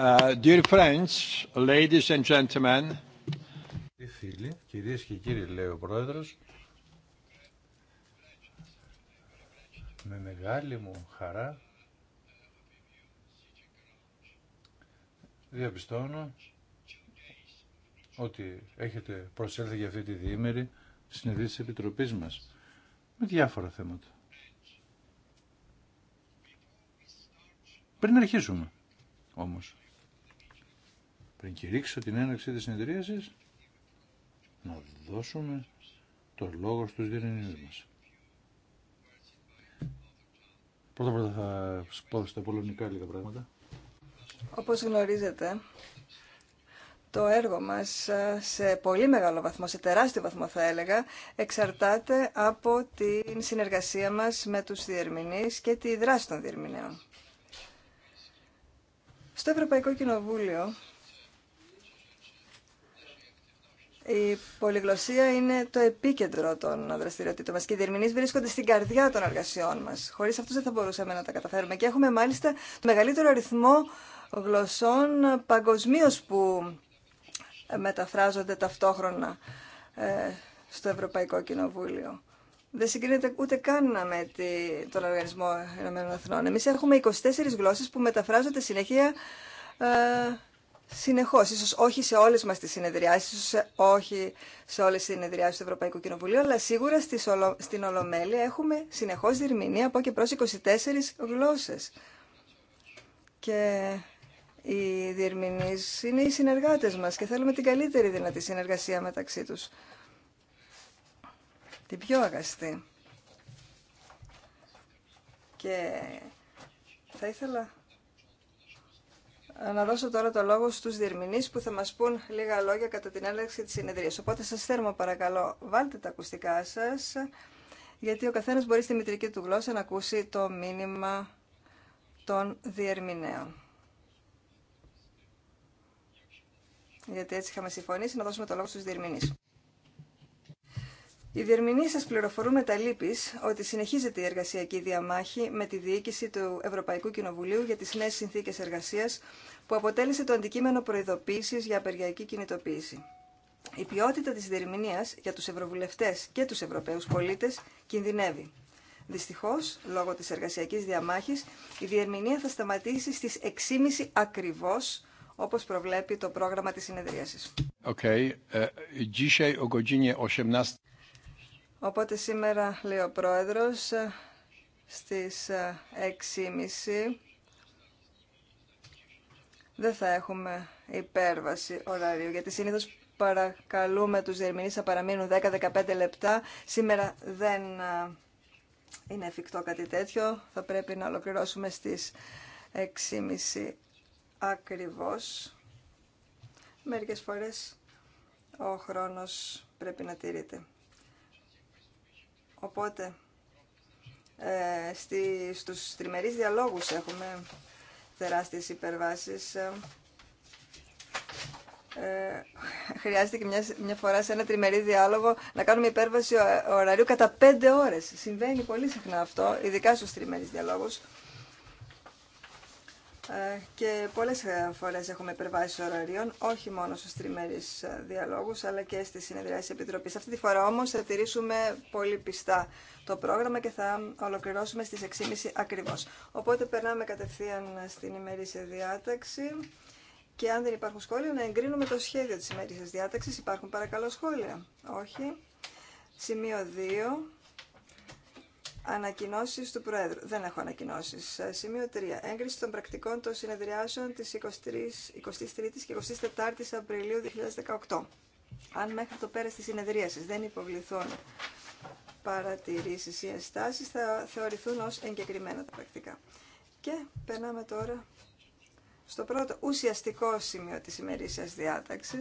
Uh, dear friends, ladies and Φίλοι, κυρίες και κύριοι, λέει ο Πρόεδρος, με μεγάλη μου χαρά διαπιστώνω ότι έχετε προσέλθει για αυτή τη διήμερη συνεδρία της Επιτροπής μας με διάφορα θέματα. Πριν αρχίσουμε όμως πριν κηρύξω την έναρξη της συνεδρίασης, να δώσουμε το λόγο στους διερμηνείς μας. Πρώτα πρώτα θα πω στα πολωνικά λίγα πράγματα. Όπως γνωρίζετε, το έργο μας ε, σε πολύ μεγάλο βαθμό, σε τεράστιο βαθμό θα έλεγα, εξαρτάται από την συνεργασία μας με τους διερμηνείς και τη δράση των διερμηνέων. Στο Ευρωπαϊκό Κοινοβούλιο Η πολυγλωσία είναι το επίκεντρο των δραστηριοτήτων μα και οι διερμηνεί βρίσκονται στην καρδιά των εργασιών μα. Χωρί αυτού δεν θα μπορούσαμε να τα καταφέρουμε. Και έχουμε μάλιστα το μεγαλύτερο αριθμό γλωσσών παγκοσμίω που μεταφράζονται ταυτόχρονα ε, στο Ευρωπαϊκό Κοινοβούλιο. Δεν συγκρίνεται ούτε καν με τον Οργανισμό Ηνωμένων Εθνών. Εμεί έχουμε 24 γλώσσε που μεταφράζονται συνέχεια ε, συνεχώς, ίσως όχι σε όλες μας τις συνεδριάσεις, ίσως όχι σε όλες τις συνεδριάσεις του Ευρωπαϊκού Κοινοβουλίου, αλλά σίγουρα στις στην Ολομέλεια έχουμε συνεχώς διερμηνία από και προς 24 γλώσσες. Και οι διερμηνείς είναι οι συνεργάτες μας και θέλουμε την καλύτερη δυνατή συνεργασία μεταξύ τους. Την πιο αγαστή. Και θα ήθελα να δώσω τώρα το λόγο στους διερμηνείς που θα μας πούν λίγα λόγια κατά την έναρξη της συνεδρίας. Οπότε σας θέρμα παρακαλώ, βάλτε τα ακουστικά σας, γιατί ο καθένας μπορεί στη μητρική του γλώσσα να ακούσει το μήνυμα των διερμηνέων. Γιατί έτσι είχαμε συμφωνήσει να δώσουμε το λόγο στους διερμηνείς. Η διερμηνή σα πληροφορούν τα λύπης ότι συνεχίζεται η εργασιακή διαμάχη με τη διοίκηση του Ευρωπαϊκού Κοινοβουλίου για τι νέε συνθήκε εργασία, που αποτέλεσε το αντικείμενο προειδοποίηση για απεργιακή κινητοποίηση. Η ποιότητα τη διερμηνίας για του ευρωβουλευτέ και του Ευρωπαίου πολίτε κινδυνεύει. Δυστυχώ, λόγω τη εργασιακή διαμάχη, η διερμηνία θα σταματήσει στις 6.30 ακριβώ, όπως προβλέπει το πρόγραμμα της συνεδρίασης. Okay. Ε, ε, Οπότε σήμερα, λέει ο Πρόεδρος, στις 6.30 δεν θα έχουμε υπέρβαση ωραρίου, γιατί συνήθως παρακαλούμε τους διερμηνείς να παραμείνουν 10-15 λεπτά. Σήμερα δεν ε, είναι εφικτό κάτι τέτοιο, θα πρέπει να ολοκληρώσουμε στις 6.30 ακριβώς. Μερικές φορές ο χρόνος πρέπει να τηρείται. Οπότε, ε, στη, στους τριμερείς διαλόγους έχουμε τεράστιες υπερβάσεις. Ε, ε χρειάζεται μια, μια φορά σε ένα τριμερή διάλογο να κάνουμε υπέρβαση ωραρίου κατά πέντε ώρες. Συμβαίνει πολύ συχνά αυτό, ειδικά στους τριμερείς διαλόγους. Ε, και πολλές ε, φορές έχουμε υπερβάσει ωραρίων, όχι μόνο στους τριμερείς ε, διαλόγους, αλλά και στις συνεδριάσεις επιτροπής. Αυτή τη φορά όμως θα τηρήσουμε πολύ πιστά το πρόγραμμα και θα ολοκληρώσουμε στις 6.30 ακριβώς. Οπότε περνάμε κατευθείαν στην ημερήσια διάταξη και αν δεν υπάρχουν σχόλια να εγκρίνουμε το σχέδιο της ημερήσιας διάταξης. Υπάρχουν παρακαλώ σχόλια. Όχι. Σημείο 2 Ανακοινώσει του Προέδρου. Δεν έχω ανακοινώσει. Ε, σημείο 3. Έγκριση των πρακτικών των συνεδριάσεων τη 23η και 24η Απριλίου 2018. Αν μέχρι το πέρα τη συνεδρίαση δεν υποβληθούν παρατηρήσει ή ενστάσει, θα θεωρηθούν ω εγκεκριμένα τα πρακτικά. Και περνάμε τώρα στο πρώτο ουσιαστικό σημείο τη ημερήσια διάταξη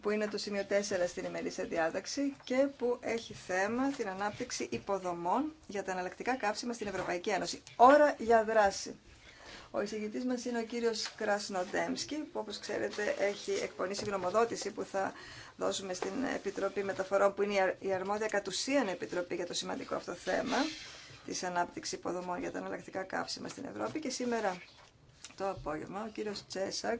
που είναι το σημείο 4 στην ημερήσια διάταξη και που έχει θέμα την ανάπτυξη υποδομών για τα αναλλακτικά κάψιμα στην Ευρωπαϊκή Ένωση. Ώρα για δράση. Ο εισηγητής μα είναι ο κύριο Κρασνοντέμσκι, που όπω ξέρετε έχει εκπονήσει γνωμοδότηση που θα δώσουμε στην Επιτροπή Μεταφορών, που είναι η αρμόδια κατ' ουσίαν Επιτροπή για το σημαντικό αυτό θέμα τη ανάπτυξη υποδομών για τα αναλλακτικά κάψιμα στην Ευρώπη και σήμερα το απόγευμα. Ο κύριο Τσέσακ,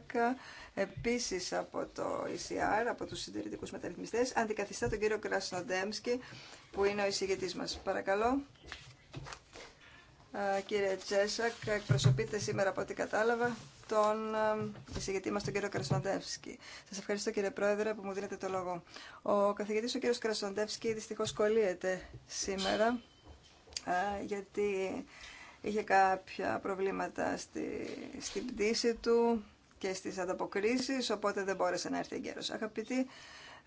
επίση από το ECR, από του συντηρητικού μεταρρυθμιστέ, αντικαθιστά τον κύριο Κρασνοντέμσκι, που είναι ο εισηγητή μα. Παρακαλώ. Κύριε Τσέσακ, εκπροσωπείτε σήμερα από ό,τι κατάλαβα τον εισηγητή μας, τον κύριο Κρασνοντέμσκι. Σας ευχαριστώ κύριε Πρόεδρε που μου δίνετε το λόγο. Ο καθηγητής ο κύριος Κρασνοντέμσκι, δυστυχώς κολλείεται σήμερα γιατί είχε κάποια προβλήματα στη, στην πτήση του και στις ανταποκρίσεις, οπότε δεν μπόρεσε να έρθει εγκαίρος. Αγαπητοί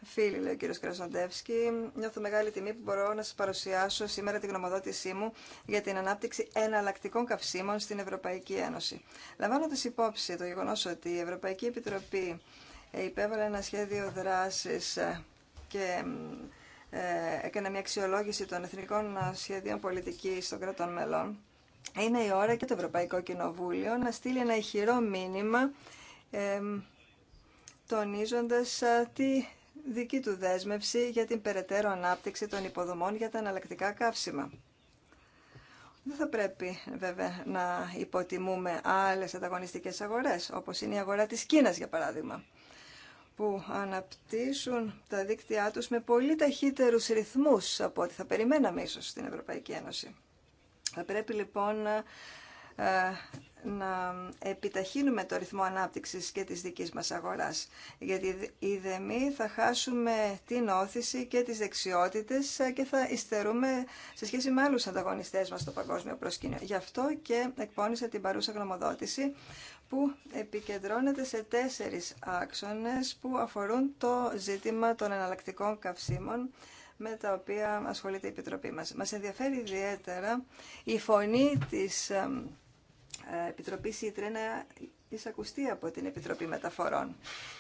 φίλοι, λέει ο κύριος Κρασοντεύσκη, νιώθω μεγάλη τιμή που μπορώ να σας παρουσιάσω σήμερα τη γνωμοδότησή μου για την ανάπτυξη εναλλακτικών καυσίμων στην Ευρωπαϊκή Ένωση. Λαμβάνοντας υπόψη το γεγονός ότι η Ευρωπαϊκή Επιτροπή ε, υπέβαλε ένα σχέδιο δράσης ε, και ε, έκανε μια αξιολόγηση των εθνικών σχεδίων πολιτικής των κρατών μελών, είναι η ώρα και το Ευρωπαϊκό Κοινοβούλιο να στείλει ένα ηχηρό μήνυμα ε, τονίζοντας τη δική του δέσμευση για την περαιτέρω ανάπτυξη των υποδομών για τα αναλλακτικά καύσιμα. Δεν θα πρέπει βέβαια να υποτιμούμε άλλες ανταγωνιστικές αγορές, όπως είναι η αγορά της Κίνας για παράδειγμα, που αναπτύσσουν τα δίκτυά τους με πολύ ταχύτερους ρυθμούς από ό,τι θα περιμέναμε ίσως στην Ευρωπαϊκή Ένωση. Θα πρέπει λοιπόν ε, να επιταχύνουμε το ρυθμό ανάπτυξης και της δικής μας αγοράς. Γιατί οι δεμοί θα χάσουμε την όθηση και τις δεξιότητες ε, και θα υστερούμε σε σχέση με άλλους ανταγωνιστές μας στο παγκόσμιο προσκήνιο. Γι' αυτό και εκπώνησα την παρούσα γνωμοδότηση που επικεντρώνεται σε τέσσερις άξονες που αφορούν το ζήτημα των εναλλακτικών καυσίμων με τα οποία ασχολείται η Επιτροπή μας. Μας ενδιαφέρει ιδιαίτερα η φωνή της ε, Επιτροπής Ήτρε να εισακουστεί από την Επιτροπή Μεταφορών.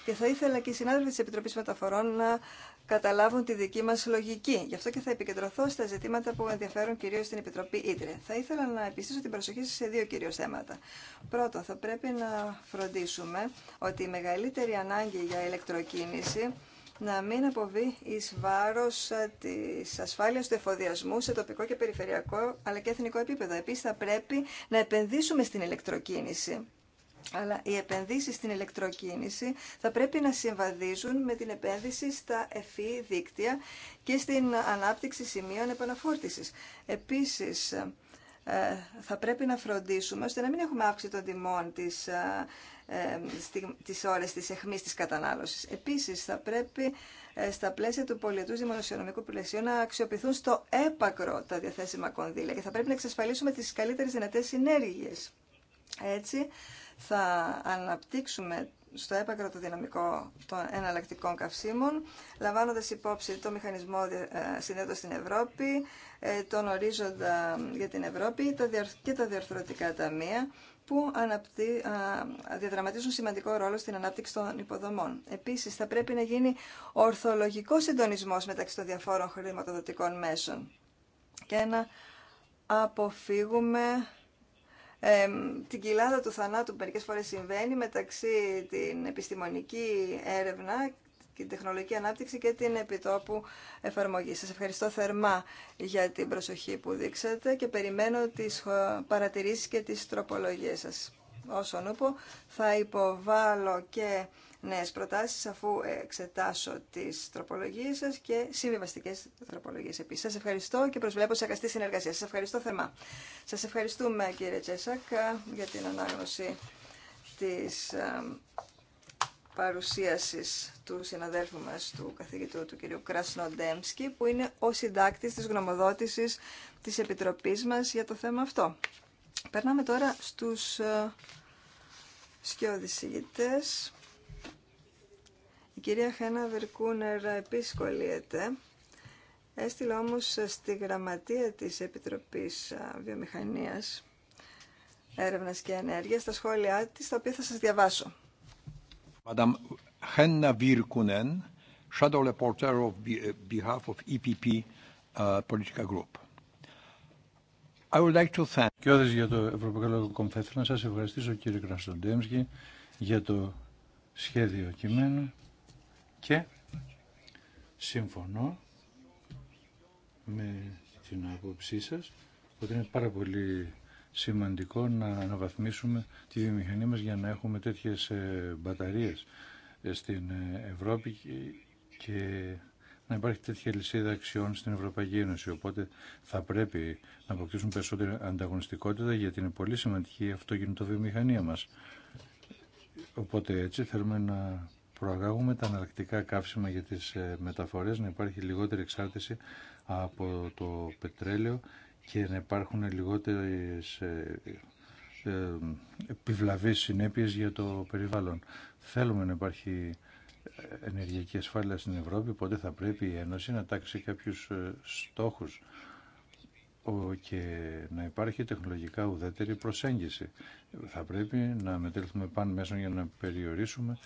Και θα ήθελα και οι συνάδελφοι της Επιτροπής Μεταφορών να καταλάβουν τη δική μας λογική. Γι' αυτό και θα επικεντρωθώ στα ζητήματα που ενδιαφέρουν κυρίως την Επιτροπή Ήτρε. Θα ήθελα να επιστήσω την προσοχή σας σε δύο κυρίως θέματα. Πρώτο, θα πρέπει να φροντίσουμε ότι η μεγαλύτερη ανάγκη για ηλεκτροκίνηση να μην αποβεί εις βάρο ε, τη ασφάλεια του εφοδιασμού σε τοπικό και περιφερειακό αλλά και εθνικό επίπεδο. Επίσης θα πρέπει να επενδύσουμε στην ηλεκτροκίνηση. Αλλά οι επενδύσεις στην ηλεκτροκίνηση θα πρέπει να συμβαδίζουν με την επένδυση στα εφή δίκτυα και στην ανάπτυξη σημείων επαναφόρτησης. Επίσης, ε, θα πρέπει να φροντίσουμε ώστε να μην έχουμε αύξηση των τιμών της ε, τις ώρες της εχμής της κατανάλωσης. Επίσης, θα πρέπει ε, στα πλαίσια του πολιετούς δημοσιονομικού πλαισίου να αξιοποιηθούν στο έπακρο τα διαθέσιμα κονδύλια και θα πρέπει να εξασφαλίσουμε τις καλύτερες δυνατές συνέργειες. Έτσι, θα αναπτύξουμε στο έπακρο το δυναμικό των εναλλακτικών καυσίμων, λαμβάνοντα υπόψη το μηχανισμό ε, συνέδρου στην Ευρώπη, ε, τον ορίζοντα για την Ευρώπη και τα διαρθρωτικά ταμεία, που αναπτύ, διαδραματίζουν σημαντικό ρόλο στην ανάπτυξη των υποδομών. Επίσης, θα πρέπει να γίνει ορθολογικό συντονισμός μεταξύ των διαφόρων χρηματοδοτικών μέσων και να αποφύγουμε την κοιλάδα του θανάτου που μερικές φορές συμβαίνει μεταξύ την επιστημονική έρευνα την τεχνολογική ανάπτυξη και την επιτόπου εφαρμογή. Σας ευχαριστώ θερμά για την προσοχή που δείξατε και περιμένω τις παρατηρήσεις και τις τροπολογίες σας. Όσον ούπο θα υποβάλω και νέες προτάσεις αφού εξετάσω τις τροπολογίες σας και συμβιβαστικές τροπολογίες επίσης. Σας ευχαριστώ και προσβλέπω σε αγαστή συνεργασία. Σας ευχαριστώ θερμά. Σας ευχαριστούμε κύριε Τσέσακ για την ανάγνωση της ε, παρουσίασης του συναδέλφου μας, του καθηγητού του κ. Κρασνοντέμσκι, που είναι ο συντάκτης της γνωμοδότησης της Επιτροπής μας για το θέμα αυτό. Περνάμε τώρα στους ε, ηγητές. Η κυρία Χένα Βερκούνερ επισκολίεται. κολλείεται. Έστειλε όμως στη γραμματεία της Επιτροπής ε, Βιομηχανίας Έρευνας και Ενέργειας τα σχόλιά της, τα οποία θα σας διαβάσω. Madam Henna Virkunen, Shadow Reporter of uh, behalf of EPP uh, Political Group. I would like to thank... Και όδες για το Ευρωπαϊκό Λόγο Κομ να σας ευχαριστήσω κύριε Κραστοντέμσκι για το σχέδιο κειμένου και συμφωνώ με την άποψή σας ότι είναι πάρα πολύ σημαντικό να αναβαθμίσουμε τη βιομηχανία μας για να έχουμε τέτοιες ε, μπαταρίες ε, στην ε, Ευρώπη και να υπάρχει τέτοια λυσίδα αξιών στην Ευρωπαϊκή Ένωση. Οπότε θα πρέπει να αποκτήσουμε περισσότερη ανταγωνιστικότητα γιατί είναι πολύ σημαντική η αυτοκινητοβιομηχανία μας. Οπότε έτσι θέλουμε να προαγάγουμε τα αναλλακτικά καύσιμα για τις μεταφορές, να υπάρχει λιγότερη εξάρτηση από το πετρέλαιο και να υπάρχουν λιγότερες ε, ε, ε, επιβλαβείς συνέπειες για το περιβάλλον. Θέλουμε να υπάρχει ενεργειακή ασφάλεια στην Ευρώπη, οπότε θα πρέπει η Ένωση να τάξει κάποιους στόχους και να υπάρχει τεχνολογικά ουδέτερη προσέγγιση. Θα πρέπει να μετέλθουμε πάνω μέσω για να περιορίσουμε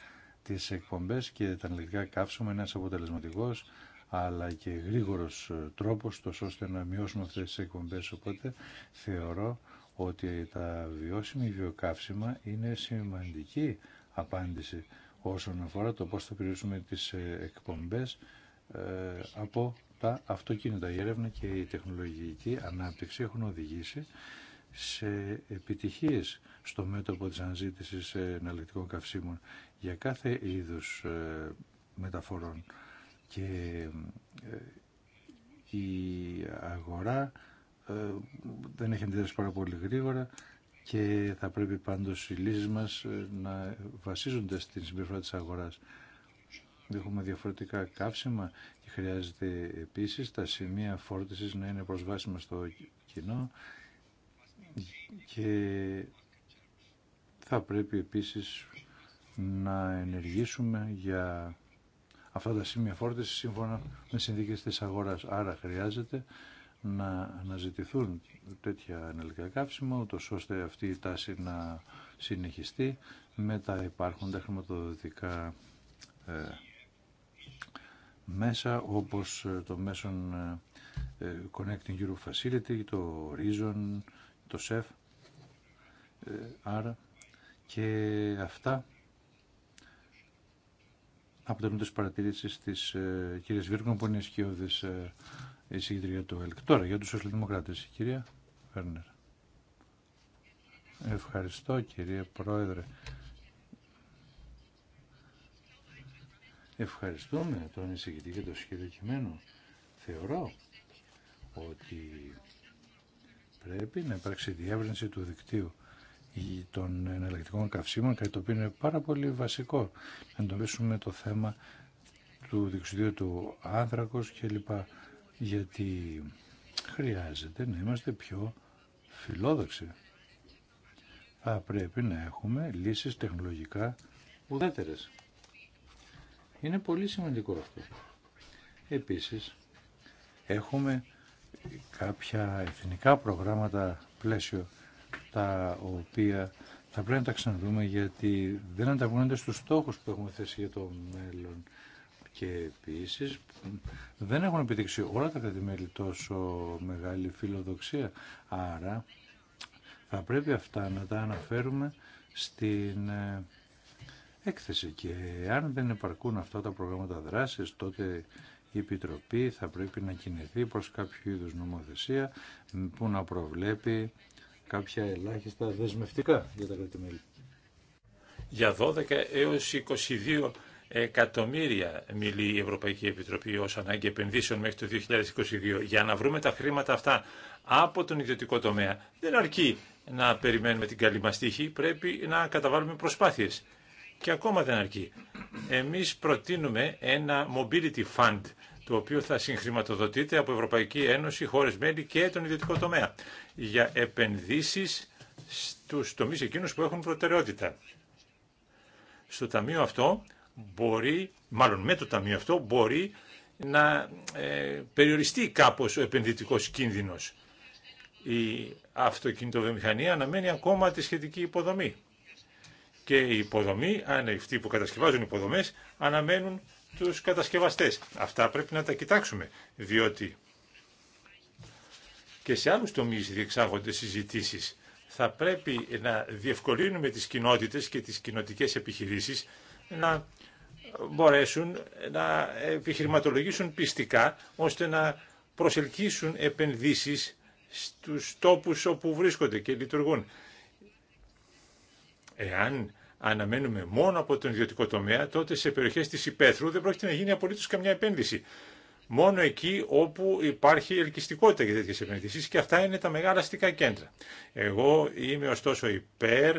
τις εκπομπές και τα αναλυτικά καύσουμε ένας αποτελεσματικός αλλά και γρήγορος ε, τρόπος τόσο ώστε να μειώσουμε αυτές τις εκπομπές. Οπότε θεωρώ ότι τα βιώσιμη βιοκαύσιμα είναι σημαντική απάντηση όσον αφορά το πώς θα περιορίσουμε τις ε, εκπομπές ε, από τα αυτοκίνητα. Η έρευνα και η τεχνολογική ανάπτυξη έχουν οδηγήσει σε επιτυχίες στο μέτωπο της αναζήτησης εναλλακτικών καυσίμων για κάθε είδους μεταφορών και ε, η αγορά ε, δεν έχει αντιδράσει πάρα πολύ γρήγορα και θα πρέπει πάντως οι λύσεις μας ε, να βασίζονται στην συμπεριφορά της αγοράς. Έχουμε διαφορετικά καύσιμα και χρειάζεται επίσης τα σημεία φόρτισης να είναι προσβάσιμα στο κοινό και θα πρέπει επίσης να ενεργήσουμε για αυτά τα σημεία φόρτιση σύμφωνα με συνθήκε τη αγορα. Άρα χρειάζεται να αναζητηθούν τέτοια ενεργειακά καύσιμα, ούτως ώστε αυτή η τάση να συνεχιστεί με τα υπάρχοντα χρηματοδοτικά ε, μέσα όπως ε, το μέσον ε, Connecting Europe Facility, το Horizon, το SEF. άρα και αυτά αποτελούν τις παρατηρήσεις της ε, κυρίας Βίρκον που είναι ισχυώδης εισηγητρία του ΕΛΚ. Τώρα για τους σοσιαλδημοκράτες, η κυρία Φέρνερ. Ευχαριστώ κυρία Πρόεδρε. Ευχαριστούμε τον εισηγητή για το σχέδιο κειμένου. Θεωρώ ότι πρέπει να υπάρξει διεύρυνση του δικτύου των εναλλακτικών καυσίμων, κάτι το οποίο είναι πάρα πολύ βασικό. Να εντοπίσουμε το θέμα του διοξιδίου του άνθρακος κλπ. Γιατί χρειάζεται να είμαστε πιο φιλόδοξοι. Θα πρέπει να έχουμε λύσεις τεχνολογικά ουδέτερες. Είναι πολύ σημαντικό αυτό. Επίσης, έχουμε κάποια εθνικά προγράμματα πλαίσιο τα οποία θα πρέπει να τα ξαναδούμε γιατί δεν ανταγωνούνται στους στόχους που έχουμε θέσει για το μέλλον. Και επίση δεν έχουν επιδείξει όλα τα κατημέλη τόσο μεγάλη φιλοδοξία. Άρα θα πρέπει αυτά να τα αναφέρουμε στην ε, έκθεση. Και αν δεν επαρκούν αυτά τα προγράμματα δράσης, τότε η Επιτροπή θα πρέπει να κινηθεί προς κάποιο είδους νομοθεσία που να προβλέπει κάποια ελάχιστα δεσμευτικά για τα κράτη-μέλη. Για 12 έως 22 εκατομμύρια μιλεί η Ευρωπαϊκή Επιτροπή ως ανάγκη επενδύσεων μέχρι το 2022. Για να βρούμε τα χρήματα αυτά από τον ιδιωτικό τομέα δεν αρκεί να περιμένουμε την καλή μας τύχη, πρέπει να καταβάλουμε προσπάθειες. Και ακόμα δεν αρκεί. Εμείς προτείνουμε ένα mobility fund το οποίο θα συγχρηματοδοτείται από Ευρωπαϊκή Ένωση, χώρες μέλη και τον ιδιωτικό τομέα για επενδύσεις στους τομείς εκείνους που έχουν προτεραιότητα. Στο ταμείο αυτό μπορεί, μάλλον με το ταμείο αυτό, μπορεί να ε, περιοριστεί κάπως ο επενδυτικός κίνδυνος. Η αυτοκινητοβιομηχανία αναμένει ακόμα τη σχετική υποδομή. Και οι υποδομή, αν αυτοί που κατασκευάζουν υποδομές, αναμένουν τους κατασκευαστές. Αυτά πρέπει να τα κοιτάξουμε, διότι και σε άλλους τομείς διεξάγονται συζητήσεις. Θα πρέπει να διευκολύνουμε τις κοινότητες και τις κοινοτικές επιχειρήσεις να μπορέσουν να επιχειρηματολογήσουν πιστικά ώστε να προσελκύσουν επενδύσεις στους τόπους όπου βρίσκονται και λειτουργούν. Εάν αναμένουμε μόνο από τον ιδιωτικό τομέα, τότε σε περιοχές τη υπαίθρου δεν πρόκειται να γίνει απολύτω καμιά επένδυση. Μόνο εκεί όπου υπάρχει ελκυστικότητα για τέτοιες επενδύσει και αυτά είναι τα μεγάλα αστικά κέντρα. Εγώ είμαι ωστόσο υπέρ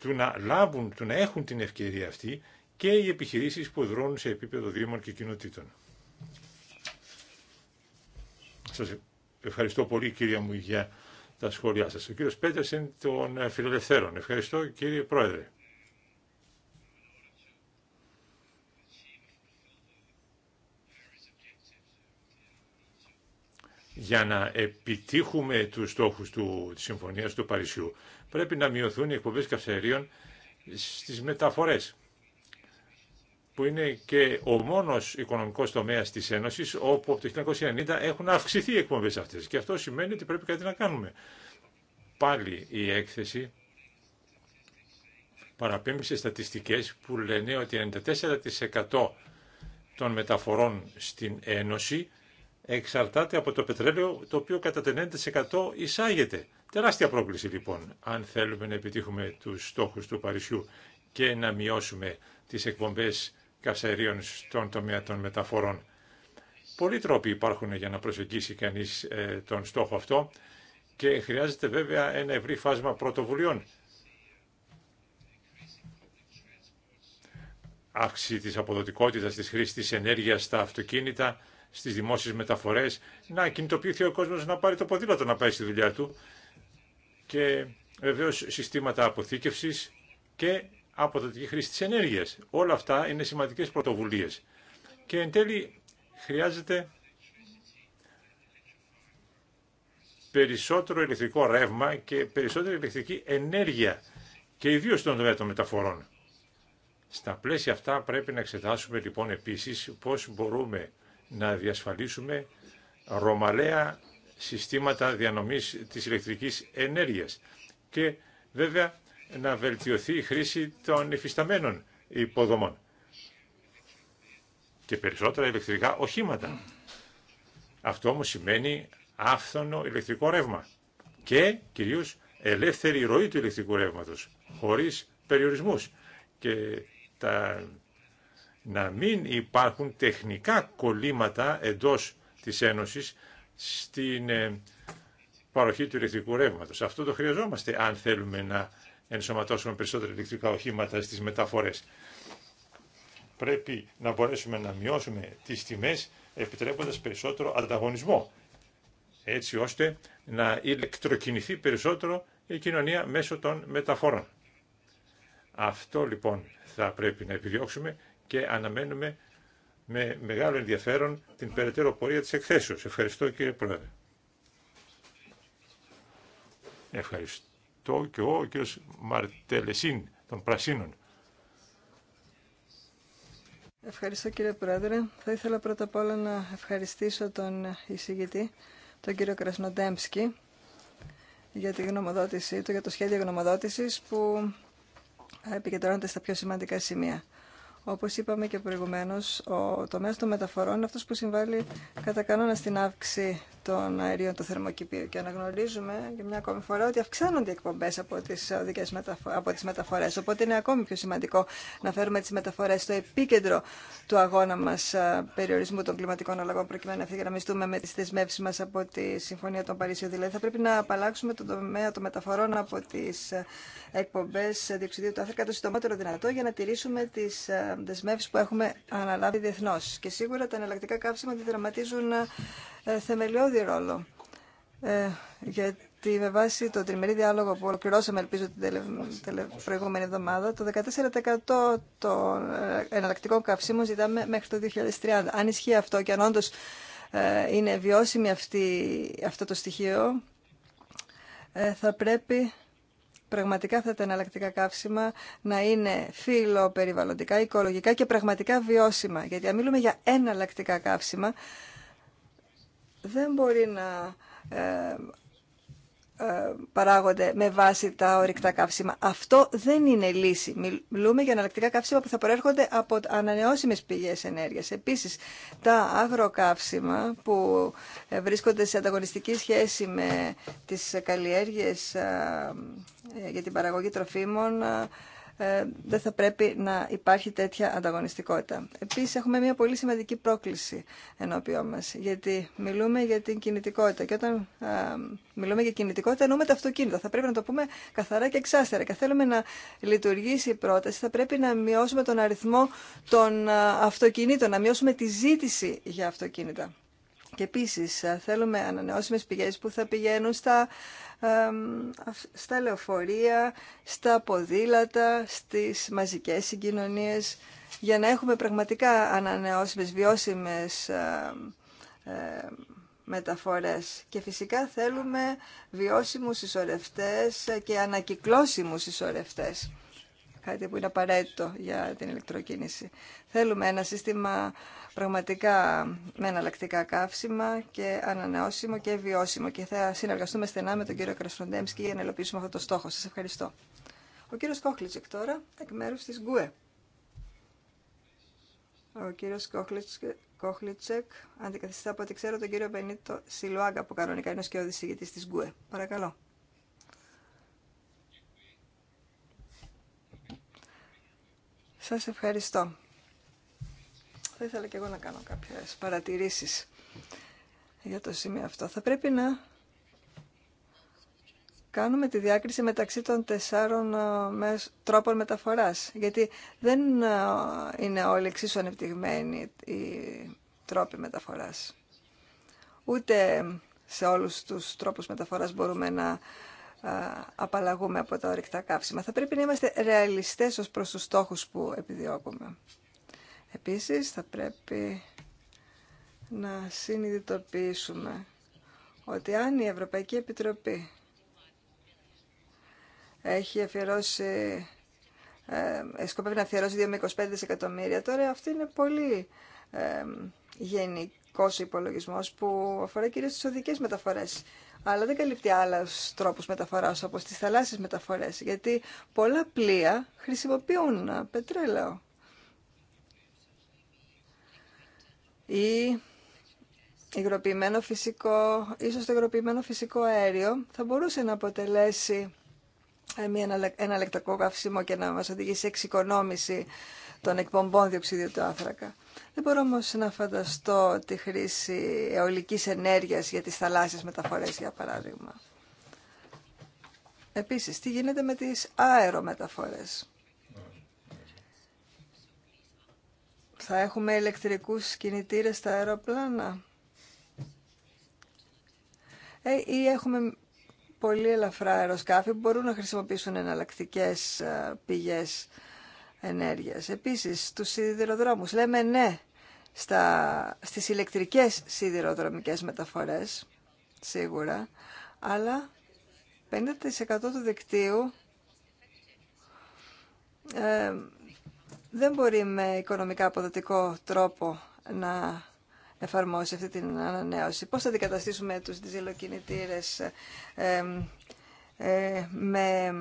του να λάβουν, του να έχουν την ευκαιρία αυτή και οι επιχειρήσεις που δρώνουν σε επίπεδο δήμων και κοινοτήτων. Σας ευχαριστώ πολύ κυρία μου για τα σχόλιά σας. Ο κύριος είναι των ε, Φιλελευθέρων. Ευχαριστώ κύριε Πρόεδρε. για να επιτύχουμε τους στόχους του, της Συμφωνίας του Παρισιού πρέπει να μειωθούν οι εκπομπές καυσαερίων στις μεταφορές που είναι και ο μόνο οικονομικό τομέα της Ένωση, όπου από το 1990 έχουν αυξηθεί οι εκπομπέ αυτές. Και αυτό σημαίνει ότι πρέπει κάτι να κάνουμε. Πάλι η έκθεση παραπέμπει σε στατιστικές που λένε ότι 94% των μεταφορών στην Ένωση εξαρτάται από το πετρέλαιο το οποίο κατά 90% εισάγεται. Τεράστια πρόκληση λοιπόν αν θέλουμε να επιτύχουμε τους στόχους του Παρισιού και να μειώσουμε τις εκπομπές καυσαερίων στον τομέα των μεταφορών. Πολλοί τρόποι υπάρχουν για να προσεγγίσει κανείς ε, τον στόχο αυτό και χρειάζεται βέβαια ένα ευρύ φάσμα πρωτοβουλειών. Αύξηση της αποδοτικότητας της χρήσης της ενέργειας στα αυτοκίνητα, στις δημόσιες μεταφορές, να κινητοποιηθεί ο κόσμος να πάρει το ποδήλατο να πάει στη δουλειά του και βεβαίως συστήματα αποθήκευσης και αποδοτική χρήση της ενέργειας. Όλα αυτά είναι σημαντικές πρωτοβουλίες. Και εν τέλει χρειάζεται περισσότερο ηλεκτρικό ρεύμα και περισσότερη ηλεκτρική ενέργεια και ιδίως στον τομέα των μεταφορών. Στα πλαίσια αυτά πρέπει να εξετάσουμε λοιπόν επίσης πώς μπορούμε να διασφαλίσουμε ρωμαλαία συστήματα διανομής της ηλεκτρικής ενέργειας. Και βέβαια να βελτιωθεί η χρήση των εφισταμένων υποδομών και περισσότερα ηλεκτρικά οχήματα. Αυτό όμως σημαίνει άφθονο ηλεκτρικό ρεύμα και κυρίως ελεύθερη ροή του ηλεκτρικού ρεύματος, χωρίς περιορισμούς και τα... να μην υπάρχουν τεχνικά κολλήματα εντός της Ένωσης στην ε, παροχή του ηλεκτρικού ρεύματος. Αυτό το χρειαζόμαστε αν θέλουμε να ενσωματώσουμε περισσότερα ηλεκτρικά οχήματα στις μεταφορές. Πρέπει να μπορέσουμε να μειώσουμε τις τιμές επιτρέποντας περισσότερο ανταγωνισμό, έτσι ώστε να ηλεκτροκινηθεί περισσότερο η κοινωνία μέσω των μεταφορών. Αυτό λοιπόν θα πρέπει να επιδιώξουμε και αναμένουμε με μεγάλο ενδιαφέρον την περαιτέρω πορεία της εκθέσεως. Ευχαριστώ κύριε Πρόεδρε. Ευχαριστώ ο των Πρασίνων. Ευχαριστώ κύριε Πρόεδρε. Θα ήθελα πρώτα απ' όλα να ευχαριστήσω τον εισηγητή, τον κύριο Κρασνοντέμψκι, για τη του, για το σχέδιο γνωμοδότησης που επικεντρώνεται στα πιο σημαντικά σημεία. Όπως είπαμε και προηγουμένως, ο τομέας των μεταφορών είναι αυτός που συμβάλλει κατά κανόνα στην αύξηση των αερίων του θερμοκηπίου και αναγνωρίζουμε για μια ακόμη φορά ότι αυξάνονται οι εκπομπές από τις, μεταφορέ, μεταφο μεταφορές. Οπότε είναι ακόμη πιο σημαντικό να φέρουμε τις μεταφορές στο επίκεντρο του αγώνα μας περιορισμού των κλιματικών αλλαγών προκειμένου να ευθυγραμμιστούμε με τις δεσμεύσεις μας από τη Συμφωνία των Παρισίων. Δηλαδή θα πρέπει να απαλλάξουμε τον τομέα των μεταφορών από τις εκπομπέ διοξιδίου του Αφρικά το συντομότερο δυνατό για να τηρήσουμε τι δεσμεύσει που έχουμε αναλάβει διεθνώ. Και σίγουρα τα εναλλακτικά καύσιμα διδραματίζουν θεμελιώδη ρόλο. Ε, γιατί με βάση το τριμερή διάλογο που ολοκληρώσαμε, ελπίζω, την προηγούμενη εβδομάδα, το 14% των ε, εναλλακτικών καυσίμων ζητάμε μέχρι το 2030. Αν ισχύει αυτό και αν όντω ε, είναι βιώσιμη αυτή, αυτό το στοιχείο, ε, θα πρέπει πραγματικά αυτά τα εναλλακτικά καύσιμα να είναι φιλοπεριβαλλοντικά, οικολογικά και πραγματικά βιώσιμα. Γιατί αν μιλούμε για εναλλακτικά καύσιμα, δεν μπορεί να ε, ε, παράγονται με βάση τα ορυκτά καύσιμα. Αυτό δεν είναι λύση. Μιλούμε για αναλλακτικά καύσιμα που θα προέρχονται από ανανεώσιμες πηγές ενέργειας. Επίσης, τα αγροκαύσιμα που ε, βρίσκονται σε ανταγωνιστική σχέση με τις καλλιέργειες ε, για την παραγωγή τροφίμων ε, δεν θα πρέπει να υπάρχει τέτοια ανταγωνιστικότητα. Επίσης έχουμε μια πολύ σημαντική πρόκληση ενώπιό μας, γιατί μιλούμε για την κινητικότητα και όταν ε, μιλούμε για κινητικότητα εννοούμε τα αυτοκίνητα. Θα πρέπει να το πούμε καθαρά και εξάστερα και θέλουμε να λειτουργήσει η πρόταση, θα πρέπει να μειώσουμε τον αριθμό των ε, αυτοκινήτων, να μειώσουμε τη ζήτηση για αυτοκίνητα. Και επίση ε, θέλουμε ανανεώσιμες πηγές που θα πηγαίνουν στα, στα λεωφορεία, στα ποδήλατα, στις μαζικές συγκοινωνίε, για να έχουμε πραγματικά ανανεώσιμες, βιώσιμες ε, ε, μεταφορές. Και φυσικά θέλουμε βιώσιμους ισορρευτές και ανακυκλώσιμους ισορρευτές. Κάτι που είναι απαραίτητο για την ηλεκτροκίνηση. Θέλουμε ένα σύστημα πραγματικά με εναλλακτικά καύσιμα και ανανεώσιμο και βιώσιμο και θα συνεργαστούμε στενά με τον κύριο Κρασφροντέμσκι για να ελοπίσουμε αυτό το στόχο. Σας ευχαριστώ. Ο κύριος Κόχλιτσεκ τώρα, εκ μέρου της ΓΚΟΕ. Ο κύριος Κόχλιτσεκ, αντικαθιστά από ό,τι ξέρω τον κύριο Μπενίτο Σιλουάγκα που κανονικά είναι ο σκιώδης ηγητής της ΓΚΟΕ. Παρακαλώ. Σας ευχαριστώ θα ήθελα και εγώ να κάνω κάποιες παρατηρήσεις για το σημείο αυτό. Θα πρέπει να κάνουμε τη διάκριση μεταξύ των τεσσάρων ε, τρόπων μεταφοράς, γιατί δεν ε, είναι όλοι εξίσου ανεπτυγμένοι οι τρόποι μεταφοράς. Ούτε σε όλους τους τρόπους μεταφοράς μπορούμε να ε, απαλλαγούμε από τα ορυκτά καύσιμα. Θα πρέπει να είμαστε ρεαλιστές ως προς τους στόχους που επιδιώκουμε. Επίσης θα πρέπει να συνειδητοποιήσουμε ότι αν η Ευρωπαϊκή Επιτροπή έχει αφιερώσει, ε, ε σκοπεύει να αφιερώσει 2 με 25 δισεκατομμύρια, τώρα αυτή είναι πολύ ε, γενικός υπολογισμός που αφορά κυρίως τις οδικές μεταφορές αλλά δεν καλύπτει άλλου τρόπου μεταφορά όπω τι θαλάσσιες μεταφορέ. Γιατί πολλά πλοία χρησιμοποιούν ε, πετρέλαιο. ή υγροποιημένο φυσικό, ίσως το υγροποιημένο φυσικό αέριο θα μπορούσε να αποτελέσει ε, ένα λεκτακό καυσίμο και να μας οδηγήσει εξοικονόμηση των εκπομπών διοξιδίου του άνθρακα. Δεν μπορώ όμως να φανταστώ τη χρήση αιωλικής ενέργειας για τις θαλάσσιες μεταφορές, για παράδειγμα. Επίσης, τι γίνεται με τις αερομεταφορές. Θα έχουμε ηλεκτρικούς κινητήρες στα αεροπλάνα. Ε, ή έχουμε πολύ ελαφρά αεροσκάφη που μπορούν να χρησιμοποιήσουν εναλλακτικέ ε, πηγές ενέργειας. Επίσης, στους σιδηροδρόμους λέμε ναι στα, στις ηλεκτρικές σιδηροδρομικές μεταφορές, σίγουρα, αλλά 50% του δικτύου ε, δεν μπορεί με οικονομικά αποδοτικό τρόπο να εφαρμόσει αυτή την ανανέωση. Πώς θα αντικαταστήσουμε τους διζελοκινητήρες ε, ε, με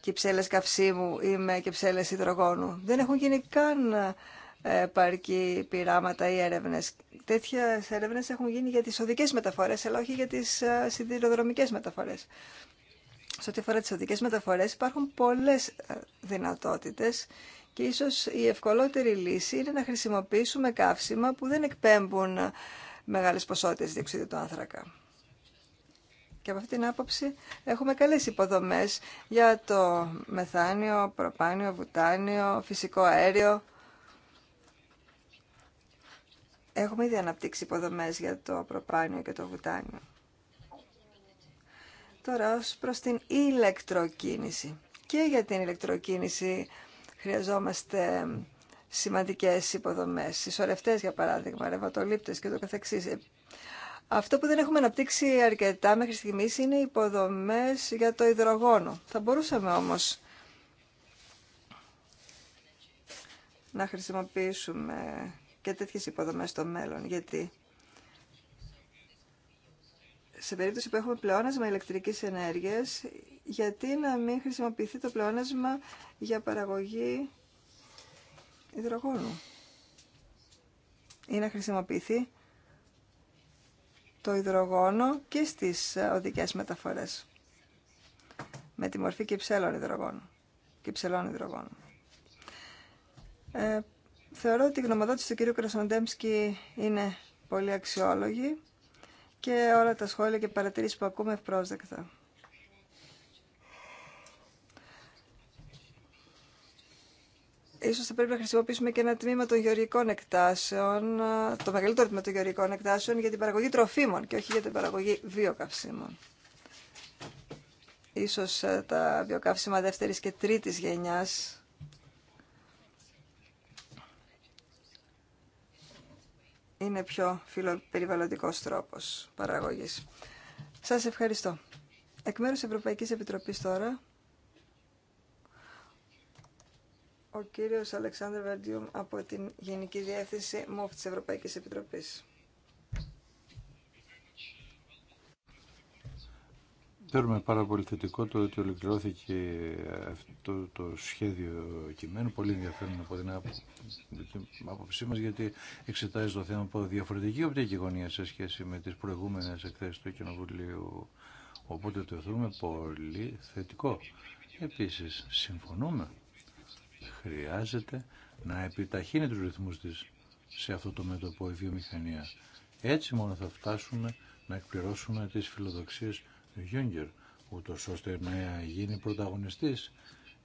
κυψέλες καυσίμου ή με κυψέλες υδρογόνου. Δεν έχουν γίνει καν ε, παρκή πειράματα ή έρευνες. Τέτοιες έρευνες έχουν γίνει για τις οδικές μεταφορές, αλλά όχι για τις ε, σιδηροδρομικές μεταφορές. Σε ό,τι αφορά τις οδικές μεταφορές υπάρχουν πολλές ε, δυνατότητες και ίσως η ευκολότερη λύση είναι να χρησιμοποιήσουμε καύσιμα που δεν εκπέμπουν μεγάλες ποσότητες διοξειδίου του άνθρακα. Και από αυτήν την άποψη έχουμε καλές υποδομές για το μεθάνιο, προπάνιο, βουτάνιο, φυσικό αέριο. Έχουμε ήδη αναπτύξει υποδομές για το προπάνιο και το βουτάνιο. Τώρα ως προς την ηλεκτροκίνηση. Και για την ηλεκτροκίνηση χρειαζόμαστε σημαντικές υποδομές, συσσωρευτές για παράδειγμα, ρευματολήπτες και το καθεξής. Ε, αυτό που δεν έχουμε αναπτύξει αρκετά μέχρι στιγμή είναι οι υποδομές για το υδρογόνο. Θα μπορούσαμε όμως να χρησιμοποιήσουμε και τέτοιες υποδομές στο μέλλον, γιατί σε περίπτωση που έχουμε πλεόνασμα ηλεκτρικής ενέργειας, γιατί να μην χρησιμοποιηθεί το πλεόνασμα για παραγωγή υδρογόνου ή να χρησιμοποιηθεί το υδρογόνο και στις οδικές μεταφορές με τη μορφή κυψέλων υδρογόνου και υδρογόνου. Ε, θεωρώ ότι η γνωμοδότηση του κ. Κρασοντέμσκι είναι πολύ αξιόλογη και όλα τα σχόλια και παρατηρήσεις που ακούμε ευπρόσδεκτα. ίσως θα πρέπει να χρησιμοποιήσουμε και ένα τμήμα των γεωργικών εκτάσεων, το μεγαλύτερο τμήμα των γεωργικών εκτάσεων για την παραγωγή τροφίμων και όχι για την παραγωγή βιοκαυσίμων. Ίσως ε, τα βιοκαύσιμα δεύτερης και τρίτης γενιάς είναι πιο φιλοπεριβαλλοντικός τρόπος παραγωγής. Σας ευχαριστώ. Εκ μέρους Ευρωπαϊκής Επιτροπής τώρα, ο κύριος Αλεξάνδρου Βαντιούμ από την Γενική Διεύθυνση ΜΟΦ της Ευρωπαϊκής Επιτροπής. Θεωρούμε πάρα πολύ θετικό το ότι ολοκληρώθηκε αυτό το σχέδιο κειμένου. Πολύ ενδιαφέρον από την άποψή μα, γιατί εξετάζει το θέμα από διαφορετική οπτική γωνία σε σχέση με τι προηγούμενε εκθέσει του Κοινοβουλίου. Οπότε το θεωρούμε πολύ θετικό. Επίση, συμφωνούμε Χρειάζεται να επιταχύνει τους ρυθμούς της σε αυτό το μέτωπο η βιομηχανία. Έτσι μόνο θα φτάσουμε να εκπληρώσουμε τις φιλοδοξίες του Γιούγκερ, ούτως ώστε να γίνει πρωταγωνιστής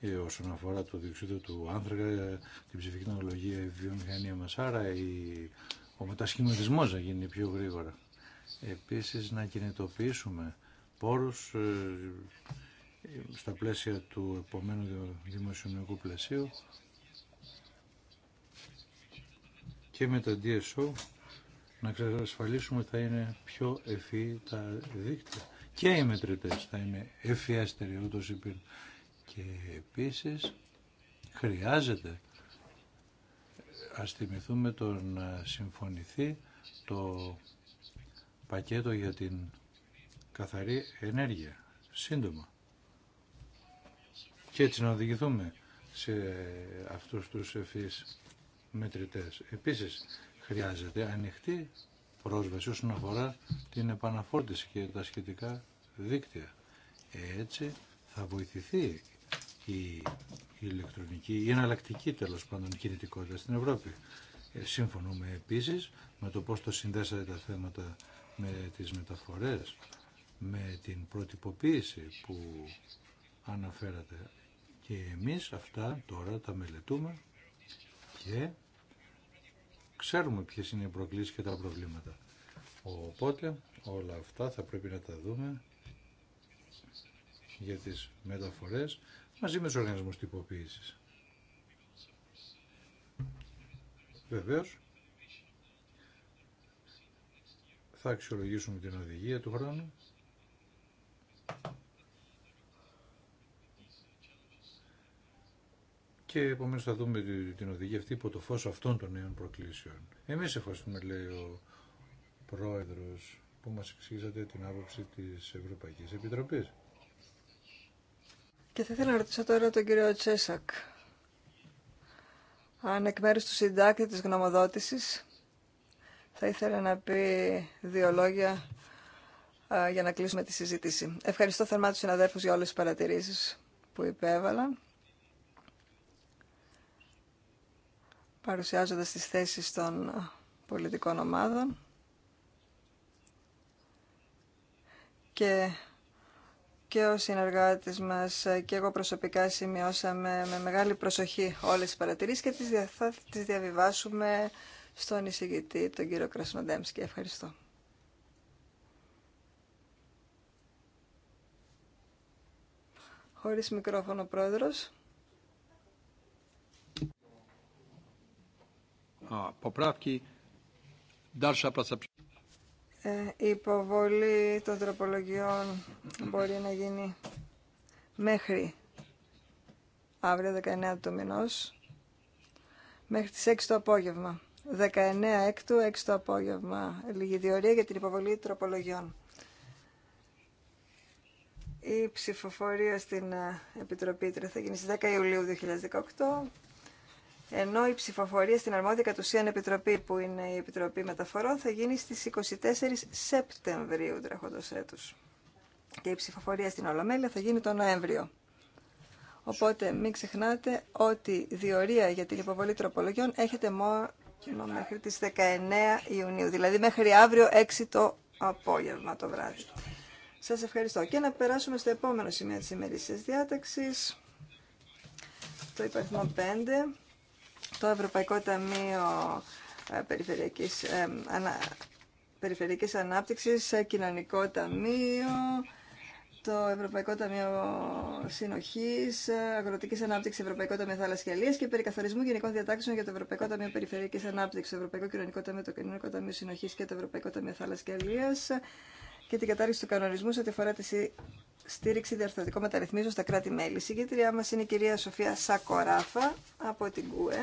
ε, όσον αφορά το διοξείδιο του άνθρακα, ε, την ψηφική τεχνολογία, η βιομηχανία μας, άρα ο μετασχηματισμός να γίνει πιο γρήγορα. Επίσης να κινητοποιήσουμε πόρους ε, στα πλαίσια του επομένου δημοσιονομικού πλαισίου και με τα DSO να εξασφαλίσουμε θα είναι πιο ευφύ τα δίκτυα και οι μετρητές θα είναι ευφιέστεροι ούτως υπήρ. Και επίσης χρειάζεται ας θυμηθούμε το να συμφωνηθεί το πακέτο για την καθαρή ενέργεια σύντομα και έτσι να οδηγηθούμε σε αυτούς τους ευφύς μετρητές. Επίσης χρειάζεται ανοιχτή πρόσβαση όσον αφορά την επαναφόρτιση και τα σχετικά δίκτυα. Έτσι θα βοηθηθεί η ηλεκτρονική, η εναλλακτική τέλος πάντων κινητικότητα στην Ευρώπη. Ε, συμφωνούμε επίσης με το πώς το συνδέσατε τα θέματα με τις μεταφορές, με την προτυποποίηση που αναφέρατε. Και εμείς αυτά τώρα τα μελετούμε και ξέρουμε ποιες είναι οι προκλήσεις και τα προβλήματα. Οπότε όλα αυτά θα πρέπει να τα δούμε για τις μεταφορές μαζί με τους οργανισμούς τυποποίησης. Βεβαίως, θα αξιολογήσουμε την οδηγία του χρόνου και επομένω θα δούμε την οδηγία αυτή υπό το φω αυτών των νέων προκλήσεων. Εμείς ευχαριστούμε, λέει ο Πρόεδρος, που μας εξήγησατε την άποψη τη Ευρωπαϊκής Επιτροπής. Και θα ήθελα να ρωτήσω τώρα τον κύριο Τσέσακ. Αν εκ μέρους του συντάκτη της γνωμοδότησης θα ήθελα να πει δύο λόγια για να κλείσουμε τη συζήτηση. Ευχαριστώ θερμά τους συναδέλφους για όλες τις παρατηρήσεις που υπέβαλαν παρουσιάζοντας τις θέσεις των πολιτικών ομάδων και, και ο συνεργάτης μας και εγώ προσωπικά σημειώσαμε με μεγάλη προσοχή όλες τις παρατηρήσεις και τις θα τις διαβιβάσουμε στον εισηγητή, τον κύριο Κρασνοντέμσκι. Ευχαριστώ. Χωρίς μικρόφωνο πρόεδρος. Ε, η υποβολή των τροπολογιών μπορεί να γίνει μέχρι αύριο 19 του μηνό, μέχρι τις 6 το απόγευμα. 19 έκτου, 6 το απόγευμα. Λίγη διορία για την υποβολή τροπολογιών. Η ψηφοφορία στην ε, Επιτροπή θα γίνει στις 10 Ιουλίου 2018 ενώ η ψηφοφορία στην αρμόδια κατουσίαν επιτροπή, που είναι η Επιτροπή Μεταφορών, θα γίνει στις 24 Σεπτεμβρίου τρέχοντος έτους. Και η ψηφοφορία στην Ολομέλεια θα γίνει τον Νοέμβριο. Οπότε μην ξεχνάτε ότι διορία για την υποβολή τροπολογιών έχετε μόνο μέχρι τις 19 Ιουνίου, δηλαδή μέχρι αύριο 6 το απόγευμα το βράδυ. Σας ευχαριστώ. Και να περάσουμε στο επόμενο σημείο της ημερήσιας διάταξης, το υπαριθμό 5 το Ευρωπαϊκό Ταμείο ε, Περιφερειακής, ε, ανα, Περιφερειακής Ανάπτυξης, ε, Κοινωνικό Ταμείο, το Ευρωπαϊκό Ταμείο Σύνοχης, ε, αγροτικής ανάπτυξης, Ευρωπαϊκό Ταμείο και περικαθορισμού γενικών διατάξεων για το Ευρωπαϊκό Ταμείο Περιφερειακής Ανάπτυξης, το Ευρωπαϊκό Κοινωνικό Ταμείο, το Κοινωνικό Ταμείο Συνοχή και το Ευρωπαϊκό Ταμείο και την κατάργηση του κανονισμού σε ό,τι αφορά στήριξη διαρθρωτικών μεταρρυθμίσεων στα κράτη-μέλη. Η συγκέντριά μας είναι η κυρία Σοφία Σακοράφα από την ΚΟΕ.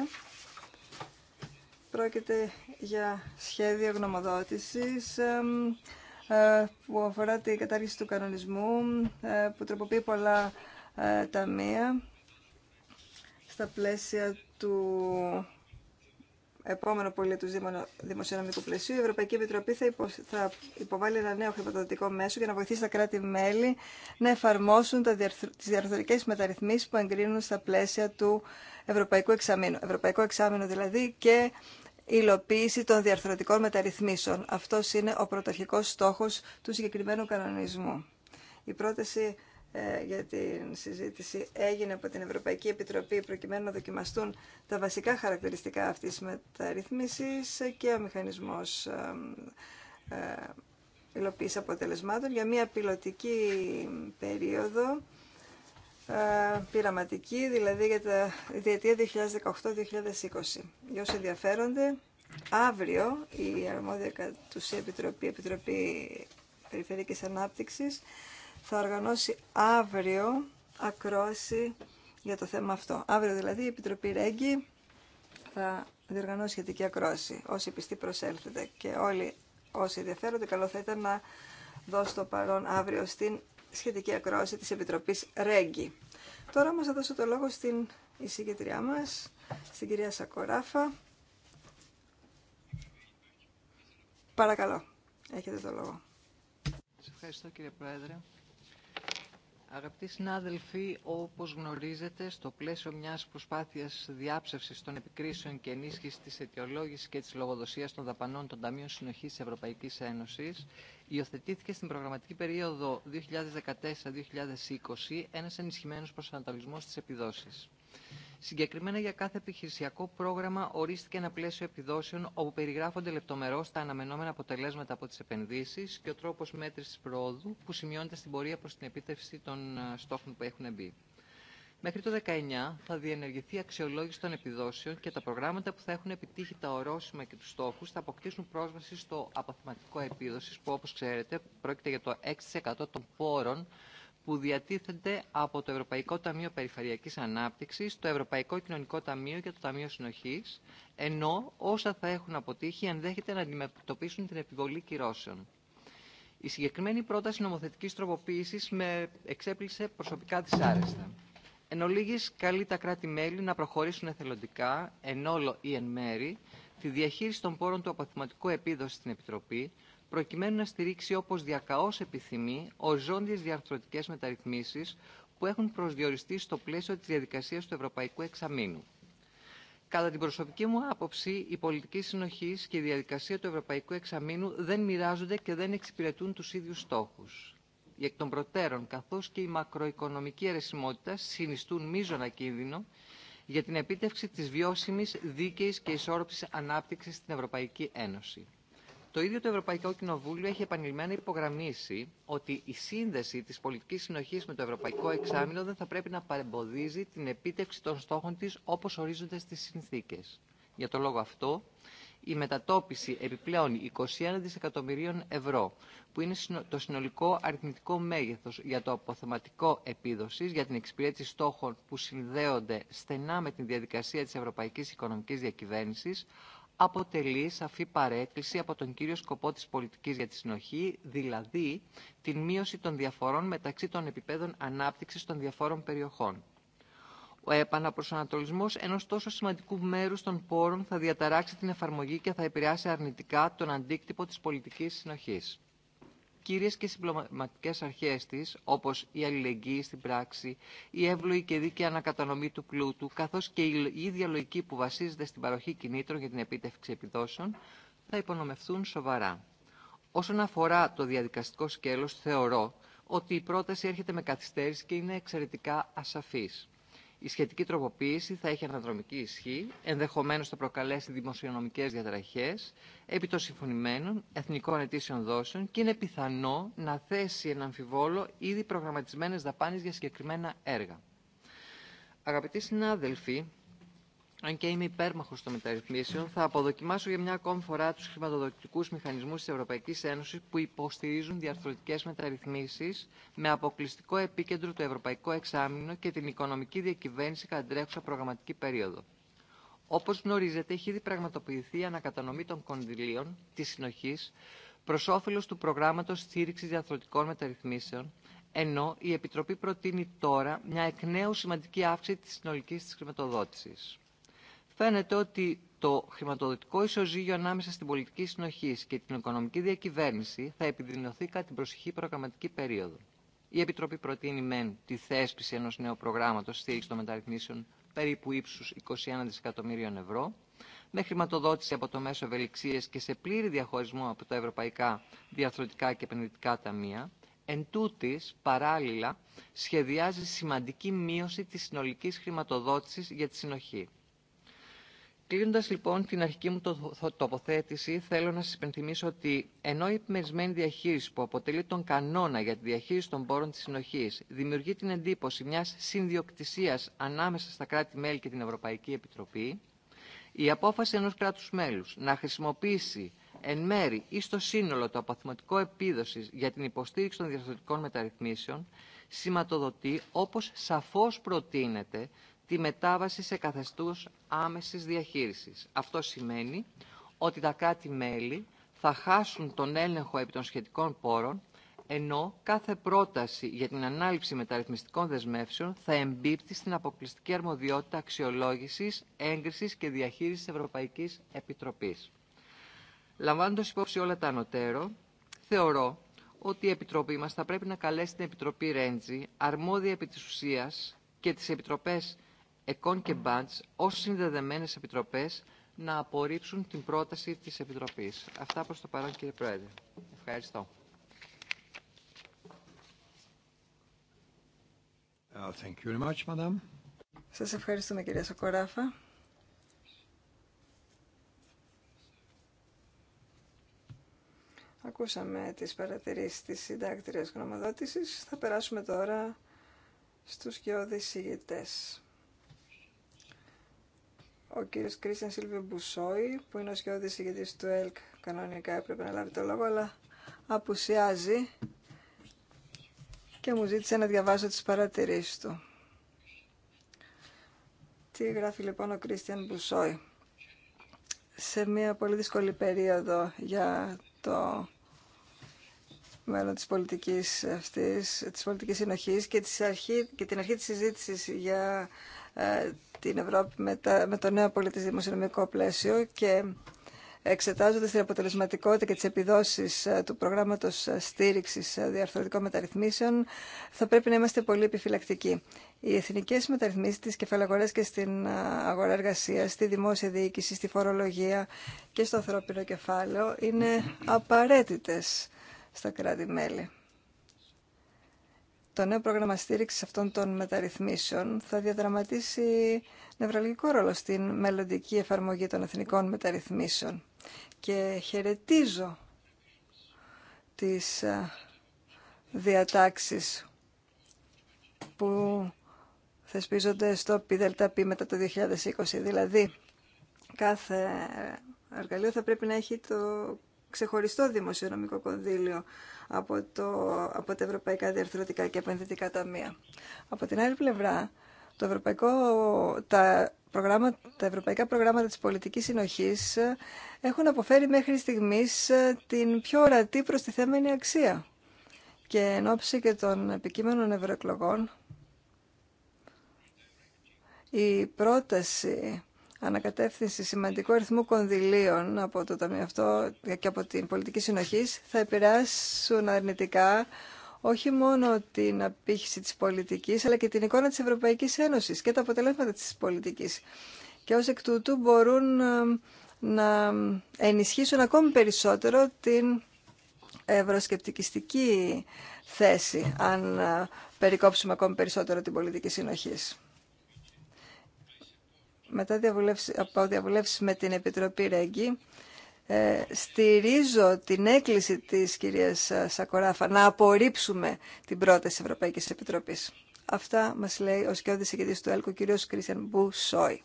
Πρόκειται για σχέδιο γνωμοδότησης ε, που αφορά την κατάργηση του κανονισμού ε, που τροποποιεί πολλά ε, ταμεία στα πλαίσια του επόμενο πολίτου δημοσιονομικού πλαισίου, η Ευρωπαϊκή Επιτροπή θα, υποβάλει ένα νέο χρηματοδοτικό μέσο για να βοηθήσει τα κράτη-μέλη να εφαρμόσουν τι διαρθρωτικέ μεταρρυθμίσει που εγκρίνουν στα πλαίσια του Ευρωπαϊκού Εξάμεινου. Ευρωπαϊκό Εξάμεινο δηλαδή και υλοποίηση των διαρθρωτικών μεταρρυθμίσεων. Αυτό είναι ο πρωταρχικό στόχο του συγκεκριμένου κανονισμού. Η πρόταση ε, για την συζήτηση έγινε από την Ευρωπαϊκή Επιτροπή προκειμένου να δοκιμαστούν τα βασικά χαρακτηριστικά αυτής της μεταρρύθμισης και ο μηχανισμός ε, υλοποίηση αποτελεσμάτων για μια πιλωτική περίοδο ε, πειραματική, δηλαδή για τα διετία 2018-2020. Για όσοι ενδιαφέρονται, αύριο η αρμόδια κατουσία Επιτροπή, Επιτροπή Περιφερειακής Ανάπτυξης, θα οργανώσει αύριο ακρόαση για το θέμα αυτό. Αύριο δηλαδή η Επιτροπή Ρέγγι θα διοργανώσει σχετική ακρόαση. Όσοι πιστοί προσέλθετε και όλοι όσοι ενδιαφέρονται, καλό θα ήταν να δώσω το παρόν αύριο στην σχετική ακρόαση της Επιτροπής Ρέγγι. Τώρα όμως θα δώσω το λόγο στην εισηγητριά μας, στην κυρία Σακοράφα. Παρακαλώ, έχετε το λόγο. Σας ευχαριστώ κύριε Πρόεδρε. Αγαπητοί συνάδελφοι, όπως γνωρίζετε, στο πλαίσιο μιας προσπάθειας διάψευσης των επικρίσεων και ενίσχυσης της αιτιολόγησης και της λογοδοσίας των δαπανών των Ταμείων Συνοχής της Ευρωπαϊκής Ένωσης, υιοθετήθηκε στην προγραμματική περίοδο 2014-2020 ένας ενισχυμένος προσανατολισμός της επιδόσεις. Συγκεκριμένα για κάθε επιχειρησιακό πρόγραμμα ορίστηκε ένα πλαίσιο επιδόσεων όπου περιγράφονται λεπτομερώ τα αναμενόμενα αποτελέσματα από τι επενδύσει και ο τρόπο μέτρηση προόδου που σημειώνεται στην πορεία προ την επίτευξη των ε, στόχων που έχουν μπει. Μέχρι το 2019 θα διενεργηθεί αξιολόγηση των επιδόσεων και τα προγράμματα που θα έχουν επιτύχει τα ορόσημα και του στόχου θα αποκτήσουν πρόσβαση στο αποθεματικό επίδοση που, όπω ξέρετε, πρόκειται για το 6% των πόρων που διατίθενται από το Ευρωπαϊκό Ταμείο Περιφερειακής Ανάπτυξης, το Ευρωπαϊκό Κοινωνικό Ταμείο και το Ταμείο Συνοχής, ενώ όσα θα έχουν αποτύχει ενδέχεται να αντιμετωπίσουν την επιβολή κυρώσεων. Η συγκεκριμένη πρόταση νομοθετικής τροποποίησης με εξέπληξε προσωπικά δυσάρεστα. Εν ολίγης, καλεί τα κράτη-μέλη να προχωρήσουν εθελοντικά, εν όλο ή εν μέρη, τη διαχείριση των πόρων του αποθυματικού επίδοση στην Επιτροπή, προκειμένου να στηρίξει όπως διακαώς επιθυμεί οριζόντιες διαρθρωτικές μεταρρυθμίσεις που έχουν προσδιοριστεί στο πλαίσιο της διαδικασίας του Ευρωπαϊκού Εξαμήνου. Κατά την προσωπική μου άποψη, η πολιτική συνοχή και η διαδικασία του Ευρωπαϊκού Εξαμήνου δεν μοιράζονται και δεν εξυπηρετούν του ίδιου στόχου. Οι εκ των προτέρων καθώ και η μακροοικονομική αιρεσιμότητα συνιστούν μείζωνα κίνδυνο για την επίτευξη τη βιώσιμη δίκαιη και ισόρροπη ανάπτυξη στην Ευρωπαϊκή Ένωση. Το ίδιο το Ευρωπαϊκό Κοινοβούλιο έχει επανειλημμένα υπογραμμίσει ότι η σύνδεση τη πολιτική συνοχή με το Ευρωπαϊκό Εξάμεινο δεν θα πρέπει να παρεμποδίζει την επίτευξη των στόχων τη όπω ορίζονται στι συνθήκε. Για τον λόγο αυτό, η μετατόπιση επιπλέον 21 δισεκατομμυρίων ευρώ, που είναι το συνολικό αριθμητικό μέγεθο για το αποθεματικό επίδοση, για την εξυπηρέτηση στόχων που συνδέονται στενά με την διαδικασία τη Ευρωπαϊκή Οικονομική Διακυβέρνηση, αποτελεί σαφή παρέκκληση από τον κύριο σκοπό της πολιτικής για τη συνοχή, δηλαδή την μείωση των διαφορών μεταξύ των επιπέδων ανάπτυξης των διαφόρων περιοχών. Ο επαναπροσανατολισμό ενό τόσο σημαντικού μέρου των πόρων θα διαταράξει την εφαρμογή και θα επηρεάσει αρνητικά τον αντίκτυπο τη πολιτική συνοχή κύριες και συμπληρωματικές αρχές της, όπως η αλληλεγγύη στην πράξη, η εύλογη και δίκαιη ανακατανομή του πλούτου, καθώς και η ίδια λογική που βασίζεται στην παροχή κινήτρων για την επίτευξη επιδόσεων, θα υπονομευθούν σοβαρά. Όσον αφορά το διαδικαστικό σκέλος, θεωρώ ότι η πρόταση έρχεται με καθυστέρηση και είναι εξαιρετικά ασαφής η σχετική τροποποίηση θα έχει αναδρομική ισχύ, ενδεχομένως θα προκαλέσει δημοσιονομικές διαταραχές επί των συμφωνημένων εθνικών αιτήσεων δόσεων και είναι πιθανό να θέσει έναν αμφιβόλο ήδη προγραμματισμένες δαπάνες για συγκεκριμένα έργα. Αγαπητοί συνάδελφοι, αν και είμαι υπέρμαχο των μεταρρυθμίσεων, θα αποδοκιμάσω για μια ακόμη φορά του χρηματοδοτικού μηχανισμού τη Ευρωπαϊκή Ένωση που υποστηρίζουν διαρθρωτικέ μεταρρυθμίσει με αποκλειστικό επίκεντρο το Ευρωπαϊκό Εξάμεινο και την οικονομική διακυβέρνηση κατά τρέχουσα προγραμματική περίοδο. Όπω γνωρίζετε, έχει ήδη πραγματοποιηθεί η ανακατανομή των κονδυλίων τη συνοχή προ όφελο του προγράμματο στήριξη διαρθρωτικών μεταρρυθμίσεων, ενώ η Επιτροπή προτείνει τώρα μια εκ νέου σημαντική αύξηση τη συνολική τη χρηματοδότηση φαίνεται ότι το χρηματοδοτικό ισοζύγιο ανάμεσα στην πολιτική συνοχή και την οικονομική διακυβέρνηση θα επιδεινωθεί κατά την προσεχή προγραμματική περίοδο. Η Επιτροπή προτείνει μεν τη θέσπιση ενό νέου προγράμματο στήριξη των μεταρρυθμίσεων περίπου ύψου 21 δισεκατομμύριων ευρώ, με χρηματοδότηση από το μέσο ευελιξία και σε πλήρη διαχωρισμό από τα ευρωπαϊκά διαθροτικά και επενδυτικά ταμεία. Εν τούτης, παράλληλα, σχεδιάζει σημαντική μείωση της συνολικής χρηματοδότησης για τη συνοχή. Κλείνοντα λοιπόν την αρχική μου τοποθέτηση, θέλω να σα υπενθυμίσω ότι ενώ η επιμερισμένη διαχείριση που αποτελεί τον κανόνα για τη διαχείριση των πόρων τη συνοχή δημιουργεί την εντύπωση μια συνδιοκτησία ανάμεσα στα κράτη-μέλη και την Ευρωπαϊκή Επιτροπή, η απόφαση ενό κράτου μέλου να χρησιμοποιήσει εν μέρη ή στο σύνολο το αποθυματικό επίδοση για την υποστήριξη των διαστατικών μεταρρυθμίσεων σηματοδοτεί, όπω σαφώ προτείνεται, τη μετάβαση σε καθεστούς άμεσης διαχείρισης. Αυτό σημαίνει ότι τα κράτη-μέλη θα χάσουν τον έλεγχο επί των σχετικών πόρων, ενώ κάθε πρόταση για την ανάληψη μεταρρυθμιστικών δεσμεύσεων θα εμπίπτει στην αποκλειστική αρμοδιότητα αξιολόγησης, έγκρισης και διαχείρισης Ευρωπαϊκής Επιτροπής. Λαμβάνοντας υπόψη όλα τα ανωτέρω, θεωρώ ότι η Επιτροπή μας θα πρέπει να καλέσει την Επιτροπή Ρέντζη, αρμόδια επί και τις Επιτροπές ΕΚΟΝ και ΜΠΑΝΤΣ ως συνδεδεμένες επιτροπές να απορρίψουν την πρόταση της Επιτροπής. Αυτά προς το παρόν κύριε Πρόεδρε. Ευχαριστώ. Uh, thank you very much, madam. Σας ευχαριστούμε κυρία Σοκοράφα. Ακούσαμε τις παρατηρήσεις της συντάκτριας γνωμοδότησης. Θα περάσουμε τώρα στους γεώδεις ηγητές. Ο κύριος Κρίστιαν Σίλβιο Μπουσόη, που είναι ο σκιώδης ηγετής του ΕΛΚ, κανονικά έπρεπε να λάβει το λόγο, αλλά απουσιάζει και μου ζήτησε να διαβάσω τις παρατηρήσεις του. Τι γράφει λοιπόν ο Κρίστιαν Μπουσόη. Σε μια πολύ δύσκολη περίοδο για το μέλλον της πολιτικής αυτής, της πολιτικής συνοχής και, της αρχή, και την αρχή της συζήτησης για ε, την Ευρώπη με, τα, με το νέο πολιτισμό δημοσιονομικό πλαίσιο και εξετάζοντας την αποτελεσματικότητα και τις επιδόσεις ε, του προγράμματος ε, στήριξης ε, διαρθρωτικών μεταρρυθμίσεων, θα πρέπει να είμαστε πολύ επιφυλακτικοί. Οι εθνικές μεταρρυθμίσεις της κεφαλαγορές και στην αγορά εργασίας, στη δημόσια διοίκηση, στη φορολογία και στο ανθρώπινο κεφάλαιο είναι απαραίτητες στα κράτη-μέλη το νέο πρόγραμμα στήριξη αυτών των μεταρρυθμίσεων θα διαδραματίσει νευραλγικό ρόλο στην μελλοντική εφαρμογή των εθνικών μεταρρυθμίσεων. Και χαιρετίζω τις ε, διατάξεις που θεσπίζονται στο ΠΔΠ μετά το 2020. Δηλαδή, κάθε ε, εργαλείο θα πρέπει να έχει το ξεχωριστό δημοσιονομικό κονδύλιο από, το, από τα Ευρωπαϊκά Διαρθρωτικά και Επενδυτικά Ταμεία. Από την άλλη πλευρά, το ευρωπαϊκό, τα, προγράμματα, τα ευρωπαϊκά προγράμματα της πολιτικής συνοχής έχουν αποφέρει μέχρι στιγμής την πιο ορατή προστιθέμενη αξία. Και εν ώψη και των επικείμενων ευρωεκλογών, η πρόταση ανακατεύθυνση σημαντικού αριθμού κονδυλίων από το Ταμείο αυτό και από την πολιτική συνοχή θα επηρεάσουν αρνητικά όχι μόνο την απήχηση της πολιτικής, αλλά και την εικόνα της Ευρωπαϊκής Ένωσης και τα αποτελέσματα της πολιτικής. Και ως εκ τούτου μπορούν ε, να ενισχύσουν ακόμη περισσότερο την ευρωσκεπτικιστική θέση, αν ε, περικόψουμε ακόμη περισσότερο την πολιτική συνοχής μετά από διαβουλεύσεις με την Επιτροπή Ρέγγι, ε, στηρίζω την έκκληση της κυρίας ε, Σακοράφα να απορρίψουμε την πρόταση Ευρωπαϊκής Επιτροπής. Αυτά μας λέει ο σκιώδης ηγετής του ΕΛΚΟ, κύριος Κρίσιαν Σόι.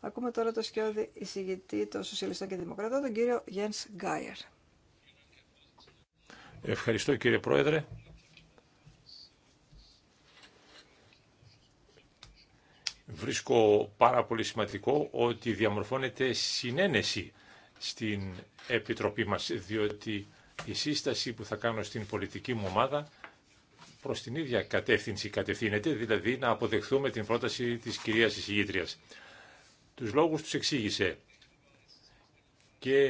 Ακούμε τώρα το σκιώδη εισηγητή των Σοσιαλιστών και Δημοκρατών, τον κύριο Γιένς Γκάιερ. Ευχαριστώ κύριε Πρόεδρε. βρίσκω πάρα πολύ σημαντικό ότι διαμορφώνεται συνένεση στην Επιτροπή μας, διότι η σύσταση που θα κάνω στην πολιτική μου ομάδα προς την ίδια κατεύθυνση κατευθύνεται, δηλαδή να αποδεχθούμε την πρόταση της κυρίας εισηγήτριας. Τους λόγους τους εξήγησε και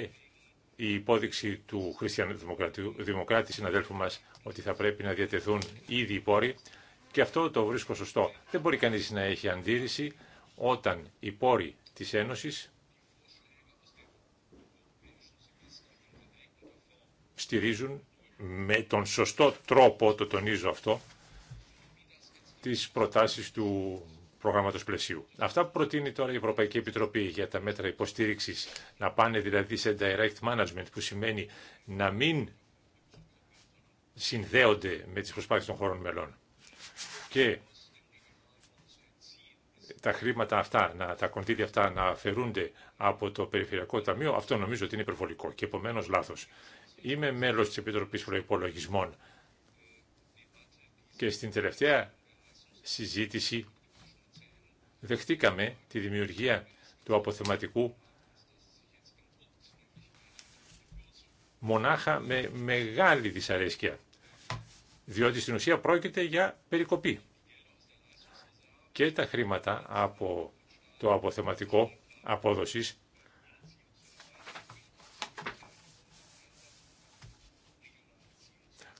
η υπόδειξη του χριστιανοδημοκράτη συναδέλφου μας ότι θα πρέπει να διατεθούν ήδη οι πόροι και αυτό το βρίσκω σωστό. Δεν μπορεί κανείς να έχει αντίρρηση όταν οι πόροι της Ένωσης στηρίζουν με τον σωστό τρόπο, το τονίζω αυτό, τις προτάσεις του προγράμματος πλαισίου. Αυτά που προτείνει τώρα η Ευρωπαϊκή Επιτροπή για τα μέτρα υποστήριξης να πάνε δηλαδή σε direct management που σημαίνει να μην συνδέονται με τις προσπάθειες των χώρων μελών και τα χρήματα αυτά, να, τα κονδύλια αυτά να αφαιρούνται από το Περιφερειακό Ταμείο, αυτό νομίζω ότι είναι υπερβολικό και επομένω λάθο. Είμαι μέλο τη Επιτροπή Προπολογισμών και στην τελευταία συζήτηση δεχτήκαμε τη δημιουργία του αποθεματικού μονάχα με μεγάλη δυσαρέσκεια διότι στην ουσία πρόκειται για περικοπή. Και τα χρήματα από το αποθεματικό απόδοσης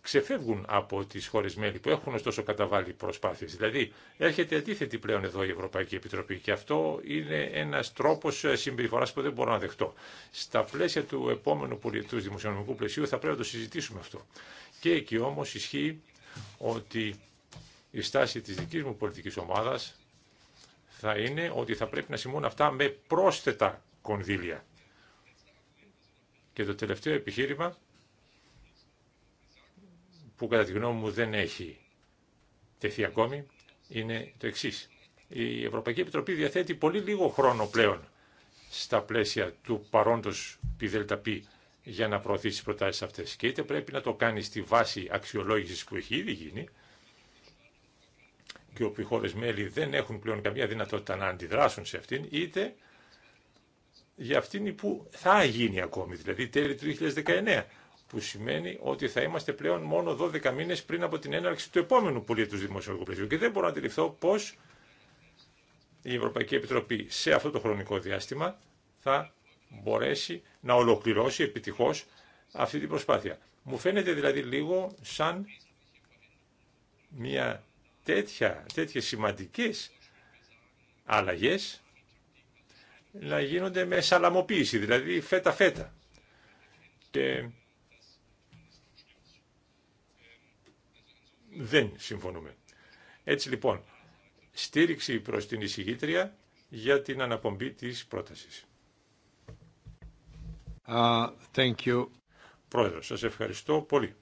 ξεφεύγουν από τις χώρες μέλη που έχουν ωστόσο καταβάλει προσπάθειες. Δηλαδή έρχεται αντίθετη πλέον εδώ η Ευρωπαϊκή Επιτροπή και αυτό είναι ένας τρόπος συμπεριφοράς που δεν μπορώ να δεχτώ. Στα πλαίσια του επόμενου πολιτού δημοσιονομικού πλαισίου θα πρέπει να το συζητήσουμε αυτό. Και εκεί όμως ισχύει ότι η στάση της δικής μου πολιτικής ομάδας θα είναι ότι θα πρέπει να σημούν αυτά με πρόσθετα κονδύλια. Και το τελευταίο επιχείρημα που κατά τη γνώμη μου δεν έχει τεθεί ακόμη είναι το εξής. Η Ευρωπαϊκή Επιτροπή διαθέτει πολύ λίγο χρόνο πλέον στα πλαίσια του παρόντος ΠΔΠ για να προωθήσει τις προτάσεις αυτές. Και είτε πρέπει να το κάνει στη βάση αξιολόγηση που έχει ήδη γίνει και όπου οι χώρε μέλη δεν έχουν πλέον καμία δυνατότητα να αντιδράσουν σε αυτήν, είτε για αυτήν που θα γίνει ακόμη, δηλαδή τέλη του 2019, που σημαίνει ότι θα είμαστε πλέον μόνο 12 μήνες πριν από την έναρξη του επόμενου πολίτου δημοσιογραφικού πλαισίου. Και δεν μπορώ να αντιληφθώ πώς η Ευρωπαϊκή Επιτροπή σε αυτό το χρονικό διάστημα θα μπορέσει να ολοκληρώσει επιτυχώς αυτή την προσπάθεια. Μου φαίνεται δηλαδή λίγο σαν μια τέτοια, τέτοιες σημαντικές αλλαγές να γίνονται με σαλαμοποίηση, δηλαδή φέτα-φέτα. Και δεν συμφωνούμε. Έτσι λοιπόν, στήριξη προς την εισηγήτρια για την αναπομπή της πρότασης. Uh, thank σας ευχαριστώ πολύ.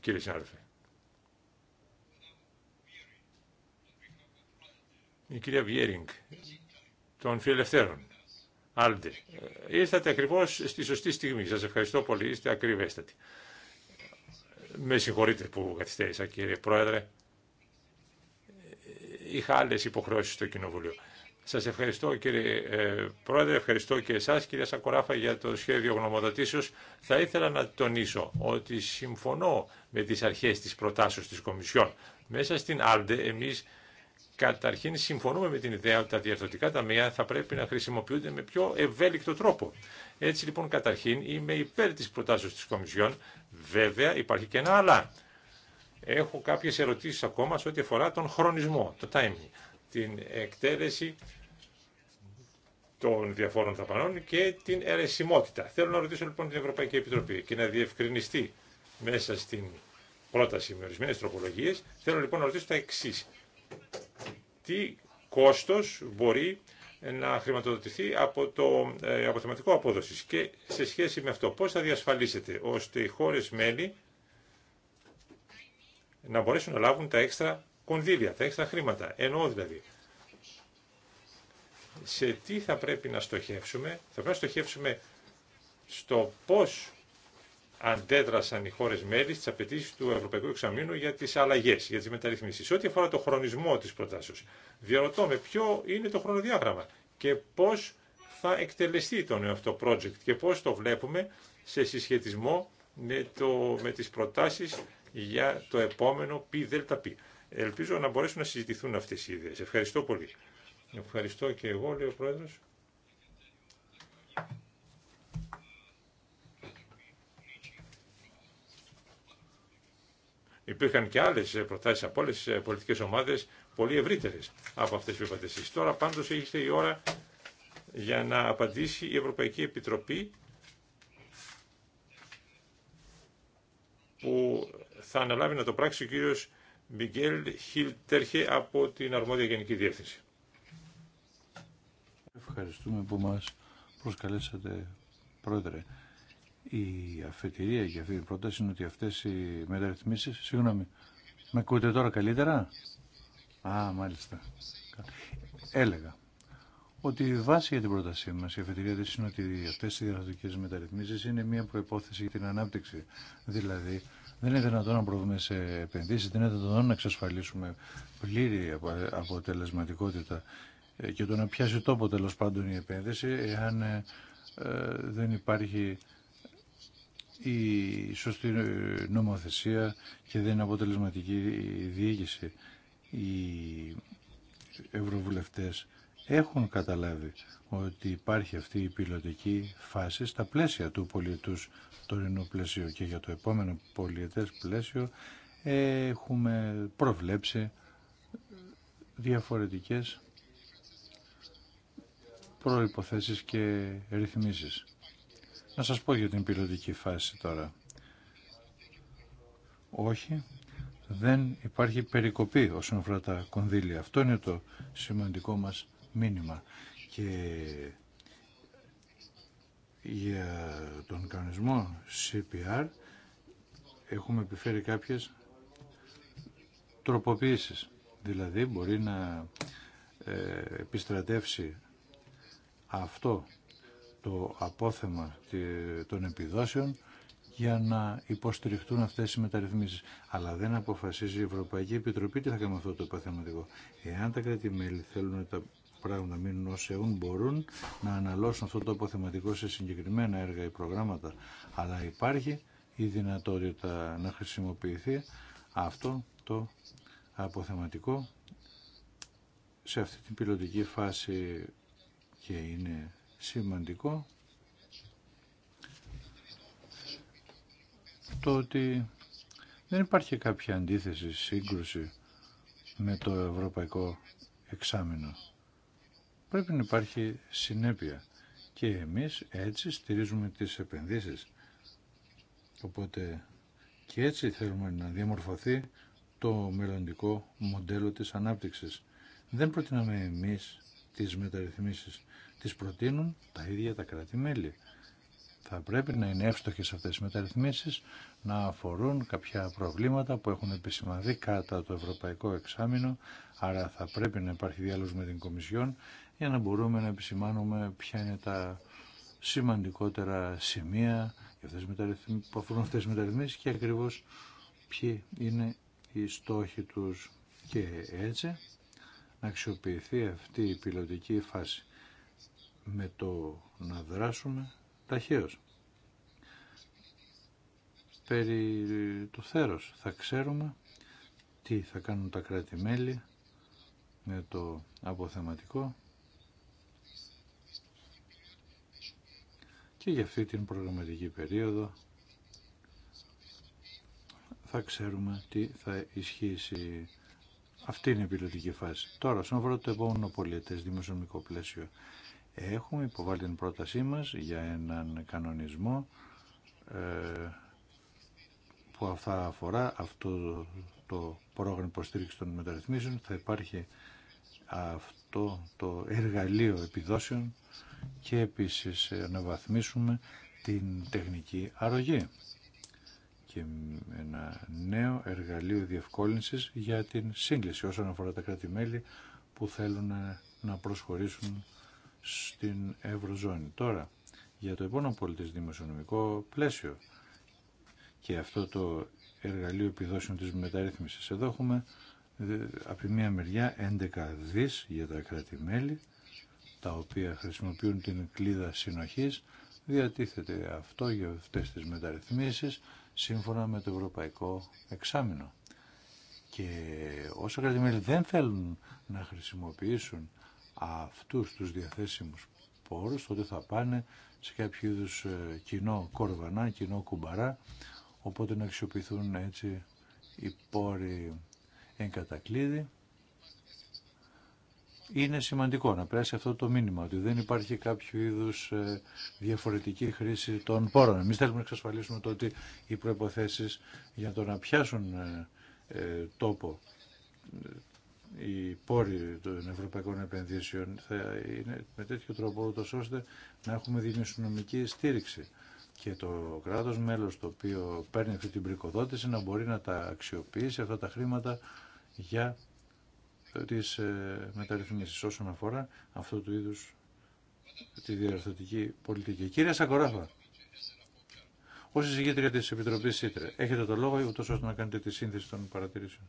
Κύριε συνάδελφε. Η κυρία Βιέρινγκ των Φιλελευθέρων. Άλντε. Ήρθατε ακριβώς στη σωστή στιγμή. Σας ευχαριστώ πολύ. Είστε ακριβέστατοι. Με συγχωρείτε που καθυστέρησα κύριε Πρόεδρε. Είχα άλλε υποχρεώσεις στο Κοινοβουλίο. Σα ευχαριστώ κύριε ε, Πρόεδρε, ευχαριστώ και εσά, κυρία Σακοράφα για το σχέδιο γνωμοδοτήσεω. Θα ήθελα να τονίσω ότι συμφωνώ με τι αρχέ τη προτάσεω τη Κομισιόν. Μέσα στην ΑΛΔΕ εμεί καταρχήν συμφωνούμε με την ιδέα ότι τα διαρθρωτικά ταμεία θα πρέπει να χρησιμοποιούνται με πιο ευέλικτο τρόπο. Έτσι λοιπόν καταρχήν είμαι υπέρ τη προτάσεως τη Κομισιόν. Βέβαια υπάρχει και ένα αλλά. Έχω κάποιε ερωτήσει ακόμα σε ό,τι αφορά τον χρονισμό, το timing την εκτέλεση των διαφόρων δαπανών και την αιρεσιμότητα. Θέλω να ρωτήσω λοιπόν την Ευρωπαϊκή Επιτροπή και να διευκρινιστεί μέσα στην πρόταση με ορισμένε τροπολογίε. Θέλω λοιπόν να ρωτήσω τα εξή. Τι κόστο μπορεί να χρηματοδοτηθεί από το ε, αποθεματικό απόδοση. και σε σχέση με αυτό πώ θα διασφαλίσετε ώστε οι χώρε μέλη να μπορέσουν να λάβουν τα έξτρα κονδύλια, θα έχει χρήματα. Εννοώ δηλαδή. Σε τι θα πρέπει να στοχεύσουμε, θα πρέπει να στοχεύσουμε στο πώς αντέδρασαν οι χώρες μέλη στις απαιτήσει του Ευρωπαϊκού Εξαμήνου για τις αλλαγές, για τις μεταρρυθμίσεις. Ό,τι αφορά το χρονισμό της προτάσεως, διαρωτώ με ποιο είναι το χρονοδιάγραμμα και πώς θα εκτελεστεί το νέο αυτό project και πώς το βλέπουμε σε συσχετισμό με, το, με τις προτάσεις για το επόμενο πι. Ελπίζω να μπορέσουν να συζητηθούν αυτές οι ιδέες. Ευχαριστώ πολύ. Ευχαριστώ και εγώ, λέει ο Πρόεδρος. Υπήρχαν και άλλες προτάσει από όλε τι πολιτικέ ομάδε, πολύ ευρύτερε από αυτές που είπατε εσείς. Τώρα πάντως έχετε η ώρα για να απαντήσει η Ευρωπαϊκή Επιτροπή που θα αναλάβει να το πράξει ο κύριος Μιγγέλ Χιλτέρχε από την Αρμόδια Γενική Διεύθυνση. Ευχαριστούμε που μας προσκαλέσατε, Πρόεδρε. Η αφετηρία για αυτή την πρόταση είναι ότι αυτές οι μεταρρυθμίσεις... Συγγνώμη, με ακούτε τώρα καλύτερα? Α, μάλιστα. Έλεγα ότι η βάση για την πρότασή μα, η αφετηρία τη είναι ότι αυτέ οι διαδοτικέ μεταρρυθμίσει είναι μια προπόθεση για την ανάπτυξη. Δηλαδή, δεν είναι δυνατόν να προβούμε σε επενδύσει, δεν είναι δυνατόν να εξασφαλίσουμε πλήρη αποτελεσματικότητα ε, και το να πιάσει τόπο τέλο πάντων η επένδυση εάν ε, δεν υπάρχει η σωστή ε, νομοθεσία και δεν είναι αποτελεσματική η διοίκηση. Οι ευρωβουλευτές έχουν καταλάβει ότι υπάρχει αυτή η πιλωτική φάση στα πλαίσια του πολιτούς τωρινού πλαισίου και για το επόμενο πολιετές πλαίσιο έχουμε προβλέψει διαφορετικές προϋποθέσεις και ρυθμίσεις. Να σας πω για την πιλωτική φάση τώρα. Όχι, δεν υπάρχει περικοπή όσον αφορά τα κονδύλια. Αυτό είναι το σημαντικό μας μήνυμα. Και για τον κανονισμό CPR έχουμε επιφέρει κάποιες τροποποίησεις. Δηλαδή μπορεί να ε, επιστρατεύσει αυτό το απόθεμα των επιδόσεων για να υποστηριχτούν αυτές οι μεταρρυθμίσεις. Αλλά δεν αποφασίζει η Ευρωπαϊκή Επιτροπή τι θα κάνει αυτό το επαθεματικό. Εάν τα κράτη-μέλη θέλουν να τα πράγμα να μείνουν όσοι έχουν μπορούν να αναλώσουν αυτό το αποθεματικό σε συγκεκριμένα έργα ή προγράμματα. Αλλά υπάρχει η δυνατότητα να χρησιμοποιηθεί αυτό το αποθεματικό σε αυτή την πιλωτική φάση και είναι σημαντικό το ότι δεν υπάρχει κάποια αντίθεση, σύγκρουση με το ευρωπαϊκό εξάμεινο πρέπει να υπάρχει συνέπεια και εμείς έτσι στηρίζουμε τις επενδύσεις. Οπότε και έτσι θέλουμε να διαμορφωθεί το μελλοντικό μοντέλο της ανάπτυξης. Δεν προτείναμε εμείς τις μεταρρυθμίσεις. Τις προτείνουν τα ίδια τα κράτη-μέλη. Θα πρέπει να είναι εύστοχες αυτές οι μεταρρυθμίσεις, να αφορούν κάποια προβλήματα που έχουν επισημανθεί κατά το Ευρωπαϊκό Εξάμεινο, άρα θα πρέπει να υπάρχει διάλογος με την Κομισιόν για να μπορούμε να επισημάνουμε ποια είναι τα σημαντικότερα σημεία που αφορούν αυτές τις μεταρρυθμίσεις και ακριβώς ποιοι είναι οι στόχοι τους και έτσι να αξιοποιηθεί αυτή η πιλωτική φάση με το να δράσουμε ταχαίως. Περί του θέρος θα ξέρουμε τι θα κάνουν τα κράτη-μέλη με το αποθεματικό και για αυτή την προγραμματική περίοδο θα ξέρουμε τι θα ισχύσει. Αυτή είναι η πιλωτική φάση. Τώρα, όσον αφορά το επόμενο πολιτές δημοσιονομικό πλαίσιο, έχουμε υποβάλει την πρότασή μας για έναν κανονισμό ε, που θα αφορά αυτό το πρόγραμμα υποστήριξη των μεταρρυθμίσεων. Θα υπάρχει αυτό το εργαλείο επιδόσεων και επίσης βαθμίσουμε την τεχνική αρρωγή και ένα νέο εργαλείο διευκόλυνσης για την σύγκληση όσον αφορά τα κράτη-μέλη που θέλουν να προσχωρήσουν στην Ευρωζώνη. Τώρα, για το επόμενο πολιτής δημοσιονομικό πλαίσιο και αυτό το εργαλείο επιδόσεων της μεταρρύθμισης. Εδώ έχουμε ε, από τη μία μεριά 11 δις για τα κράτη-μέλη τα οποία χρησιμοποιούν την κλίδα συνοχής διατίθεται αυτό για αυτές τις μεταρρυθμίσεις σύμφωνα με το Ευρωπαϊκό Εξάμεινο. Και όσο κρατημέλη δεν θέλουν να χρησιμοποιήσουν αυτούς τους διαθέσιμους πόρους, τότε θα πάνε σε κάποιο είδου ε, κοινό κορβανά, κοινό κουμπαρά, οπότε να αξιοποιηθούν έτσι οι πόροι εν είναι σημαντικό να περάσει αυτό το μήνυμα ότι δεν υπάρχει κάποιο είδου ε, διαφορετική χρήση των πόρων. Εμεί θέλουμε να εξασφαλίσουμε το ότι οι προποθέσει για το να πιάσουν ε, ε, τόπο οι πόροι των ευρωπαϊκών επενδύσεων θα είναι με τέτοιο τρόπο ώστε να έχουμε δημοσιονομική στήριξη και το κράτος μέλος το οποίο παίρνει αυτή την πρικοδότηση να μπορεί να τα αξιοποιήσει αυτά τα χρήματα για τις ε, μεταρρυθμίσεις όσον αφορά αυτού του είδους τη διαρθωτική πολιτική. Κύριε Σακοράφα, ω εισηγήτρια της Επιτροπής ΣΥΤΡΕ, έχετε το λόγο ούτως ώστε να κάνετε τη σύνθεση των παρατηρήσεων.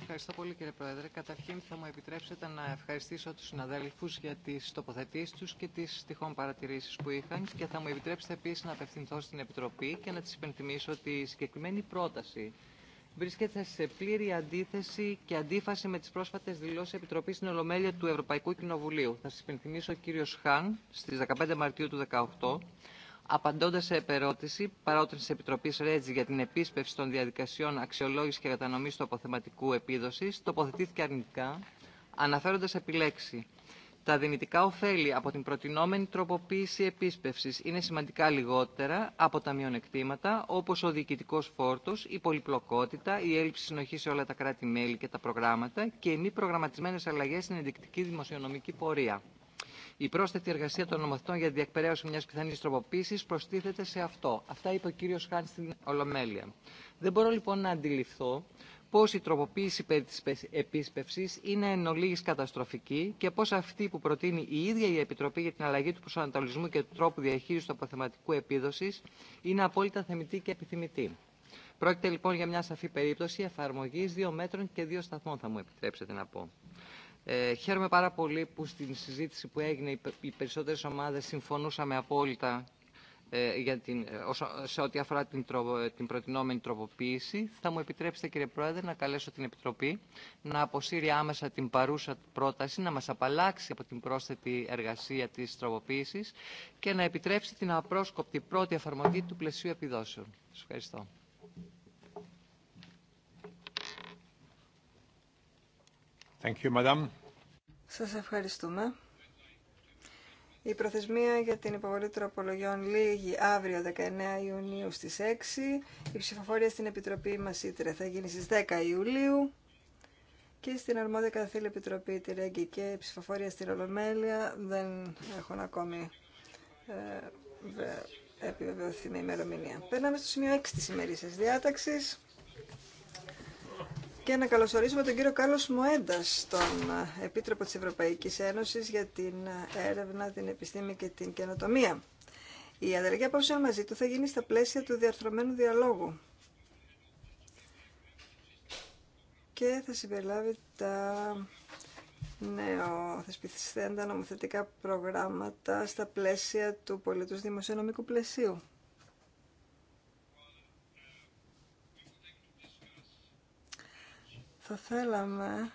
Ευχαριστώ πολύ κύριε Πρόεδρε. Καταρχήν θα μου επιτρέψετε να ευχαριστήσω τους συναδέλφους για τις τοποθετήσεις τους και τις τυχόν παρατηρήσεις που είχαν και θα μου επιτρέψετε επίσης να απευθυνθώ στην Επιτροπή και να της υπενθυμίσω ότι η συγκεκριμένη πρόταση βρίσκεται σε πλήρη αντίθεση και αντίφαση με τις πρόσφατες δηλώσεις Επιτροπής στην Ολομέλεια του Ευρωπαϊκού Κοινοβουλίου. Θα σας υπενθυμίσω ο κύριος Χαν στις 15 Μαρτίου του 2018 απαντώντας σε επερώτηση παρότρινση Επιτροπής Ρέτζη για την επίσπευση των διαδικασιών αξιολόγησης και κατανομής του αποθεματικού επίδοσης, τοποθετήθηκε αρνητικά, αναφέροντας επιλέξει τα δυνητικά ωφέλη από την προτινόμενη τροποποίηση επίσπευση είναι σημαντικά λιγότερα από τα μειονεκτήματα, όπω ο διοικητικό φόρτο, η πολυπλοκότητα, η έλλειψη συνοχή σε όλα τα κράτη-μέλη και τα προγράμματα και οι μη προγραμματισμένε αλλαγές στην ενδεικτική δημοσιονομική πορεία. Η πρόσθετη εργασία των νομοθετών για τη μιας μια πιθανή τροποποίηση προστίθεται σε αυτό. Αυτά είπε ο κύριο Χάν στην Ολομέλεια. Δεν μπορώ λοιπόν να αντιληφθώ πώς η τροποποίηση περί της επίσπευσης είναι εν καταστροφική και πώς αυτή που προτείνει η ίδια η Επιτροπή για την αλλαγή του προσανατολισμού και του τρόπου διαχείρισης του αποθεματικού επίδοσης είναι απόλυτα θεμητή και επιθυμητή. Πρόκειται λοιπόν για μια σαφή περίπτωση εφαρμογής δύο μέτρων και δύο σταθμών, θα μου επιτρέψετε να πω. Ε, χαίρομαι πάρα πολύ που στην συζήτηση που έγινε οι περισσότερες ομάδες συμφωνούσαμε απόλυτα ε, για την, ε, σε ό,τι αφορά την, τρο, ε, την προτινόμενη τροποποίηση. Θα μου επιτρέψετε, κύριε Πρόεδρε, να καλέσω την Επιτροπή να αποσύρει άμεσα την παρούσα πρόταση, να μας απαλλάξει από την πρόσθετη εργασία της τροποποίησης και να επιτρέψει την απρόσκοπτη πρώτη εφαρμογή του πλαισίου επιδόσεων. Σας ευχαριστώ. Thank you, madam. Σας ευχαριστούμε. Η προθεσμία για την υποβολή τροπολογιών λίγη αύριο 19 Ιουνίου στις 6. Η ψηφοφορία στην Επιτροπή μας Ήτρε θα γίνει στις 10 Ιουλίου. Και στην αρμόδια καθήλη Επιτροπή τη Ρέγκη και η ψηφοφορία στην Ολομέλεια δεν έχουν ακόμη ε, επιβεβαιωθεί με ημερομηνία. Περνάμε στο σημείο 6 της ημερήσιας διάταξης και να καλωσορίσουμε τον κύριο Κάλλος Μοέντας, τον ε, Επίτροπο της Ευρωπαϊκής Ένωσης για την ε, έρευνα, την επιστήμη και την καινοτομία. Η ανταλλαγή απόψε μαζί του θα γίνει στα πλαίσια του διαρθρωμένου διαλόγου και θα συμπεριλάβει τα νεοθεσπιθέντα νομοθετικά προγράμματα στα πλαίσια του πολιτούς δημοσιονομικού πλαισίου. Θα θέλαμε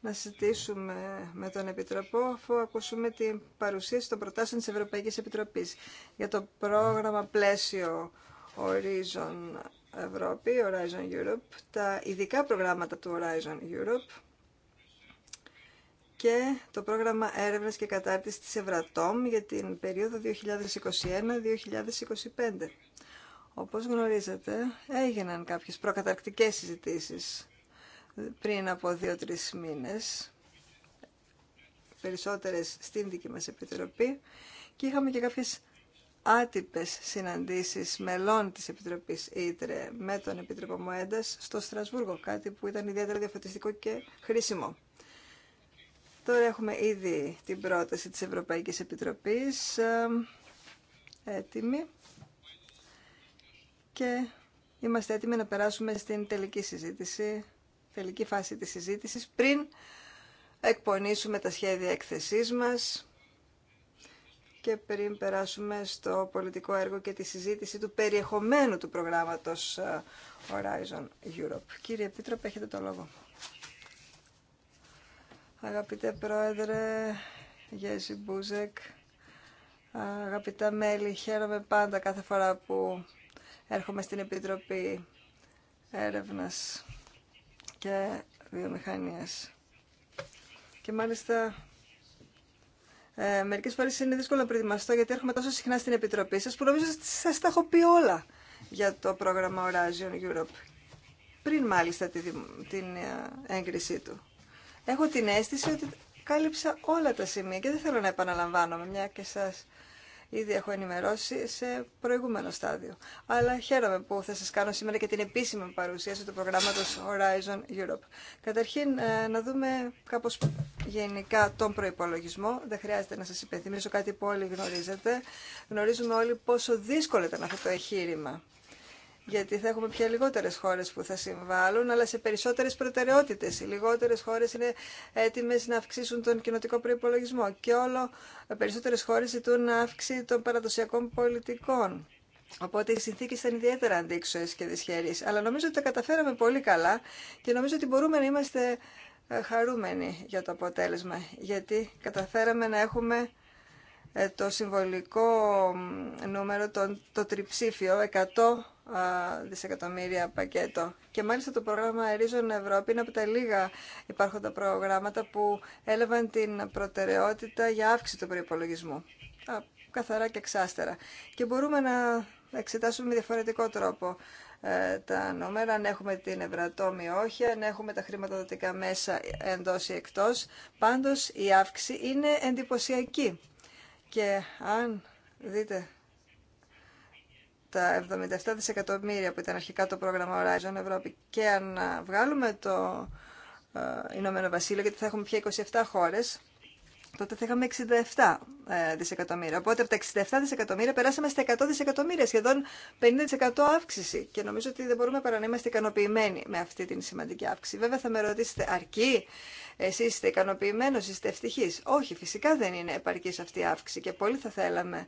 να συζητήσουμε με τον Επιτροπό αφού ακούσουμε την παρουσίαση των προτάσεων της Ευρωπαϊκής Επιτροπής για το πρόγραμμα πλαίσιο Horizon Ευρώπη, Europe, τα ειδικά προγράμματα του Horizon Europe και το πρόγραμμα έρευνας και κατάρτισης της Ευρατόμ για την περίοδο 2021-2025. Όπως γνωρίζετε, έγιναν κάποιες προκαταρκτικές συζητήσεις πριν από δύο-τρεις μήνες, περισσότερες στην δική μας Επιτροπή και είχαμε και κάποιες άτυπες συναντήσεις μελών της Επιτροπής Ήτρε με τον Επίτροπο Μοέντας στο Στρασβούργο, κάτι που ήταν ιδιαίτερα διαφωτιστικό και χρήσιμο. Τώρα έχουμε ήδη την πρόταση της Ευρωπαϊκής Επιτροπής έτοιμη και είμαστε έτοιμοι να περάσουμε στην τελική συζήτηση τελική φάση της συζήτησης πριν εκπονήσουμε τα σχέδια εκθεσής μας και πριν περάσουμε στο πολιτικό έργο και τη συζήτηση του περιεχομένου του προγράμματος ε, Horizon Europe. Κύριε Επίτροπε, έχετε το λόγο. Αγαπητέ Πρόεδρε, Γέζη Μπούζεκ, αγαπητά μέλη, χαίρομαι πάντα κάθε φορά που έρχομαι στην Επιτροπή Έρευνας και βιομηχανίας. Και μάλιστα ε, μερικές φορές είναι δύσκολο να προετοιμαστώ γιατί έρχομαι τόσο συχνά στην Επιτροπή σας που νομίζω σας τα έχω πει όλα για το πρόγραμμα Horizon Europe. Πριν μάλιστα την ε, έγκρισή του. Έχω την αίσθηση ότι κάλυψα όλα τα σημεία και δεν θέλω να επαναλαμβάνομαι μια και σας ήδη έχω ενημερώσει σε προηγούμενο στάδιο. Αλλά χαίρομαι που θα σας κάνω σήμερα και την επίσημη παρουσίαση του προγράμματος Horizon Europe. Καταρχήν, ε, να δούμε κάπως γενικά τον προϋπολογισμό. Δεν χρειάζεται να σας υπενθυμίσω κάτι που όλοι γνωρίζετε. Γνωρίζουμε όλοι πόσο δύσκολο ήταν αυτό το εγχείρημα γιατί θα έχουμε πια λιγότερες χώρες που θα συμβάλλουν, αλλά σε περισσότερες προτεραιότητες. Οι λιγότερες χώρες είναι έτοιμες να αυξήσουν τον κοινοτικό προϋπολογισμό και όλο ε, περισσότερες χώρες ζητούν αύξηση των παραδοσιακών πολιτικών. Οπότε οι συνθήκε ήταν ιδιαίτερα αντίξωε και δυσχερεί. Αλλά νομίζω ότι τα καταφέραμε πολύ καλά και νομίζω ότι μπορούμε να είμαστε ε, χαρούμενοι για το αποτέλεσμα. Γιατί καταφέραμε να έχουμε ε, το συμβολικό νούμερο, το, το τριψήφιο, 100 δισεκατομμύρια πακέτο. Και μάλιστα το πρόγραμμα Horizon Ευρώπη είναι από τα λίγα υπάρχοντα προγράμματα που έλαβαν την προτεραιότητα για αύξηση του προπολογισμού. Καθαρά και εξάστερα. Και μπορούμε να εξετάσουμε με διαφορετικό τρόπο ε, τα νούμερα, αν έχουμε την ευρατόμη ή όχι, αν έχουμε τα χρηματοδοτικά μέσα εντός ή εκτός. Πάντως η αύξηση μεσα εντό η εκτος παντως εντυπωσιακή. Και αν δείτε τα 77 δισεκατομμύρια που ήταν αρχικά το πρόγραμμα Horizon Ευρώπη και αν βγάλουμε το Ηνωμένο Βασίλειο, γιατί θα έχουμε πια 27 χώρες, τότε θα είχαμε 67 ε, δισεκατομμύρια. Οπότε από τα 67 δισεκατομμύρια περάσαμε στα 100 δισεκατομμύρια, σχεδόν 50% αύξηση. Και νομίζω ότι δεν μπορούμε παρά να είμαστε ικανοποιημένοι με αυτή την σημαντική αύξηση. Βέβαια θα με ρωτήσετε, αρκεί, εσεί είστε ικανοποιημένο, είστε ευτυχεί. Όχι, φυσικά δεν είναι επαρκή αυτή η αύξηση και πολύ θα θέλαμε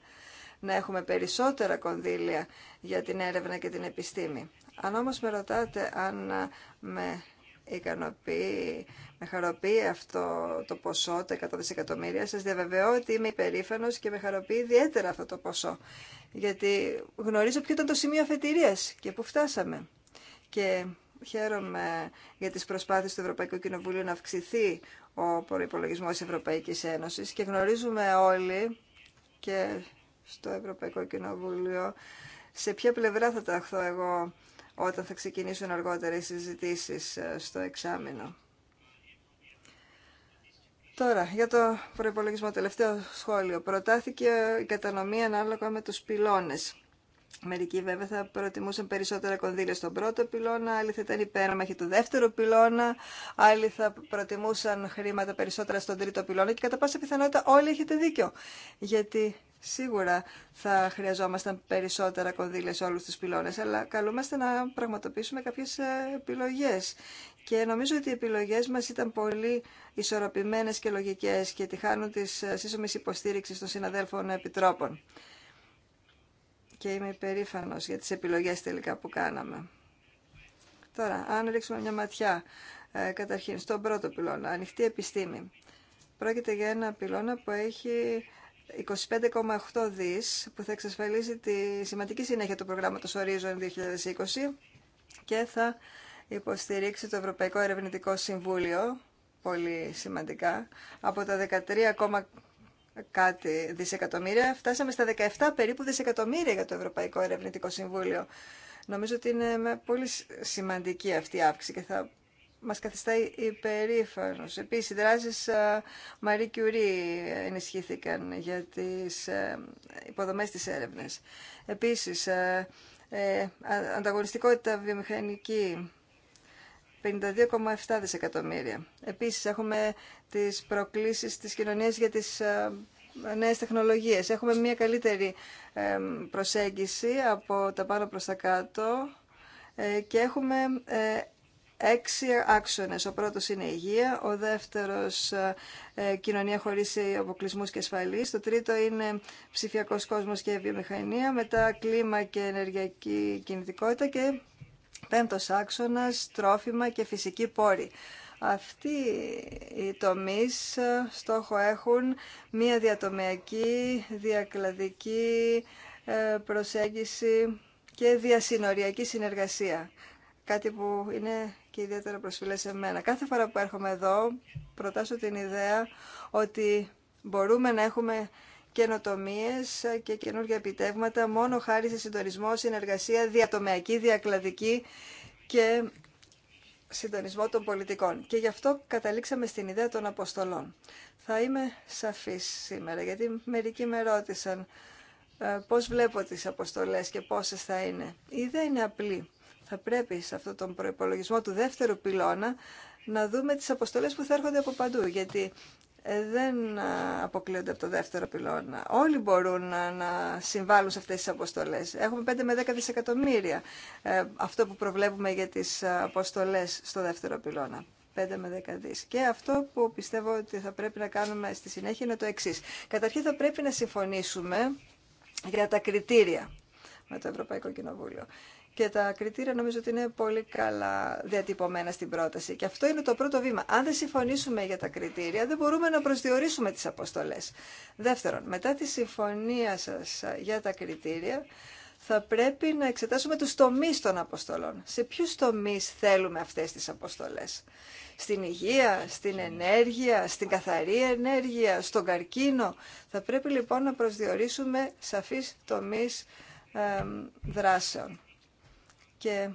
να έχουμε περισσότερα κονδύλια για την έρευνα και την επιστήμη. Αν όμως με ρωτάτε αν ε, με ικανοποιεί, με χαροποιεί αυτό το ποσό, τα 100 δισεκατομμύρια, σας διαβεβαιώ ότι είμαι υπερήφανος και με χαροποιεί ιδιαίτερα αυτό το ποσό. Γιατί γνωρίζω ποιο ήταν το σημείο αφετηρίας και πού φτάσαμε. Και χαίρομαι για τις προσπάθειες του Ευρωπαϊκού Κοινοβουλίου να αυξηθεί ο προϋπολογισμός της Ευρωπαϊκής Ένωσης και γνωρίζουμε όλοι και στο Ευρωπαϊκό Κοινοβούλιο. Σε ποια πλευρά θα ταχθώ εγώ όταν θα ξεκινήσουν αργότερα οι συζητήσεις ε, στο εξάμεινο. Τώρα, για το προϋπολογισμό τελευταίο σχόλιο. Προτάθηκε η κατανομή ανάλογα με τους πυλώνες. Μερικοί βέβαια θα προτιμούσαν περισσότερα κονδύλια στον πρώτο πυλώνα, άλλοι θα ήταν υπέρμαχοι του δεύτερου πυλώνα, άλλοι θα προτιμούσαν χρήματα περισσότερα στον τρίτο πυλώνα και κατά πάσα πιθανότητα όλοι έχετε δίκιο. Γιατί Σίγουρα θα χρειαζόμασταν περισσότερα κονδύλια σε όλους τους πυλώνες, αλλά καλούμαστε να πραγματοποιήσουμε κάποιες ε, επιλογές. Και νομίζω ότι οι επιλογές μας ήταν πολύ ισορροπημένες και λογικές και τη χάνουν της ε, υποστήριξης των συναδέλφων επιτρόπων. Και είμαι υπερήφανος για τις επιλογές τελικά που κάναμε. Τώρα, αν ρίξουμε μια ματιά, ε, καταρχήν, στον πρώτο πυλώνα, ανοιχτή επιστήμη. Πρόκειται για ένα πυλώνα που έχει 25,8 δις που θα εξασφαλίσει τη σημαντική συνέχεια του προγράμματος Horizon 2020 και θα υποστηρίξει το Ευρωπαϊκό Ερευνητικό Συμβούλιο, πολύ σημαντικά, από τα 13, κάτι δισεκατομμύρια, φτάσαμε στα 17 περίπου δισεκατομμύρια για το Ευρωπαϊκό Ερευνητικό Συμβούλιο. Νομίζω ότι είναι πολύ σημαντική αυτή η αύξηση και θα μας καθιστά υπερήφανος. Επίσης, οι δράσεις Μαρή ε, Κιουρί ενισχύθηκαν για τις ε, υποδομές της έρευνας. Επίσης, ε, ανταγωνιστικότητα βιομηχανική, 52,7 δισεκατομμύρια. Επίσης, έχουμε τις προκλήσεις της κοινωνίας για τις νέες τεχνολογίες. Έχουμε μια καλύτερη προσέγγιση από τα πάνω προς τα κάτω και έχουμε έξι άξονες. Ο πρώτος είναι η υγεία, ο δεύτερος ε, κοινωνία χωρίς ε, αποκλεισμού και ασφαλής, το τρίτο είναι ψηφιακός κόσμος και βιομηχανία, μετά κλίμα και ενεργειακή κινητικότητα και πέμπτος άξονας, τρόφιμα και φυσική πόρη. Αυτοί οι τομείς ε, στόχο έχουν μία διατομιακή, διακλαδική προσέγγιση και διασυνοριακή συνεργασία. Κάτι που είναι και ιδιαίτερα προσφυλέ σε μένα. Κάθε φορά που έρχομαι εδώ προτάσω την ιδέα ότι μπορούμε να έχουμε καινοτομίε και καινούργια επιτεύγματα μόνο χάρη σε συντονισμό, συνεργασία διατομεακή, διακλαδική και συντονισμό των πολιτικών. Και γι' αυτό καταλήξαμε στην ιδέα των αποστολών. Θα είμαι σαφής σήμερα, γιατί μερικοί με ρώτησαν ε, πώς βλέπω τις αποστολές και πόσες θα είναι. Η ιδέα είναι απλή θα πρέπει σε αυτόν τον προϋπολογισμό του δεύτερου πυλώνα να δούμε τις αποστολές που θα έρχονται από παντού, γιατί ε, δεν ε, αποκλείονται από το δεύτερο πυλώνα. Όλοι μπορούν να συμβάλλουν σε αυτές τις αποστολές. Έχουμε 5 με 10 δισεκατομμύρια ε, αυτό που προβλέπουμε για τις αποστολές στο δεύτερο πυλώνα. 5 με 10 δις. Και αυτό που πιστεύω ότι θα πρέπει να κάνουμε στη συνέχεια είναι το εξής. Καταρχήν θα πρέπει να συμφωνήσουμε για τα κριτήρια με το Ευρωπαϊκό Κοινοβούλιο και τα κριτήρια νομίζω ότι είναι πολύ καλά διατυπωμένα στην πρόταση. Και αυτό είναι το πρώτο βήμα. Αν δεν συμφωνήσουμε για τα κριτήρια, δεν μπορούμε να προσδιορίσουμε τις αποστολές. Δεύτερον, μετά τη συμφωνία σας για τα κριτήρια, θα πρέπει να εξετάσουμε τους τομείς των αποστολών. Σε ποιους τομείς θέλουμε αυτές τις αποστολές. Στην υγεία, στην ενέργεια, στην καθαρή ενέργεια, στον καρκίνο. Θα πρέπει λοιπόν να προσδιορίσουμε σαφείς τομείς δράσεων και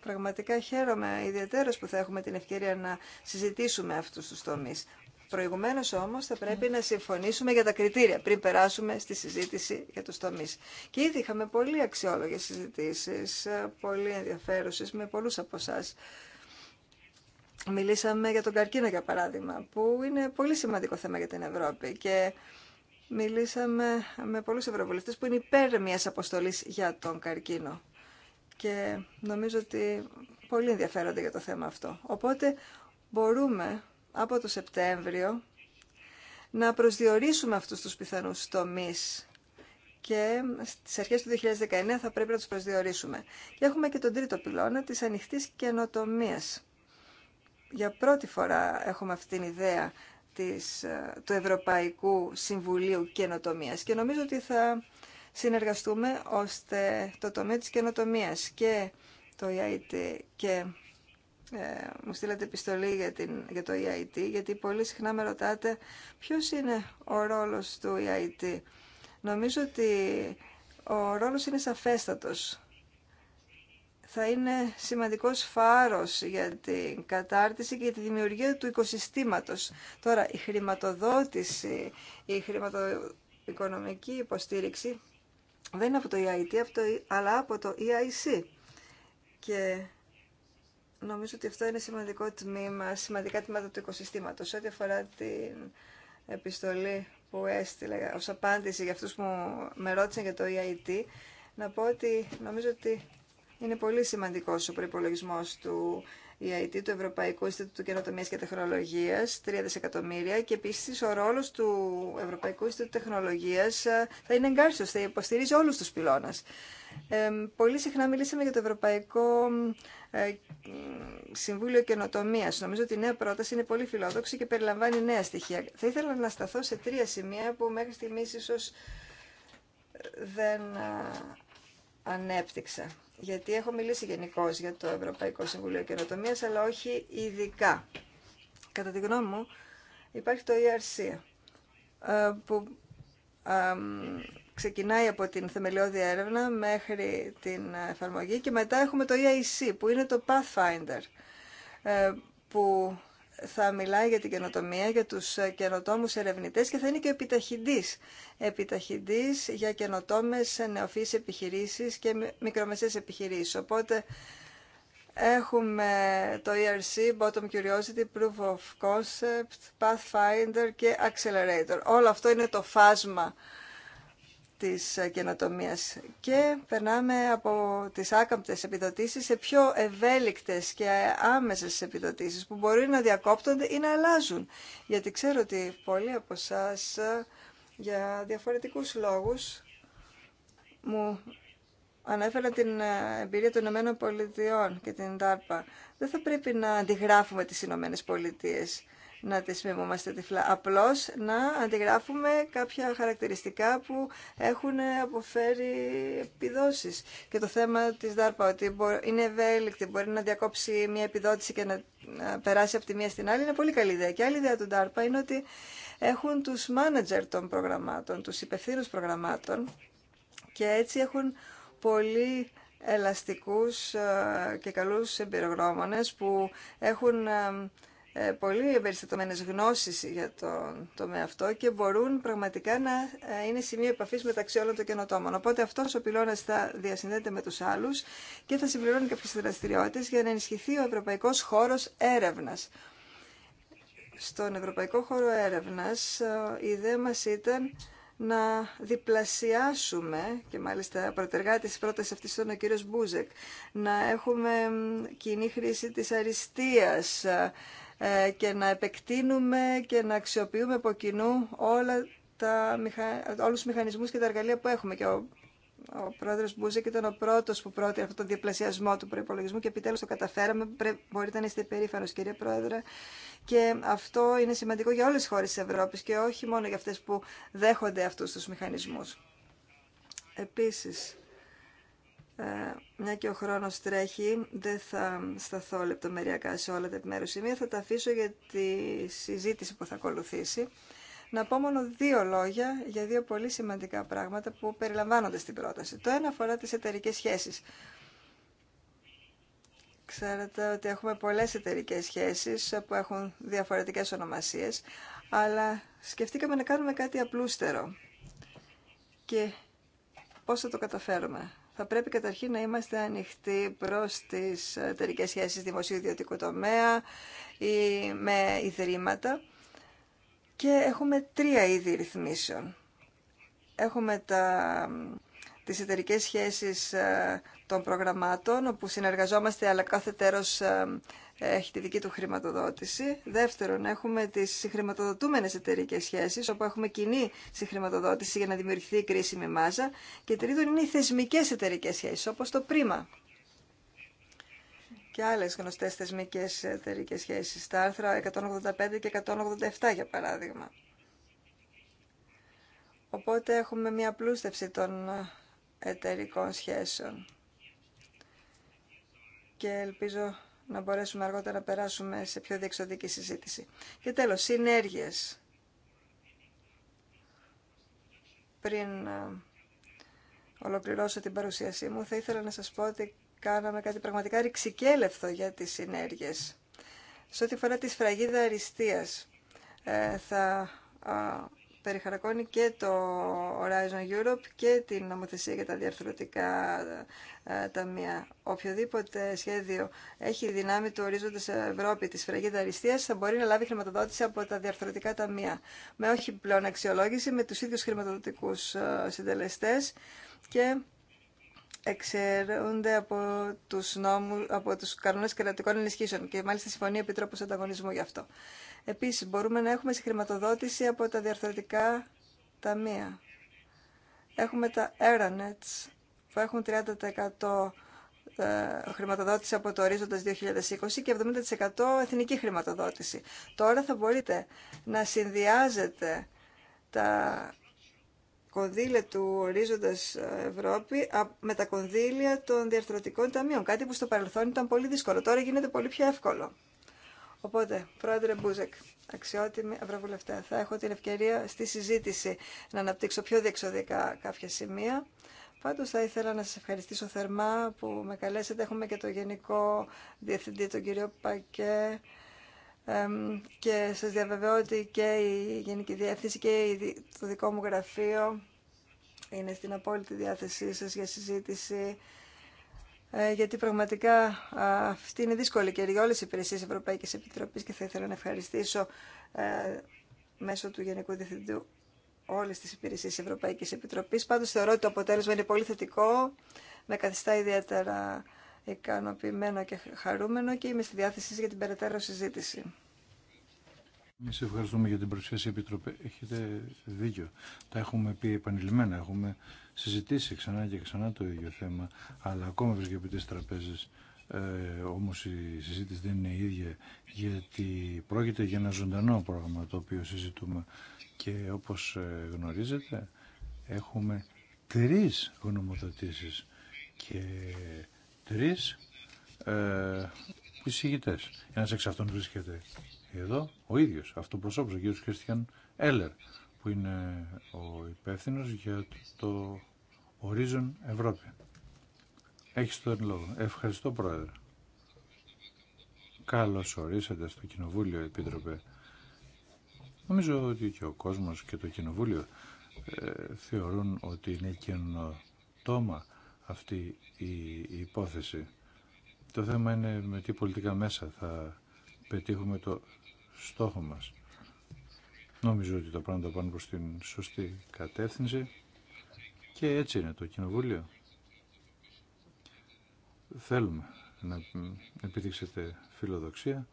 πραγματικά χαίρομαι ιδιαίτερα που θα έχουμε την ευκαιρία να συζητήσουμε αυτούς τους τομείς. Προηγουμένω όμω θα πρέπει να συμφωνήσουμε για τα κριτήρια πριν περάσουμε στη συζήτηση για του τομεί. Και ήδη είχαμε πολύ αξιόλογέ συζητήσει, πολύ ενδιαφέρουσε με πολλού από εσά. Μιλήσαμε για τον καρκίνο για παράδειγμα, που είναι πολύ σημαντικό θέμα για την Ευρώπη και μιλήσαμε με πολλούς ευρωβουλευτέ που είναι υπέρ μια αποστολή για τον καρκίνο και νομίζω ότι πολύ ενδιαφέρονται για το θέμα αυτό. Οπότε μπορούμε από το Σεπτέμβριο να προσδιορίσουμε αυτούς τους πιθανούς τομείς και στις αρχές του 2019 θα πρέπει να τους προσδιορίσουμε. Και έχουμε και τον τρίτο πυλώνα της ανοιχτής καινοτομία. Για πρώτη φορά έχουμε αυτήν την ιδέα της, ε, του Ευρωπαϊκού Συμβουλίου Καινοτομίας και νομίζω ότι θα συνεργαστούμε ώστε το τομέα της καινοτομίας και το EIT και ε, μου στείλατε επιστολή για, την, για το EIT γιατί πολύ συχνά με ρωτάτε ποιος είναι ο ρόλος του EIT. Νομίζω ότι ο ρόλος είναι σαφέστατος. Θα είναι σημαντικός φάρος για την κατάρτιση και για τη δημιουργία του οικοσυστήματος. Τώρα, η χρηματοδότηση, η χρηματοοικονομική υποστήριξη δεν είναι από το EIT, από το, e- αλλά από το EIC. Και νομίζω ότι αυτό είναι σημαντικό τμήμα, σημαντικά τμήματα του οικοσυστήματος. Ό,τι αφορά την επιστολή που έστειλε ως απάντηση για αυτούς που με ρώτησαν για το EIT, να πω ότι νομίζω ότι είναι πολύ σημαντικός ο προπολογισμό του η ΑΕΤ του Ευρωπαϊκού Ινστιτούτου Καινοτομίας και Τεχνολογία, 3 δισεκατομμύρια και επίση ο ρόλος του Ευρωπαϊκού Ινστιτούτου Τεχνολογίας ε, θα είναι εγκάρσιο, θα υποστηρίζει όλου του πυλώνας. πολύ συχνά μιλήσαμε για το Ευρωπαϊκό ε, Συμβούλιο Καινοτομία. Νομίζω ότι η νέα πρόταση είναι πολύ φιλόδοξη και περιλαμβάνει νέα στοιχεία. Θα ήθελα να σταθώ σε τρία σημεία που μέχρι στιγμή ίσω ε, δεν ε, ανέπτυξα γιατί έχω μιλήσει γενικώ για το Ευρωπαϊκό Συμβουλίο καινοτομία, αλλά όχι ειδικά. Κατά τη γνώμη μου, υπάρχει το ERC, ε, που ξεκινάει από την θεμελιώδη έρευνα μέχρι την εφαρμογή και μετά έχουμε το EIC, που είναι το Pathfinder, ε, που θα μιλάει για την καινοτομία, για τους ε, καινοτόμους ερευνητές και θα είναι και επιταχυντής. Επιταχυντής για καινοτόμες νεοφύης επιχειρήσεις και μικρομεσαίες επιχειρήσεις. Οπότε έχουμε το ERC, Bottom Curiosity, Proof of Concept, Pathfinder και Accelerator. Όλο αυτό είναι το φάσμα της καινοτομίας και περνάμε από τις άκαμπτες επιδοτήσεις σε πιο ευέλικτες και άμεσες επιδοτήσεις που μπορεί να διακόπτονται ή να αλλάζουν. Γιατί ξέρω ότι πολλοί από εσά για διαφορετικούς λόγους μου ανέφερα την εμπειρία των Ηνωμένων Πολιτειών και την ΤΑΡΠΑ. Δεν θα πρέπει να αντιγράφουμε τις Ηνωμένε Πολιτείες να τις μιμούμαστε τυφλά. Απλώς να αντιγράφουμε κάποια χαρακτηριστικά που έχουν αποφέρει επιδόσεις. Και το θέμα της ΔΑΡΠΑ, ότι είναι ευέλικτη, μπορεί να διακόψει μια επιδότηση και να περάσει από τη μία στην άλλη, είναι πολύ καλή ιδέα. Και άλλη ιδέα του ΔΑΡΠΑ είναι ότι έχουν τους μάνατζερ των προγραμμάτων, τους υπευθύνους προγραμμάτων και έτσι έχουν πολύ ελαστικούς ε, και καλούς εμπειρογνώμονες που έχουν ε, ε, πολύ εμπεριστατωμένες γνώσεις για το τομέα αυτό και μπορούν πραγματικά να ε, είναι σημείο επαφής μεταξύ όλων των καινοτόμων. Οπότε αυτός ο πυλώνας θα διασυνδέεται με τους άλλους και θα συμπληρώνει κάποιες δραστηριότητες για να ενισχυθεί ο ευρωπαϊκός χώρος έρευνας. Στον ευρωπαϊκό χώρο έρευνας ε, η ιδέα μας ήταν να διπλασιάσουμε και μάλιστα προτεργάτη της πρότασης αυτής ήταν ο κύριος Μπούζεκ να έχουμε κοινή χρήση της αριστείας ε, και να επεκτείνουμε και να αξιοποιούμε από κοινού όλα τα, όλους τους μηχανισμούς και τα εργαλεία που έχουμε. Και ο, ο πρόεδρος Μπούζεκ ήταν ο πρώτος που πρότεινε αυτόν τον διαπλασιασμό του προϋπολογισμού και επιτέλους το καταφέραμε. μπορείτε να είστε περήφανος κύριε Πρόεδρε. Και αυτό είναι σημαντικό για όλες τις χώρες της Ευρώπης και όχι μόνο για αυτές που δέχονται αυτούς τους μηχανισμούς. Επίσης, ε, μια και ο χρόνο τρέχει, δεν θα σταθώ λεπτομεριακά σε όλα τα επιμέρου σημεία, θα τα αφήσω για τη συζήτηση που θα ακολουθήσει. Να πω μόνο δύο λόγια για δύο πολύ σημαντικά πράγματα που περιλαμβάνονται στην πρόταση. Το ένα αφορά τις εταιρικέ σχέσεις. Ξέρετε ότι έχουμε πολλές εταιρικέ σχέσεις που έχουν διαφορετικές ονομασίες, αλλά σκεφτήκαμε να κάνουμε κάτι απλούστερο. Και πώς θα το καταφέρουμε θα πρέπει καταρχήν να είμαστε ανοιχτοί προς τις εταιρικέ σχέσεις δημοσίου-ιδιωτικού τομέα ή με ιδρύματα και έχουμε τρία είδη ρυθμίσεων. Έχουμε τα τις εταιρικές σχέσεις ε, των προγραμμάτων, όπου συνεργαζόμαστε αλλά κάθε τέρος ε, έχει τη δική του χρηματοδότηση. Δεύτερον, έχουμε τις συγχρηματοδοτούμενες εταιρικέ σχέσεις, όπου έχουμε κοινή συγχρηματοδότηση για να δημιουργηθεί η κρίσιμη μάζα. Και τρίτον, είναι οι θεσμικές εταιρικέ σχέσεις, όπως το πρίμα και άλλες γνωστές θεσμικές εταιρικέ σχέσεις, τα άρθρα 185 και 187 για παράδειγμα. Οπότε έχουμε μια πλούστευση των εταιρικών σχέσεων. Και ελπίζω να μπορέσουμε αργότερα να περάσουμε σε πιο διεξοδική συζήτηση. Και τέλος, συνέργειες. Πριν ε, ολοκληρώσω την παρουσίασή μου, θα ήθελα να σας πω ότι κάναμε κάτι πραγματικά ρηξικέλευθο για τις συνέργειες. Σε ό,τι φορά τη σφραγίδα αριστείας, ε, θα περιχαρακώνει και το Horizon Europe και την νομοθεσία για τα διαρθρωτικά ε, ταμεία. Οποιοδήποτε σχέδιο έχει δυνάμει του ορίζοντα Ευρώπη τη φραγίδα αριστεία θα μπορεί να λάβει χρηματοδότηση από τα διαρθρωτικά ταμεία. Με όχι πλέον αξιολόγηση, με του ίδιου χρηματοδοτικού ε, συντελεστέ και εξαιρούνται από τους, νόμους, από τους κανόνες κρατικών ενισχύσεων και μάλιστα συμφωνεί ο Επιτρόπος Ανταγωνισμού γι' αυτό. Επίσης, μπορούμε να έχουμε συγχρηματοδότηση από τα διαρθρωτικά ταμεία. Έχουμε τα Aeronets που έχουν 30% ε, χρηματοδότηση από το ορίζοντας 2020 και 70% εθνική χρηματοδότηση. Τώρα θα μπορείτε να συνδυάζετε τα κονδύλια του ορίζοντας Ευρώπη με τα κονδύλια των διαρθρωτικών ταμείων. Κάτι που στο παρελθόν ήταν πολύ δύσκολο. Τώρα γίνεται πολύ πιο εύκολο. Οπότε, πρόεδρε Μπούζεκ, αξιότιμη Ευρωβουλευτέ, θα έχω την ευκαιρία στη συζήτηση να αναπτύξω πιο διεξοδικά κάποια σημεία. Πάντως θα ήθελα να σας ευχαριστήσω θερμά που με καλέσετε. Έχουμε και το Γενικό Διευθυντή, τον κύριο Πακέ. και σας διαβεβαιώ ότι και η Γενική Διεύθυνση και το δικό μου γραφείο είναι στην απόλυτη διάθεσή σας για συζήτηση ε, γιατί πραγματικά αυτή είναι δύσκολη και για όλες οι υπηρεσίες Ευρωπαϊκής Επιτροπής και θα ήθελα να ευχαριστήσω ε, μέσω του Γενικού Διευθυντού όλες τις υπηρεσίες Ευρωπαϊκής Επιτροπής. Πάντως θεωρώ ότι το αποτέλεσμα είναι πολύ θετικό, με καθιστά ιδιαίτερα ικανοποιημένο και χαρούμενο και είμαι στη διάθεση για την περαιτέρω συζήτηση. Εμεί ευχαριστούμε για την προσφέση επιτροπή. Έχετε δίκιο. Τα έχουμε πει επανειλημμένα. Έχουμε συζητήσει ξανά και ξανά το ίδιο θέμα. Αλλά ακόμα βρίσκεται τις τραπέζες. Ε, όμως η συζήτηση δεν είναι η ίδια γιατί πρόκειται για ένα ζωντανό πρόγραμμα το οποίο συζητούμε και όπως ε, γνωρίζετε έχουμε τρεις γνωμοδοτήσεις και τρει ε, εισηγητές. εξ αυτών βρίσκεται εδώ ο ίδιος αυτοπροσώπο, ο κ. Χριστιαν Έλερ, που είναι ο υπεύθυνο για το Horizon Ευρώπη. έχει τον λόγο. Ευχαριστώ, Πρόεδρε. Καλώς ορίσατε στο Κοινοβούλιο, Επίτροπε. Νομίζω ότι και ο κόσμος και το Κοινοβούλιο ε, θεωρούν ότι είναι καινοτόμα αυτή η υπόθεση. Το θέμα είναι με τι πολιτικά μέσα θα πετύχουμε το στόχο μας. Νομίζω ότι τα πράγματα πάνε προς την σωστή κατεύθυνση και έτσι είναι το Κοινοβούλιο. Θέλουμε να επιτύξετε φιλοδοξία.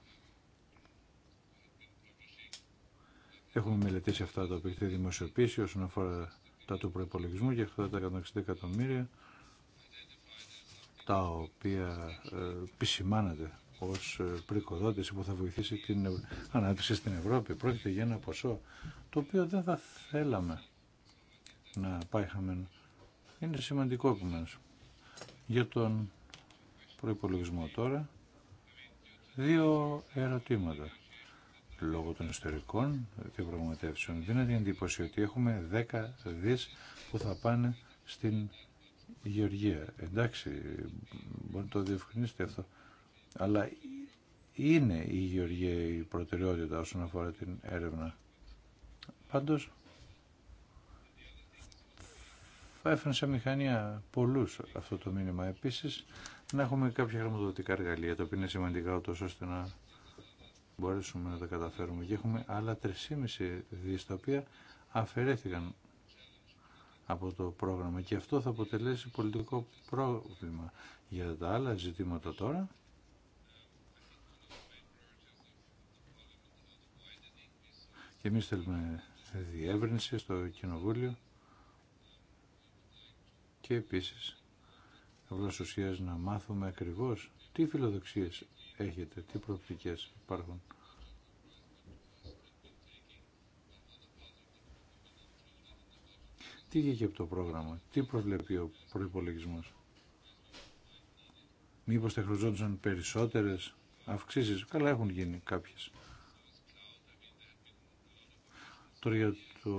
Έχουμε μελετήσει αυτά τα οποία έχετε δημοσιοποιήσει όσον αφορά τα του προπολογισμού και αυτά τα 160 εκατομμύρια τα οποία ε, επισημάνατε ως ε, πρικοδότηση που θα βοηθήσει την ανάπτυξη στην Ευρώπη. Πρόκειται για ένα ποσό το οποίο δεν θα θέλαμε να πάει χαμένο. Είναι σημαντικό επομένω. Για τον προϋπολογισμό τώρα, δύο ερωτήματα. Λόγω των ιστορικών διαπραγματεύσεων δίνεται η εντύπωση ότι έχουμε 10 δις που θα πάνε στην Γεωργία. Εντάξει, μπορείτε να το διευκρινίσετε αυτό. Αλλά είναι η γεωργία η προτεραιότητα όσον αφορά την έρευνα. Πάντως, θα έφερνε σε μηχανία πολλούς αυτό το μήνυμα. Επίσης, να έχουμε κάποια χρηματοδοτικά εργαλεία, το οποίο είναι σημαντικά ούτως ώστε να μπορέσουμε να τα καταφέρουμε. Και έχουμε άλλα 3,5 δις, τα οποία αφαιρέθηκαν από το πρόγραμμα. Και αυτό θα αποτελέσει πολιτικό πρόβλημα. Για τα άλλα ζητήματα τώρα, Και εμείς θέλουμε διεύρυνση στο Κοινοβούλιο και επίσης απλώς ουσίας να μάθουμε ακριβώς τι φιλοδοξίες έχετε, τι προοπτικές υπάρχουν. Τι είχε από το πρόγραμμα, τι προβλέπει ο προϋπολογισμός. Μήπως θα χρειαζόντουσαν περισσότερες αυξήσεις. Καλά έχουν γίνει κάποιες. Τώρα για το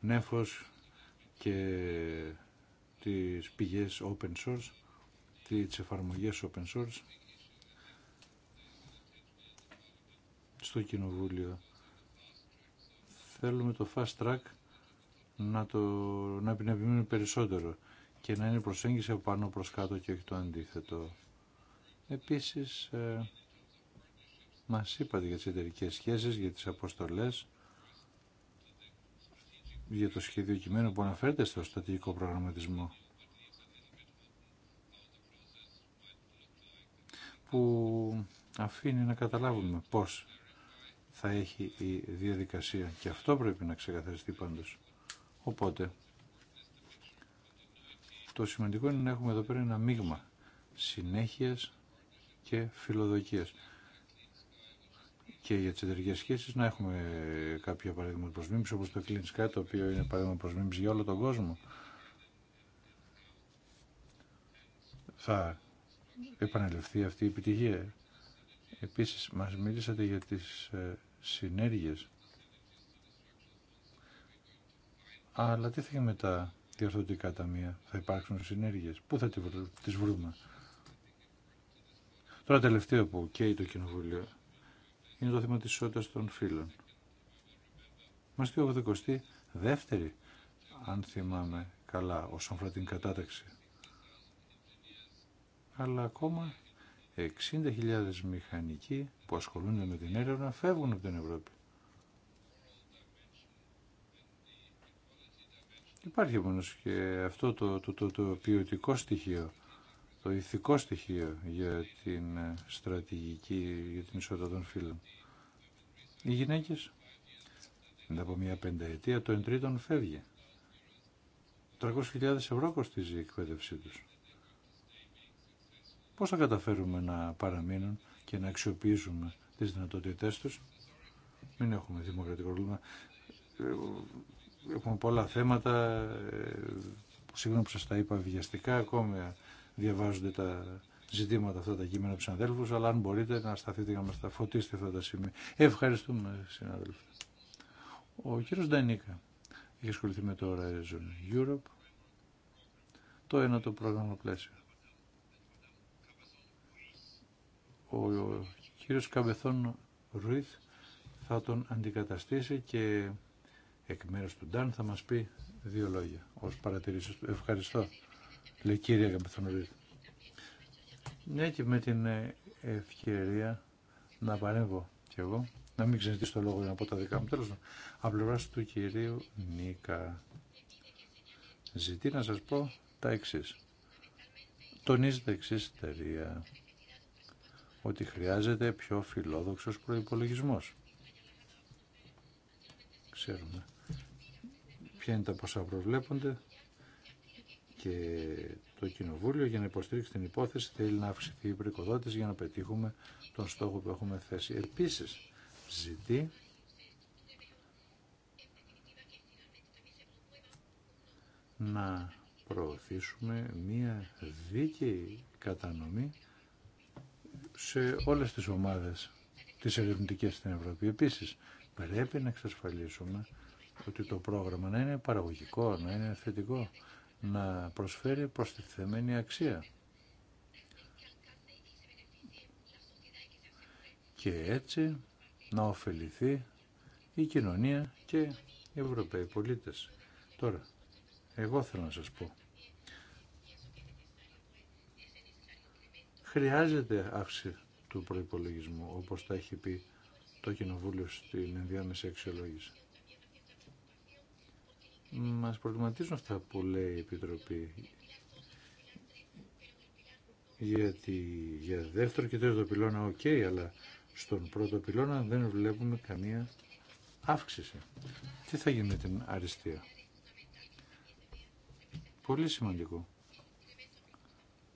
νέφος και τις πηγές open source, τις εφαρμογές open source στο Κοινοβούλιο. Θέλουμε το fast track να, το, να επιμείνει περισσότερο και να είναι προσέγγιση από πάνω προς κάτω και όχι το αντίθετο. Επίσης, ε, μας είπατε για τις εταιρικές σχέσεις, για τις αποστολές, για το σχέδιο κειμένου που αναφέρεται στο στατικό προγραμματισμό που αφήνει να καταλάβουμε πώς θα έχει η διαδικασία και αυτό πρέπει να ξεκαθαριστεί πάντως. Οπότε, το σημαντικό είναι να έχουμε εδώ πέρα ένα μείγμα συνέχειας και φιλοδοκίας και για τι εταιρικέ σχέσει να έχουμε κάποια παραδείγματα μίμηση, όπω το Clean το οποίο είναι παράδειγμα μίμηση για όλο τον κόσμο. Θα επανελευθεί αυτή η επιτυχία. Επίσης, μας μίλησατε για τις ε, συνέργειες. Αλλά τι θα γίνει με τα διορθωτικά ταμεία, θα υπάρξουν συνέργειες. Πού θα τις βρούμε. Τώρα τελευταίο που καίει το κοινοβούλιο είναι το θέμα της ισότητας των φύλων. Είμαστε οι 82 Δεύτερη. αν θυμάμαι καλά, όσον αφορά την κατάταξη. Αλλά ακόμα 60.000 μηχανικοί που ασχολούνται με την έρευνα φεύγουν από την Ευρώπη. Υπάρχει όμως και αυτό το, το, το, το ποιοτικό στοιχείο το ηθικό στοιχείο για την στρατηγική, για την ισότητα των φίλων. Οι γυναίκες μετά από μια πενταετία το εν τρίτον φεύγει. 300.000 ευρώ κοστίζει η εκπαίδευσή τους. Πώς θα καταφέρουμε να παραμείνουν και να αξιοποιήσουμε τις δυνατότητές τους. Μην έχουμε δημοκρατικό πρόβλημα. Έχουμε πολλά θέματα, ε, συγγνώμη που σας τα είπα βιαστικά, ακόμα διαβάζονται τα ζητήματα αυτά τα κείμενα του συναδέλφου, αλλά αν μπορείτε να σταθείτε για να μα τα φωτίσετε αυτά τα σημεία. Ευχαριστούμε, συναδέλφοι. Ο κύριος Ντανίκα έχει ασχοληθεί με το Horizon Europe, το ένα το πρόγραμμα πλαίσιο. Ο, κύριο κύριος Καμπεθόν Ρουίθ θα τον αντικαταστήσει και εκ μέρους του Ντάν θα μας πει δύο λόγια ως παρατηρήσεις του. Ευχαριστώ. Λέει κύριε Καπιθονορή. Ναι και με την ε, ευκαιρία να παρέμβω κι εγώ. Να μην ξενιτήσω το λόγο για να πω τα δικά μου. Τέλος, απ'λευράς του κυρίου Νίκα. Ζητεί να σας πω τα εξή. Τονίζεται τα εξή εταιρεία ότι χρειάζεται πιο φιλόδοξος προϋπολογισμός. Ξέρουμε ποια είναι τα ποσά προβλέπονται και το Κοινοβούλιο για να υποστηρίξει την υπόθεση θέλει να αυξηθεί η για να πετύχουμε τον στόχο που έχουμε θέσει. Επίσης, ζητεί να προωθήσουμε μία δίκαιη κατανομή σε όλες τις ομάδες της ερευνητικές στην Ευρώπη. Επίσης, πρέπει να εξασφαλίσουμε ότι το πρόγραμμα να είναι παραγωγικό, να είναι θετικό, να προσφέρει προστιθεμένη αξία. Και έτσι να ωφεληθεί η κοινωνία και οι Ευρωπαίοι πολίτες. Τώρα, εγώ θέλω να σας πω. Χρειάζεται αύξηση του προϋπολογισμού, όπως τα έχει πει το Κοινοβούλιο στην ενδιάμεση αξιολόγηση. Μας προβληματίζουν αυτά που λέει η Επιτροπή. Γιατί για δεύτερο και τρίτο πυλώνα οκ, αλλά στον πρώτο πυλώνα δεν βλέπουμε καμία αύξηση. Τι θα γίνει με την αριστεία. Πολύ σημαντικό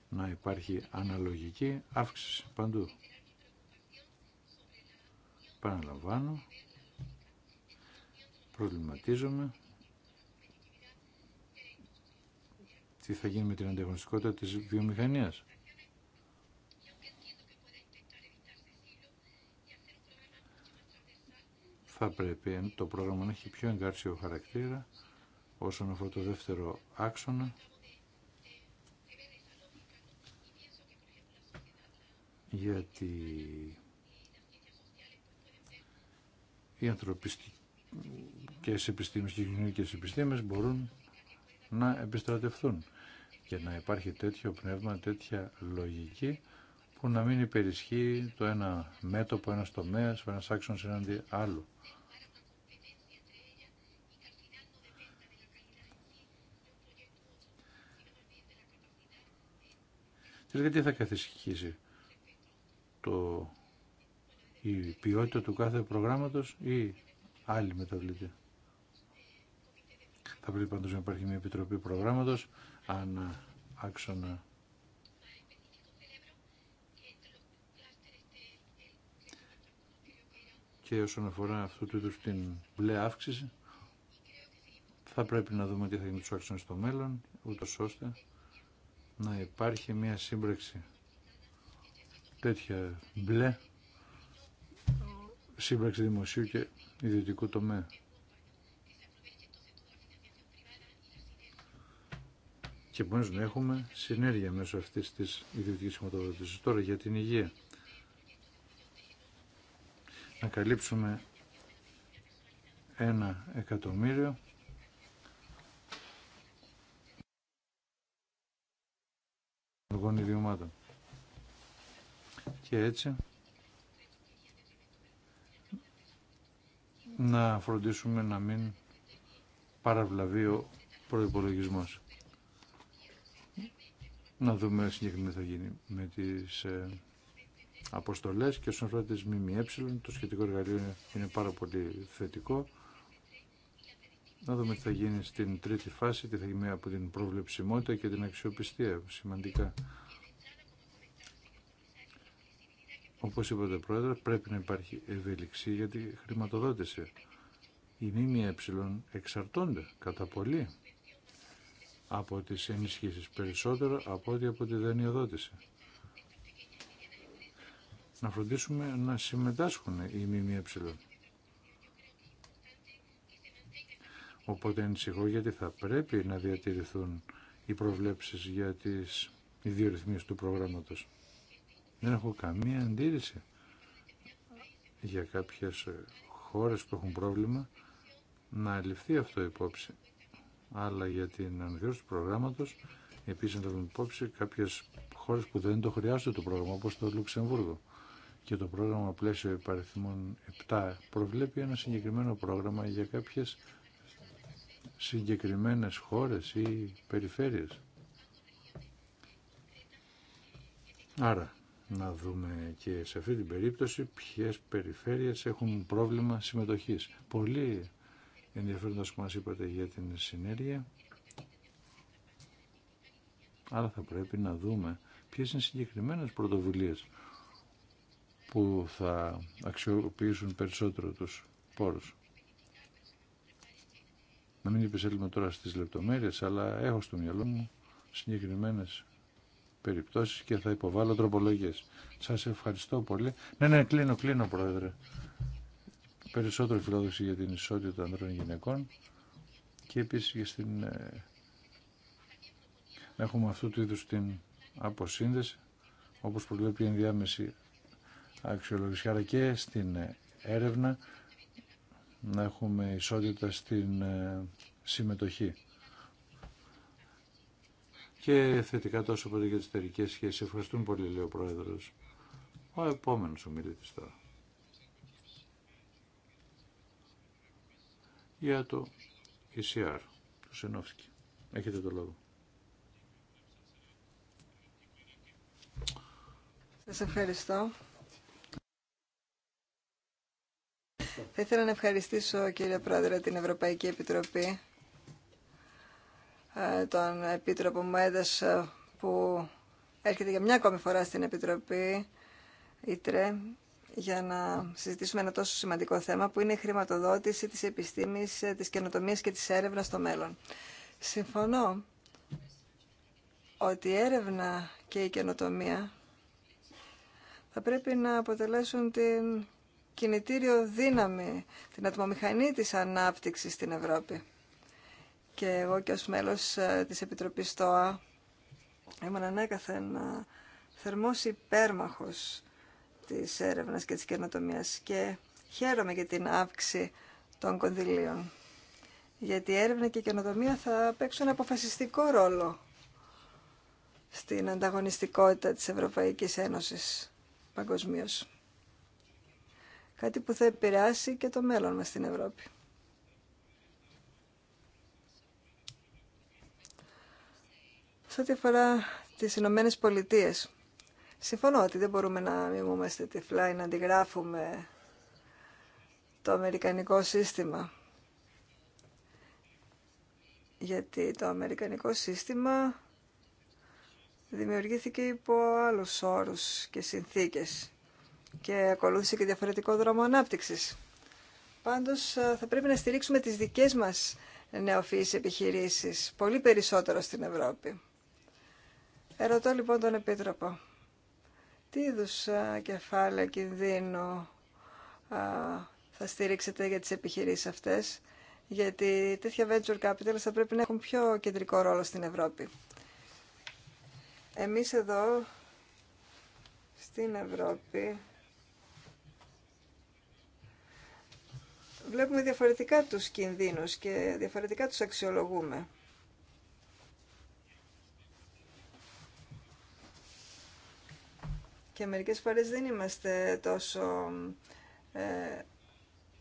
να υπάρχει αναλογική αύξηση παντού. Παναλαμβάνω, προβληματίζομαι τι θα γίνει με την ανταγωνιστικότητα της βιομηχανίας. Θα πρέπει το πρόγραμμα να έχει πιο εγκάρσιο χαρακτήρα όσον αφορά το δεύτερο άξονα γιατί οι ανθρωπιστικές επιστήμες και οι κοινωνικές επιστήμες μπορούν να επιστρατευτούν. Και να υπάρχει τέτοιο πνεύμα, τέτοια λογική που να μην υπερισχύει το ένα μέτωπο, ένα τομέα, ένα άξονα εναντί άλλου. Τελικά τι θα καθισχύσει το, η ποιότητα του κάθε προγράμματος ή άλλη μεταβλητή. Θα πρέπει πάντως να υπάρχει μια επιτροπή προγράμματος αν άξονα. Και όσον αφορά αυτού του είδους την μπλε αύξηση, θα πρέπει να δούμε τι θα γίνει τους άξονες στο μέλλον, ούτως ώστε να υπάρχει μια σύμπραξη τέτοια μπλε σύμπραξη δημοσίου και ιδιωτικού τομέα. και μπορείς να έχουμε συνέργεια μέσω αυτή τη ιδιωτική χρηματοδότηση. Τώρα για την υγεία. Να καλύψουμε ένα εκατομμύριο Ιδιωμάτων. Και έτσι να φροντίσουμε να μην παραβλαβεί ο προϋπολογισμός να δούμε συγκεκριμένα τι θα γίνει με τις ε, αποστολές και όσον αφορά τις ΜΜΕ, το σχετικό εργαλείο είναι πάρα πολύ θετικό. Να δούμε τι θα γίνει στην τρίτη φάση, τι θα γίνει από την προβλεψιμότητα και την αξιοπιστία, σημαντικά. Όπως είπατε πρόεδρε, πρέπει να υπάρχει ευελιξία για τη χρηματοδότηση. Οι ΜΜΕ εξαρτώνται κατά πολύ από τις ενισχύσεις, περισσότερο από ό,τι από τη δανειοδότηση. Να φροντίσουμε να συμμετάσχουν οι ΜΜΕ. Οπότε ανησυχώ γιατί θα πρέπει να διατηρηθούν οι προβλέψεις για τις ιδιορυθμίες του προγράμματος. Δεν έχω καμία αντίρρηση για κάποιες χώρες που έχουν πρόβλημα να ληφθεί αυτό υπόψη αλλά για την αναθεώρηση του προγράμματος επίσης να υπόψη κάποιες χώρες που δεν το χρειάζονται το πρόγραμμα όπως το Λουξεμβούργο και το πρόγραμμα πλαίσιο υπαριθμών 7 προβλέπει ένα συγκεκριμένο πρόγραμμα για κάποιες συγκεκριμένες χώρες ή περιφέρειες. Άρα, να δούμε και σε αυτή την περίπτωση ποιες περιφέρειες έχουν πρόβλημα συμμετοχής. Πολύ ενδιαφέροντας που μας είπατε για την συνέργεια. Άρα θα πρέπει να δούμε ποιες είναι συγκεκριμένες πρωτοβουλίες που θα αξιοποιήσουν περισσότερο τους πόρους. Να μην επισέλθουμε τώρα στις λεπτομέρειες, αλλά έχω στο μυαλό μου συγκεκριμένες περιπτώσεις και θα υποβάλω τροπολογίες. Σας ευχαριστώ πολύ. Ναι, ναι, κλείνω, κλείνω, Πρόεδρε περισσότερο φιλόδοξη για την ισότητα ανδρών και γυναικών και επίσης για στην, να ε, έχουμε αυτού του είδους την αποσύνδεση όπως προβλέπει η ενδιάμεση αξιολογησία, και στην ε, έρευνα να έχουμε ισότητα στην ε, συμμετοχή και θετικά τόσο πολύ για τις εταιρικές σχέσεις. Ευχαριστούμε πολύ, λέει ο Πρόεδρος. Ο επόμενος ομιλητής τώρα. για το ECR, του Σενόφσκι. Έχετε το λόγο. Σας ευχαριστώ. Θα ήθελα να ευχαριστήσω, κύριε Πρόεδρε, την Ευρωπαϊκή Επιτροπή, ε, τον Επίτροπο Μέδες ε, που έρχεται για μια ακόμη φορά στην Επιτροπή, ΤΡΕ, για να συζητήσουμε ένα τόσο σημαντικό θέμα που είναι η χρηματοδότηση της επιστήμης, ε, της καινοτομίας και της έρευνας στο μέλλον. Συμφωνώ ότι η έρευνα και η καινοτομία θα πρέπει να αποτελέσουν την κινητήριο δύναμη, την ατμομηχανή της ανάπτυξης στην Ευρώπη. Και εγώ και ως μέλος ε, της Επιτροπής ΤΟΑ ήμουν ανέκαθεν ε, θερμός υπέρμαχος της έρευνας και της καινοτομίας και χαίρομαι για την αύξηση των κονδυλίων. Γιατί η έρευνα και η καινοτομία θα παίξουν αποφασιστικό ρόλο στην ανταγωνιστικότητα της Ευρωπαϊκής Ένωσης παγκοσμίω. Κάτι που θα επηρεάσει και το μέλλον μας στην Ευρώπη. Σε ό,τι αφορά τις Ηνωμένε Πολιτείες, Συμφωνώ ότι δεν μπορούμε να μιμούμαστε τυφλά ή να αντιγράφουμε το αμερικανικό σύστημα. Γιατί το αμερικανικό σύστημα δημιουργήθηκε υπό άλλους όρους και συνθήκες και ακολούθησε και διαφορετικό δρόμο ανάπτυξης. Πάντως θα πρέπει να στηρίξουμε τις δικές μας νεοφυείς επιχειρήσεις πολύ περισσότερο στην Ευρώπη. Ερωτώ λοιπόν τον Επίτροπο. Τι είδου κεφάλαια κινδύνου θα στηρίξετε για τις επιχειρήσεις αυτές, γιατί τέτοια venture capital θα πρέπει να έχουν πιο κεντρικό ρόλο στην Ευρώπη. Εμείς εδώ στην Ευρώπη βλέπουμε διαφορετικά τους κινδύνους και διαφορετικά τους αξιολογούμε. και μερικές φορές δεν είμαστε τόσο ε,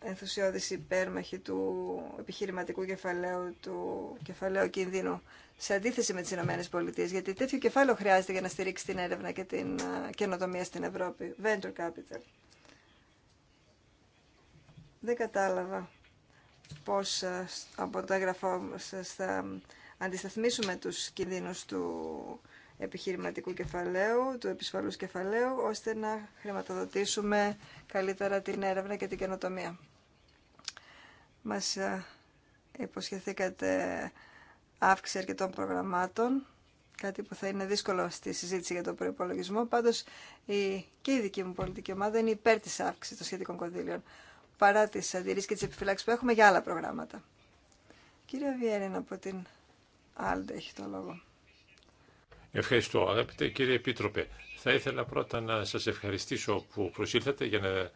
ενθουσιώδης υπέρμαχοι του επιχειρηματικού κεφαλαίου, του κεφαλαίου κινδύνου, σε αντίθεση με τις Ηνωμένες Πολιτείες, γιατί τέτοιο κεφάλαιο χρειάζεται για να στηρίξει την έρευνα και την ε, καινοτομία στην Ευρώπη, venture capital. Δεν κατάλαβα πώς ε, από το έγγραφό σας θα αντισταθμίσουμε τους κινδύνους του επιχειρηματικού κεφαλαίου, του επισφαλούς κεφαλαίου, ώστε να χρηματοδοτήσουμε καλύτερα την έρευνα και την καινοτομία. Μας ε, υποσχεθήκατε αύξηση αρκετών προγραμμάτων, κάτι που θα είναι δύσκολο στη συζήτηση για τον προπολογισμό. Πάντως η, και η δική μου πολιτική ομάδα είναι υπέρ της αύξησης των σχετικών κονδύλιων, παρά τις αντιρρήσεις και τις επιφυλάξεις που έχουμε για άλλα προγράμματα. Κύριε Βιέριν από την Άλντε έχει το λόγο. Ευχαριστώ. Αγαπητέ κύριε Επίτροπε, θα ήθελα πρώτα να σας ευχαριστήσω που προσήλθατε για να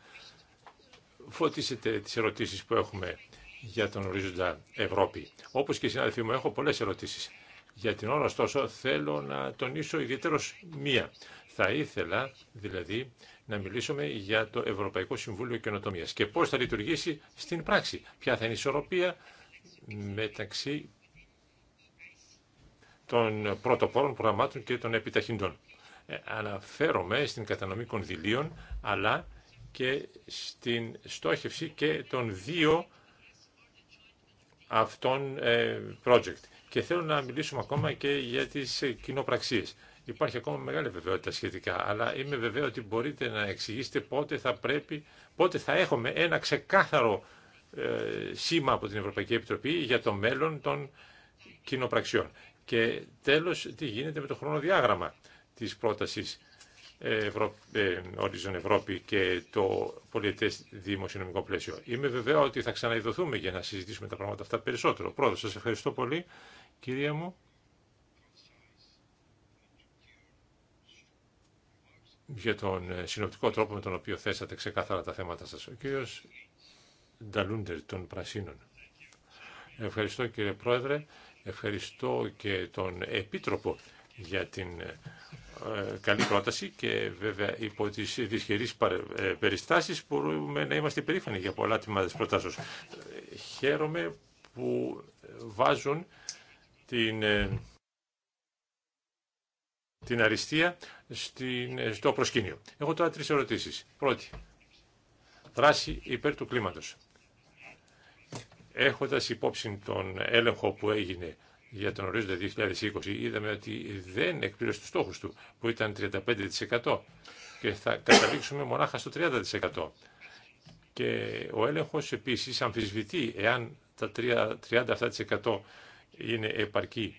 φωτίσετε τις ερωτήσεις που έχουμε για τον ορίζοντα Ευρώπη. Όπως και οι συνάδελφοί μου, έχω πολλές ερωτήσεις. Για την ώρα, ωστόσο, θέλω να τονίσω ιδιαίτερος μία. Θα ήθελα, δηλαδή, να μιλήσουμε για το Ευρωπαϊκό Συμβούλιο Καινοτομίας και πώς θα λειτουργήσει στην πράξη. Ποια θα είναι η ισορροπία μεταξύ των πρωτοπόρων προγραμμάτων και των επιταχυντών. Ε, αναφέρομαι στην κατανομή κονδυλίων, αλλά και στην στόχευση και των δύο αυτών ε, project. Και θέλω να μιλήσουμε ακόμα και για τις ε, κοινοπραξίες. Υπάρχει ακόμα μεγάλη βεβαιότητα σχετικά, αλλά είμαι βεβαίο ότι μπορείτε να εξηγήσετε πότε θα πρέπει, πότε θα έχουμε ένα ξεκάθαρο σήμα από την Ευρωπαϊκή Επιτροπή για το μέλλον των κοινοπραξιών. Και τέλος, τι γίνεται με το χρονοδιάγραμμα της πρότασης ε, Ευρω... Ε, Horizon Ευρώπη και το πολιτές δημοσιονομικό πλαίσιο. Είμαι βεβαίω ότι θα ξαναειδωθούμε για να συζητήσουμε τα πράγματα αυτά περισσότερο. Πρώτος σας ευχαριστώ πολύ, κυρία μου. για τον ε, συνοπτικό τρόπο με τον οποίο θέσατε ξεκάθαρα τα θέματα σας. Ο κύριος Νταλούντερ των Πρασίνων. Ευχαριστώ κύριε Πρόεδρε. Ευχαριστώ και τον Επίτροπο για την ε, καλή πρόταση και βέβαια υπό τις δυσχερείς ε, περιστάσεις μπορούμε να είμαστε περήφανοι για πολλά τμήματα της προτάσεως. Χαίρομαι που βάζουν την, ε, την αριστεία στην, στο προσκήνιο. Έχω τώρα τρεις ερωτήσεις. Πρώτη, δράση υπέρ του κλίματος. Έχοντας υπόψη τον έλεγχο που έγινε για τον ορίζοντα 2020, είδαμε ότι δεν εκπλήρωσε τους στόχους του, που ήταν 35% και θα καταλήξουμε μονάχα στο 30%. Και ο έλεγχος επίσης αμφισβητεί εάν τα 37% είναι επαρκή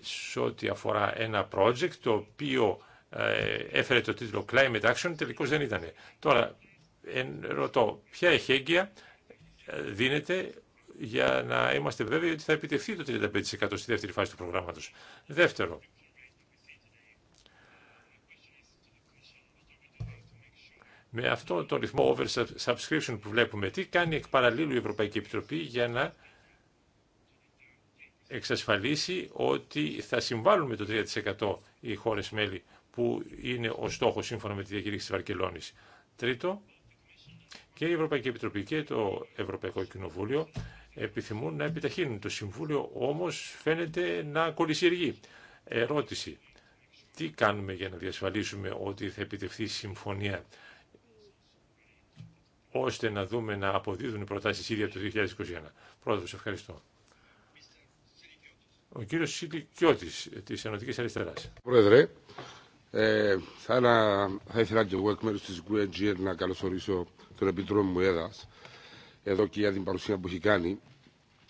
σε ό,τι αφορά ένα project το οποίο ε, έφερε το τίτλο Climate Action, τελικώς δεν ήταν. Τώρα, ρωτώ, ποια έχει έγκυα... Ε, δίνεται για να είμαστε βέβαιοι ότι θα επιτευχθεί το 35% στη δεύτερη φάση του προγράμματος. Δεύτερο, με αυτό το ρυθμό over subscription που βλέπουμε, τι κάνει εκ παραλίλου η Ευρωπαϊκή Επιτροπή για να εξασφαλίσει ότι θα συμβάλλουν με το 3% οι χώρες μέλη που είναι ο στόχος σύμφωνα με τη διακήρυξη της Βαρκελόνης. Τρίτο, και η Ευρωπαϊκή Επιτροπή και το Ευρωπαϊκό Κοινοβούλιο επιθυμούν να επιταχύνουν. Το Συμβούλιο όμως φαίνεται να κολλησιεργεί. Ερώτηση. Τι κάνουμε για να διασφαλίσουμε ότι θα επιτευχθεί συμφωνία ώστε να δούμε να αποδίδουν οι προτάσεις ίδια το 2021. Πρόεδρος, ευχαριστώ. Ο κύριος Σιλικιώτης της Ενωτικής Αριστεράς. Πρόεδρε, ε, θα, ήθελα και εγώ εκ μέρους της Γκουέτζιερ να καλωσορίσω τον Επίτροπο έδα, εδώ και για την παρουσία που έχει κάνει.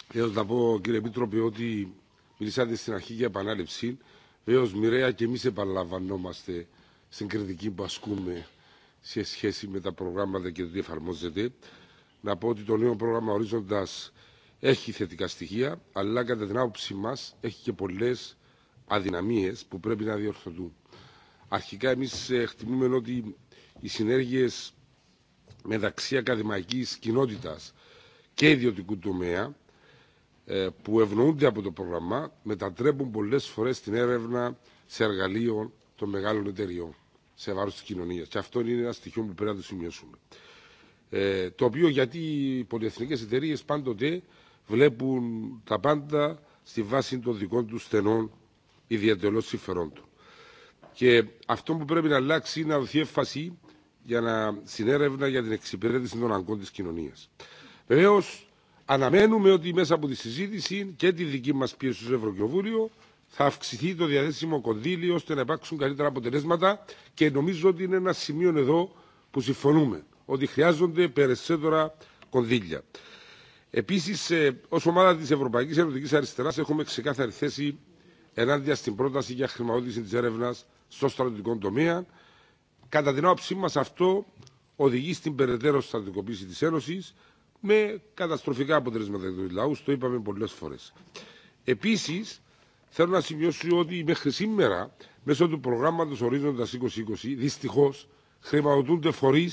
Θέλω να πω, κύριε Επίτροπε, ότι μιλήσατε στην αρχή για επανάληψη. Βεβαίω, μοιραία και εμεί επαναλαμβανόμαστε στην κριτική που ασκούμε σε σχέση με τα προγράμματα και το τι εφαρμόζεται. Να πω ότι το νέο πρόγραμμα Ορίζοντα έχει θετικά στοιχεία, αλλά κατά την άποψή μα έχει και πολλέ αδυναμίε που πρέπει να διορθωθούν. Αρχικά, εμεί εκτιμούμε ότι οι συνέργειε μεταξύ ακαδημαϊκής κοινότητας και ιδιωτικού τομέα ε, που ευνοούνται από το πρόγραμμα μετατρέπουν πολλές φορές την έρευνα σε εργαλείο των μεγάλων εταιριών σε βάρος της κοινωνίας. Και αυτό είναι ένα στοιχείο που πρέπει να το σημειώσουμε. Ε, το οποίο γιατί οι πολυεθνικές εταιρείε πάντοτε βλέπουν τα πάντα στη βάση των δικών του στενών ιδιαίτερων συμφερόντων. Και αυτό που πρέπει να αλλάξει είναι να δοθεί έμφαση για να συνέρευνα για την εξυπηρέτηση των αγκών της κοινωνίας. Βεβαίω, αναμένουμε ότι μέσα από τη συζήτηση και τη δική μας πίεση στο Ευρωκοινοβούλιο θα αυξηθεί το διαθέσιμο κονδύλι ώστε να υπάρξουν καλύτερα αποτελέσματα και νομίζω ότι είναι ένα σημείο εδώ που συμφωνούμε ότι χρειάζονται περισσότερα κονδύλια. Επίση, ε, ω ομάδα τη Ευρωπαϊκή Ενωτική Αριστερά, έχουμε ξεκάθαρη θέση ενάντια στην πρόταση για χρηματοδότηση τη έρευνα στο στρατιωτικό τομέα Κατά την άποψή μα αυτό οδηγεί στην περαιτέρω στατικοποίηση τη Ένωση με καταστροφικά αποτελέσματα για του λαού, το είπαμε πολλέ φορέ. Επίση, θέλω να σημειώσω ότι μέχρι σήμερα, μέσω του προγράμματο Ορίζοντα 2020, δυστυχώ χρηματοδοτούνται φορεί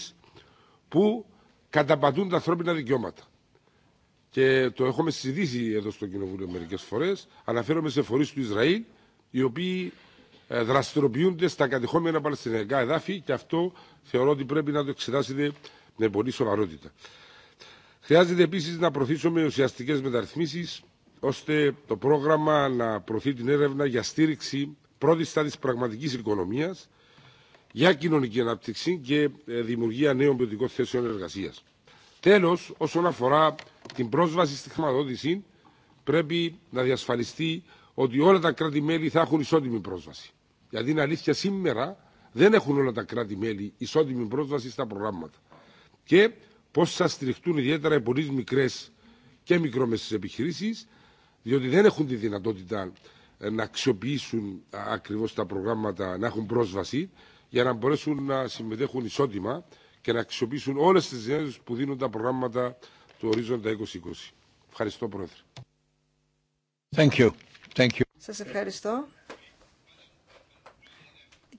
που καταπατούν τα ανθρώπινα δικαιώματα. Και το έχουμε συζητήσει εδώ στο Κοινοβούλιο μερικέ φορέ. Αναφέρομαι σε φορεί του Ισραήλ, οι οποίοι ε, δραστηριοποιούνται στα κατεχόμενα Παλαιστινιακά εδάφη και αυτό θεωρώ ότι πρέπει να το εξετάσετε με πολύ σοβαρότητα. Χρειάζεται επίσης να προωθήσουμε ουσιαστικέ μεταρρυθμίσεις, ώστε το πρόγραμμα να προωθεί την έρευνα για στήριξη πρώτη στάδης πραγματική οικονομία για κοινωνική ανάπτυξη και ε, δημιουργία νέων ποιοτικών θέσεων εργασία. Τέλο, όσον αφορά την πρόσβαση στη χρηματοδότηση, πρέπει να διασφαλιστεί ότι όλα τα κράτη-μέλη θα έχουν ισότιμη πρόσβαση. Γιατί δηλαδή, είναι αλήθεια σήμερα δεν έχουν όλα τα κράτη-μέλη ισότιμη πρόσβαση στα προγράμματα. Και πώ θα στηριχτούν ιδιαίτερα οι πολύ μικρέ και μικρόμεσε επιχειρήσει, διότι δεν έχουν τη δυνατότητα ε, να αξιοποιήσουν ακριβώ τα προγράμματα, να έχουν πρόσβαση, για να μπορέσουν να συμμετέχουν ισότιμα και να αξιοποιήσουν όλε τι δυνατότητε που δίνουν τα προγράμματα του Ορίζοντα 2020. Ευχαριστώ, Πρόεδρε. Thank you. Thank you. Σας ευχαριστώ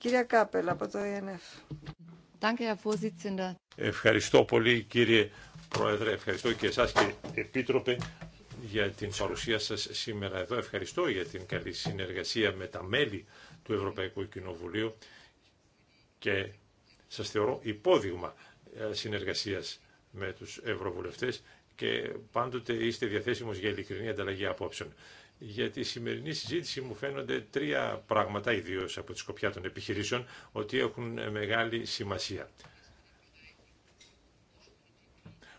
κυρία Κάπελ από το ΕΝΕΦ. Ευχαριστώ πολύ κύριε Πρόεδρε, ευχαριστώ και εσάς και Επίτροπε για την παρουσία σας σήμερα εδώ. Ευχαριστώ για την καλή συνεργασία με τα μέλη του Ευρωπαϊκού Κοινοβουλίου και σας θεωρώ υπόδειγμα ε, συνεργασίας με τους Ευρωβουλευτές και πάντοτε είστε διαθέσιμος για ειλικρινή ανταλλαγή απόψεων για τη σημερινή συζήτηση μου φαίνονται τρία πράγματα, ιδίω από τη σκοπιά των επιχειρήσεων, ότι έχουν μεγάλη σημασία.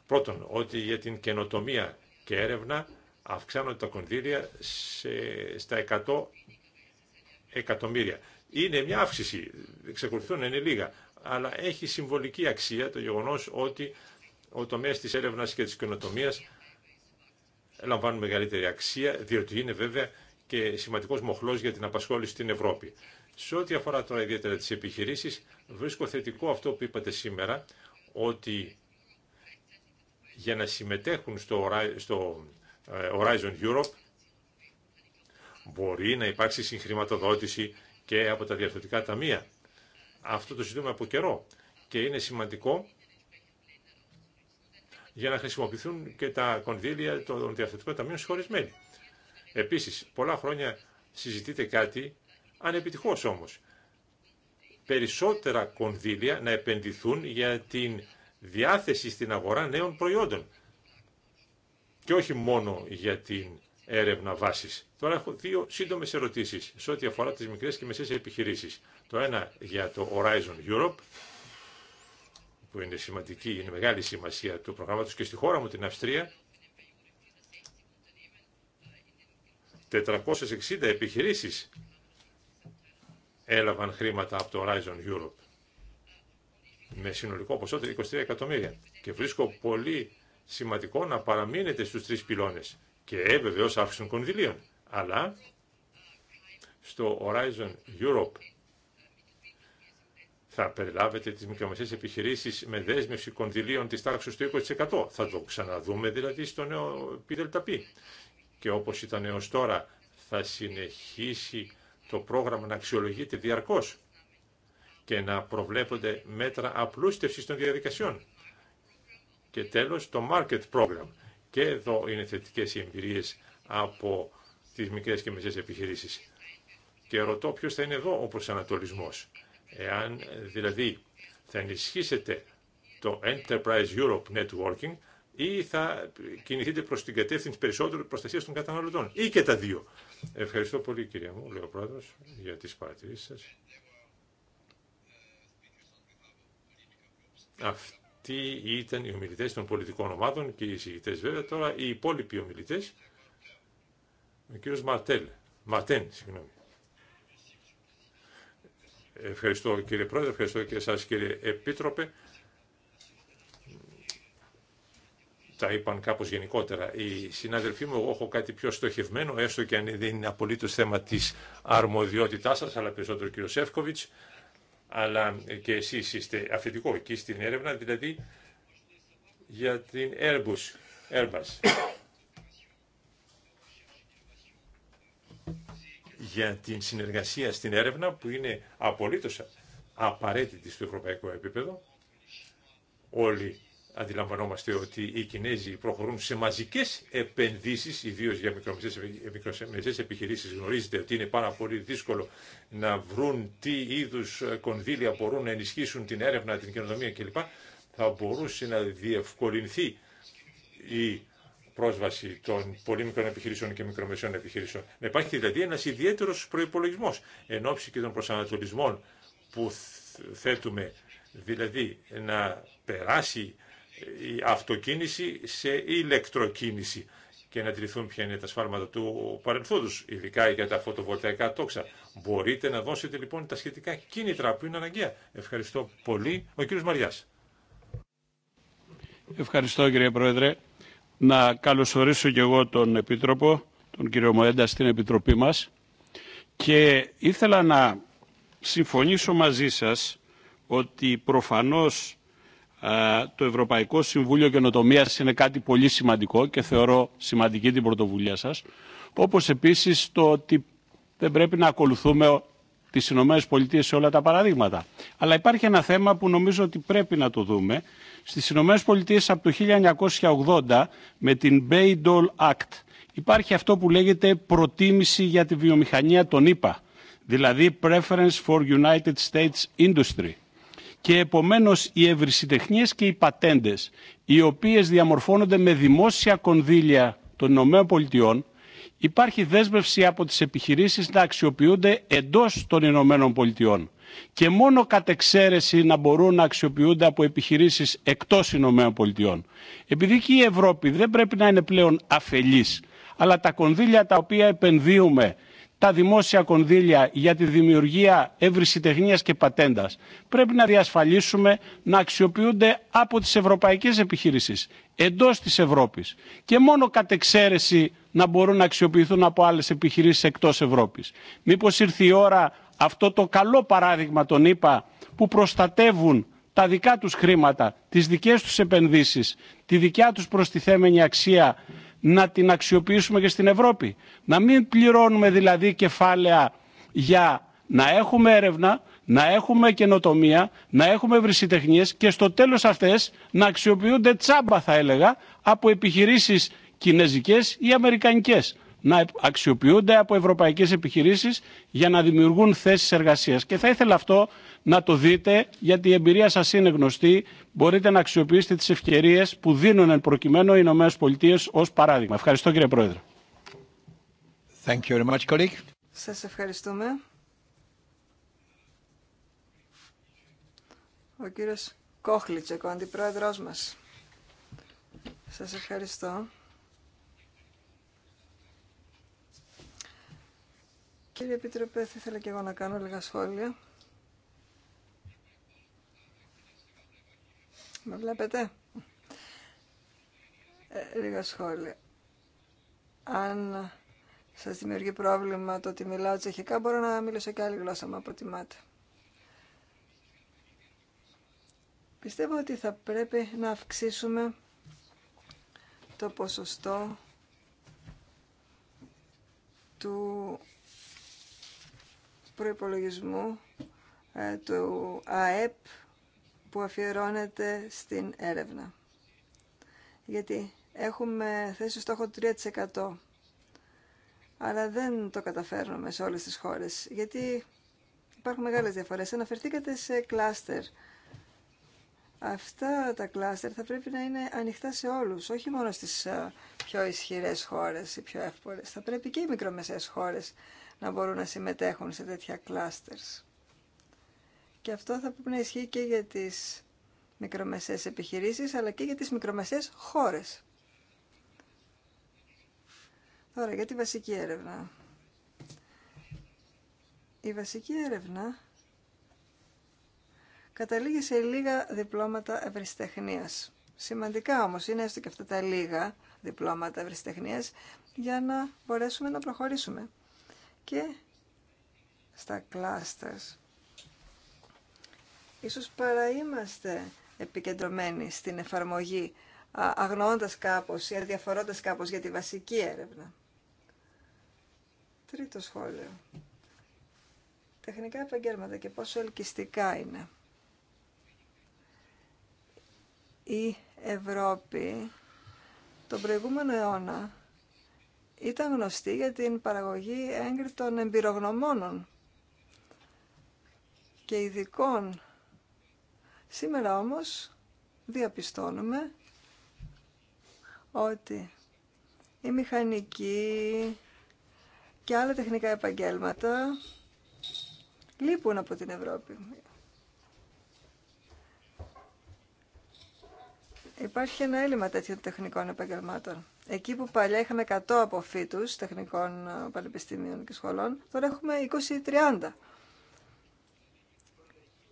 Πρώτον, ότι για την καινοτομία και έρευνα αυξάνονται τα κονδύλια σε, στα 100 εκατομμύρια. Είναι μια αύξηση, εξακολουθούν είναι λίγα, αλλά έχει συμβολική αξία το γεγονός ότι ο τομέας της έρευνας και της καινοτομίας λαμβάνουν μεγαλύτερη αξία, διότι είναι βέβαια και σημαντικός μοχλός για την απασχόληση στην Ευρώπη. Σε ό,τι αφορά τώρα ιδιαίτερα τις επιχειρήσεις, βρίσκω θετικό αυτό που είπατε σήμερα, ότι για να συμμετέχουν στο ε, Horizon Europe μπορεί να υπάρξει συγχρηματοδότηση και από τα διαφορετικά ταμεία. Αυτό το ζητούμε από καιρό και είναι σημαντικό για να χρησιμοποιηθούν και τα κονδύλια των διαθετικών ταμείων συγχωρισμένοι. Επίσης, πολλά χρόνια συζητείται κάτι, ανεπιτυχώς όμως, περισσότερα κονδύλια να επενδυθούν για την διάθεση στην αγορά νέων προϊόντων και όχι μόνο για την έρευνα βάση. Τώρα έχω δύο σύντομες ερωτήσεις σε ό,τι αφορά τις μικρές και μεσαίες επιχειρήσει. Το ένα για το Horizon Europe που είναι σημαντική, είναι μεγάλη σημασία του προγράμματος και στη χώρα μου την Αυστρία 460 επιχειρήσεις έλαβαν χρήματα από το Horizon Europe με συνολικό ποσό 23 εκατομμύρια και βρίσκω πολύ σημαντικό να παραμείνετε στους τρεις πυλώνες και έβεβαιος ε, αύξηση των κονδυλίων αλλά στο Horizon Europe θα περιλάβετε τις μικρομεσαίες επιχειρήσεις με δέσμευση κονδυλίων της τάξη του 20%. Θα το ξαναδούμε δηλαδή στο νέο ΠΔΠ. Και όπως ήταν έω τώρα θα συνεχίσει το πρόγραμμα να αξιολογείται διαρκώ και να προβλέπονται μέτρα απλούστευσης των διαδικασιών. Και τέλος το market program. Και εδώ είναι θετικέ οι εμπειρίες από τι μικρέ και μεσαίες επιχειρήσει. Και ρωτώ ποιο θα είναι εδώ ο προσανατολισμό. Εάν δηλαδή θα ενισχύσετε το Enterprise Europe Networking ή θα κινηθείτε προς την κατεύθυνση περισσότερη προστασία των καταναλωτών ή και τα δύο. Ευχαριστώ πολύ κυρία μου, λέει ο Πρόεδρος, για τις παρατηρήσεις σας. Αυτοί ήταν οι ομιλητές των πολιτικών ομάδων και οι εισηγητές βέβαια. Τώρα οι υπόλοιποι ομιλητές, ο κύριος Μαρτέλ, Μαρτέν, συγγνώμη. Ευχαριστώ κύριε Πρόεδρε, ευχαριστώ και εσάς κύριε Επίτροπε. Τα είπαν κάπως γενικότερα. Οι συνάδελφοί μου, εγώ έχω κάτι πιο στοχευμένο, έστω και αν δεν είναι απολύτω θέμα της αρμοδιότητάς σας, αλλά περισσότερο κύριο Σεύκοβιτς, αλλά και εσείς είστε αφεντικό εκεί στην έρευνα, δηλαδή για την Airbus. Airbus. για την συνεργασία στην έρευνα που είναι απολύτως απαραίτητη στο ευρωπαϊκό επίπεδο. Όλοι αντιλαμβανόμαστε ότι οι Κινέζοι προχωρούν σε μαζικές επενδύσεις, ιδίως για μικρομεσαίες επιχειρήσεις. Γνωρίζετε ότι είναι πάρα πολύ δύσκολο να βρουν τι είδους κονδύλια μπορούν να ενισχύσουν την έρευνα, την καινοτομία κλπ. Θα μπορούσε να διευκολυνθεί η πρόσβαση των πολύ μικρών επιχειρήσεων και μικρομεσαίων επιχειρήσεων. Να υπάρχει δηλαδή ένα ιδιαίτερο προπολογισμό εν ώψη και των προσανατολισμών που θέτουμε, δηλαδή να περάσει η αυτοκίνηση σε ηλεκτροκίνηση και να τηρηθούν ποια είναι τα σφάλματα του παρελθόντος, ειδικά για τα φωτοβολταϊκά τόξα. Μπορείτε να δώσετε λοιπόν τα σχετικά κίνητρα που είναι αναγκαία. Ευχαριστώ πολύ. Ο κύριος Μαριάς. Ευχαριστώ κύριε Πρόεδρε να καλωσορίσω και εγώ τον Επίτροπο, τον κύριο Μοέντα, στην Επιτροπή μας και ήθελα να συμφωνήσω μαζί σας ότι προφανώς το Ευρωπαϊκό Συμβούλιο καινοτομία είναι κάτι πολύ σημαντικό και θεωρώ σημαντική την πρωτοβουλία σας, όπως επίσης το ότι δεν πρέπει να ακολουθούμε τις Ηνωμένες Πολιτείες σε όλα τα παραδείγματα. Αλλά υπάρχει ένα θέμα που νομίζω ότι πρέπει να το δούμε στις Ηνωμένες Πολιτείες από το 1980 με την Bay Doll Act υπάρχει αυτό που λέγεται προτίμηση για τη βιομηχανία των ΗΠΑ, δηλαδή Preference for United States Industry. Και επομένως οι ευρυσιτεχνίες και οι πατέντες, οι οποίες διαμορφώνονται με δημόσια κονδύλια των Ηνωμένων Πολιτειών, υπάρχει δέσμευση από τις επιχειρήσεις να αξιοποιούνται εντός των Ηνωμένων Πολιτειών και μόνο κατ' εξαίρεση να μπορούν να αξιοποιούνται από επιχειρήσεις εκτός ΗΠΑ. Επειδή και η Ευρώπη δεν πρέπει να είναι πλέον αφελής, αλλά τα κονδύλια τα οποία επενδύουμε τα δημόσια κονδύλια για τη δημιουργία τεχνίας και πατέντας πρέπει να διασφαλίσουμε να αξιοποιούνται από τις ευρωπαϊκές επιχείρησεις εντός της Ευρώπης και μόνο κατ' εξαίρεση να μπορούν να αξιοποιηθούν από άλλες επιχειρήσεις εκτός Ευρώπης. Μήπως ήρθε η ώρα αυτό το καλό παράδειγμα των ΗΠΑ που προστατεύουν τα δικά τους χρήματα, τις δικές τους επενδύσεις, τη δικιά τους προστιθέμενη αξία να την αξιοποιήσουμε και στην Ευρώπη. Να μην πληρώνουμε δηλαδή κεφάλαια για να έχουμε έρευνα, να έχουμε καινοτομία, να έχουμε βρυσιτεχνίες και στο τέλος αυτές να αξιοποιούνται τσάμπα θα έλεγα από επιχειρήσεις κινέζικες ή αμερικανικές να αξιοποιούνται από ευρωπαϊκές επιχειρήσεις για να δημιουργούν θέσεις εργασίας. Και θα ήθελα αυτό να το δείτε γιατί η εμπειρία σας είναι γνωστή. Μπορείτε να αξιοποιήσετε τις ευκαιρίες που δίνουν εν προκειμένου οι Ηνωμένες Πολιτείες ως παράδειγμα. Ευχαριστώ κύριε Πρόεδρε. Thank you very much, colleague. Σας ευχαριστούμε. Ο κύριος Κόχλιτσεκ, ο αντιπρόεδρός μας. Σας ευχαριστώ. Κύριε Επιτροπέ, θα ήθελα και εγώ να κάνω λίγα σχόλια. Με βλέπετε. Ε, λίγα σχόλια. Αν σας δημιουργεί πρόβλημα το ότι μιλάω τσεχικά, μπορώ να μιλήσω και άλλη γλώσσα, με αποτιμάτε. Πιστεύω ότι θα πρέπει να αυξήσουμε το ποσοστό του προϋπολογισμού ε, του ΑΕΠ που αφιερώνεται στην έρευνα. Γιατί έχουμε θέσει στόχο 3%. Αλλά δεν το καταφέρνουμε σε όλες τις χώρες, γιατί υπάρχουν μεγάλες διαφορές. Αναφερθήκατε σε κλάστερ. Αυτά τα κλάστερ θα πρέπει να είναι ανοιχτά σε όλους, όχι μόνο στις ε, πιο ισχυρές χώρες, ή πιο εύπορες. Θα πρέπει και οι μικρομεσαίες χώρες να μπορούν να συμμετέχουν σε τέτοια κλάστερς. Και αυτό θα πρέπει να ισχύει και για τις μικρομεσαίες επιχειρήσεις, αλλά και για τις μικρομεσαίες χώρες. Τώρα, για τη βασική έρευνα. Η βασική έρευνα καταλήγει σε λίγα διπλώματα ευρυστεχνίας. Σημαντικά όμως είναι έστω και αυτά τα λίγα διπλώματα ευρυστεχνίας για να μπορέσουμε να προχωρήσουμε και στα clusters. Ίσως είμαστε επικεντρωμένοι στην εφαρμογή, αγνοώντας κάπως ή αδιαφορώντας κάπως για τη βασική έρευνα. Τρίτο σχόλιο. Τεχνικά επαγγέλματα και πόσο ελκυστικά είναι. Η Ευρώπη τον προηγούμενο αιώνα ήταν γνωστή για την παραγωγή έγκριτων εμπειρογνωμόνων και ειδικών. Σήμερα όμως διαπιστώνουμε ότι η μηχανική και άλλα τεχνικά επαγγέλματα λείπουν από την Ευρώπη. Υπάρχει ένα έλλειμμα τέτοιων τεχνικών επαγγελμάτων. Εκεί που παλιά είχαμε 100 αποφύτου τεχνικών ε, πανεπιστήμιων και σχολών, τώρα έχουμε 20-30.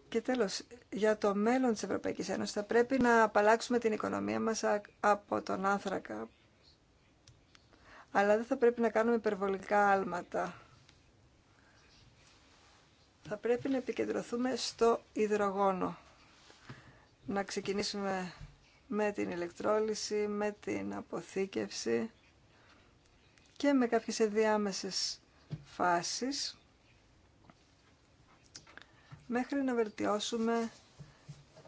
Και τέλος, για το μέλλον της Ευρωπαϊκής Ένωσης θα πρέπει να απαλλάξουμε την οικονομία μας από τον άνθρακα. Αλλά δεν θα πρέπει να κάνουμε υπερβολικά άλματα. Θα πρέπει να επικεντρωθούμε στο υδρογόνο. Να ξεκινήσουμε με την ηλεκτρόλυση, με την αποθήκευση και με κάποιες ενδιάμεσες φάσεις μέχρι να βελτιώσουμε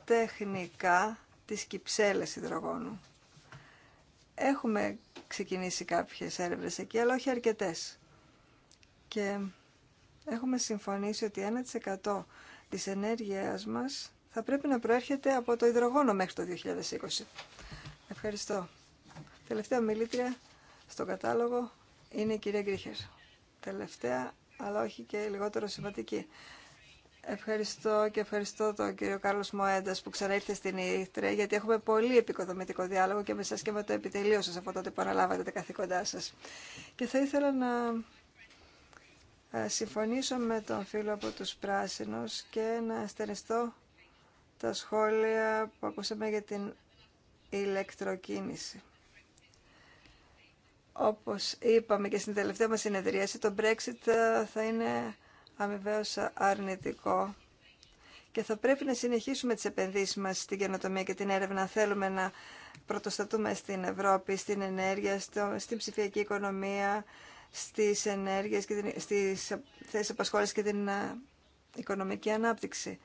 τεχνικά τις κυψέλες υδρογόνου. Έχουμε ξεκινήσει κάποιες έρευνες εκεί, αλλά όχι αρκετές. Και έχουμε συμφωνήσει ότι 1% της ενέργειας μας θα πρέπει να προέρχεται από το υδρογόνο μέχρι το 2020. Ευχαριστώ. Τελευταία μιλήτρια στο κατάλογο είναι η κυρία Γκρίχερ. Τελευταία, αλλά όχι και λιγότερο σημαντική. Ευχαριστώ και ευχαριστώ τον κύριο Κάρλος Μοέντας που ξαναήρθε στην Ήτρε, γιατί έχουμε πολύ επικοδομητικό διάλογο και με σας και με το επιτελείο σας από τότε που αναλάβατε τα καθήκοντά σας. Και θα ήθελα να ε, συμφωνήσω με τον φίλο από τους Πράσινους και να στενιστώ τα σχόλια που ακούσαμε για την ηλεκτροκίνηση. Όπως είπαμε και στην τελευταία μας συνεδρίαση, το Brexit ε, θα είναι αμοιβαίως αρνητικό και θα πρέπει να συνεχίσουμε τις επενδύσεις μας στην καινοτομία και την έρευνα. Θέλουμε να πρωτοστατούμε στην Ευρώπη, στην ενέργεια, στην ψηφιακή οικονομία, στις ενέργειες και στις θέσεις απασχόλησης και την ε, οικονομική ανάπτυξη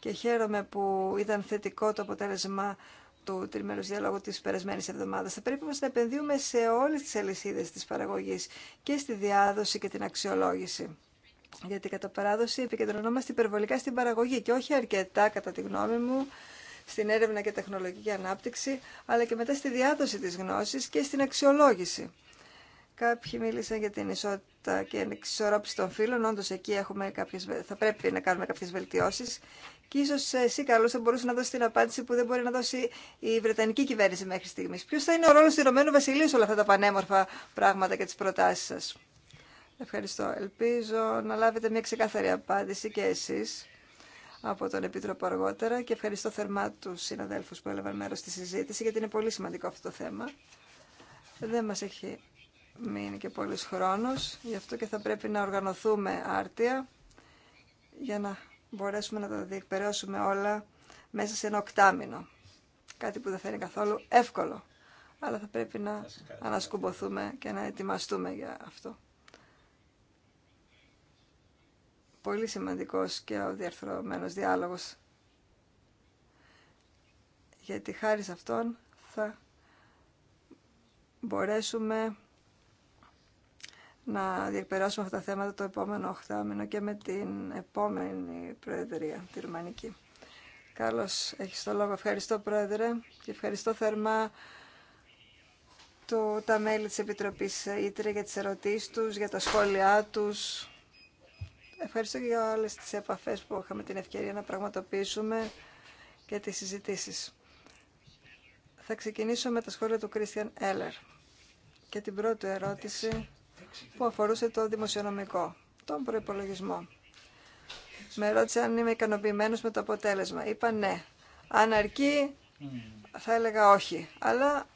και χαίρομαι που ήταν θετικό το αποτέλεσμα του τριμερούς διαλόγου της περασμένης εβδομάδας. Θα πρέπει όμως να επενδύουμε σε όλες τις αλυσίδε της παραγωγής και στη διάδοση και την αξιολόγηση. Γιατί κατά παράδοση επικεντρωνόμαστε υπερβολικά στην παραγωγή και όχι αρκετά, κατά τη γνώμη μου, στην έρευνα και τεχνολογική ανάπτυξη, αλλά και μετά στη διάδοση της γνώσης και στην αξιολόγηση. Κάποιοι μίλησαν για την ισότητα και την των φύλων. Όντω, εκεί έχουμε κάποιες, θα πρέπει να κάνουμε κάποιε βελτιώσει. Και ίσω ε, εσύ καλώ θα μπορούσε να δώσει την απάντηση που δεν μπορεί να δώσει η Βρετανική κυβέρνηση μέχρι στιγμή. Ποιο θα είναι ο ρόλο του Ηνωμένου Βασιλείου σε όλα αυτά τα πανέμορφα πράγματα και τι προτάσει σα. Ευχαριστώ. Ελπίζω να λάβετε μια ξεκάθαρη απάντηση και εσεί από τον Επίτροπο αργότερα και ευχαριστώ θερμά του συναδέλφου που έλαβαν μέρο στη συζήτηση γιατί είναι πολύ σημαντικό αυτό το θέμα. Δεν μα έχει μείνει και πολλής χρόνος, γι' αυτό και θα πρέπει να οργανωθούμε άρτια για να μπορέσουμε να τα διεκπαιρεώσουμε όλα μέσα σε ένα οκτάμινο. Κάτι που δεν θα είναι καθόλου εύκολο, αλλά θα πρέπει να ανασκουμποθούμε και να ετοιμαστούμε για αυτό. Πολύ σημαντικός και ο διαρθρωμένος διάλογος, γιατί χάρη σε αυτόν θα μπορέσουμε να διεκπεράσουμε αυτά τα θέματα το επόμενο οχτάμινο και με την επόμενη Προεδρία, τη Ρουμανική. Καλώς έχεις το λόγο. Ευχαριστώ Πρόεδρε και ευχαριστώ θερμά το, τα μέλη της Επιτροπής Ήτρε για τις ερωτήσεις τους, για τα σχόλιά τους. Ευχαριστώ και για όλες τις επαφές που είχαμε την ευκαιρία να πραγματοποιήσουμε και τις συζητήσεις. Θα ξεκινήσω με τα σχόλια του Κρίστιαν Έλλερ. Και την πρώτη ερώτηση που αφορούσε το δημοσιονομικό, τον προπολογισμό. Με ρώτησε αν είμαι ικανοποιημένο με το αποτέλεσμα. Είπα ναι. Αν αρκεί, θα έλεγα όχι. Αλλά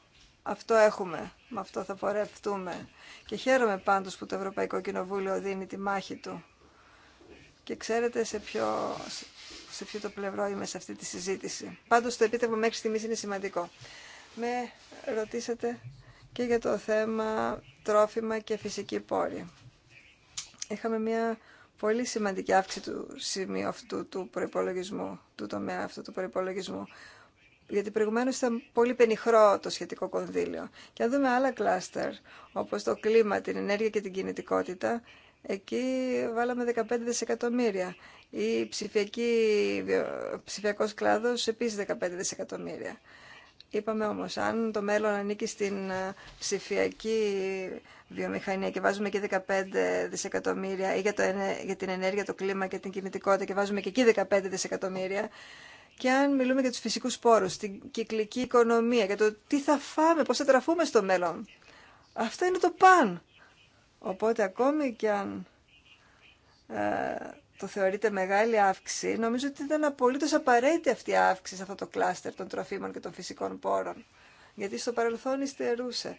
αυτό έχουμε. Με αυτό θα πορευτούμε. Και χαίρομαι πάντως που το Ευρωπαϊκό Κοινοβούλιο δίνει τη μάχη του. Και ξέρετε σε ποιο, σε ποιο το πλευρό είμαι σε αυτή τη συζήτηση. Πάντως το επίτευγμα μέχρι στιγμής είναι σημαντικό. Με ρωτήσατε και για το θέμα τρόφιμα και φυσική πόρη. Είχαμε μια πολύ σημαντική αύξηση του σημείου αυτού του προϋπολογισμού, του τομέα αυτού του προϋπολογισμού, γιατί προηγουμένως ήταν πολύ πενιχρό το σχετικό κονδύλιο. Και αν δούμε άλλα κλάστερ, όπως το κλίμα, την ενέργεια και την κινητικότητα, εκεί βάλαμε 15 δισεκατομμύρια. Η ψηφιακή, ψηφιακός κλάδος 15 δισεκατομμύρια. Είπαμε όμως, αν το μέλλον ανήκει στην ε, ψηφιακή βιομηχανία και βάζουμε εκεί 15 δισεκατομμύρια ή για, το, για την ενέργεια, το κλίμα και την κινητικότητα και βάζουμε και εκεί 15 δισεκατομμύρια και αν μιλούμε για τους φυσικούς πόρους, την κυκλική οικονομία, για το τι θα φάμε, πώς θα τραφούμε στο μέλλον. Αυτό είναι το παν. Οπότε ακόμη και αν ε, το θεωρείται μεγάλη αύξηση, νομίζω ότι ήταν απολύτω απαραίτητη αυτή η αύξηση σε αυτό το κλάστερ των τροφίμων και των φυσικών πόρων. Γιατί στο παρελθόν υστερούσε.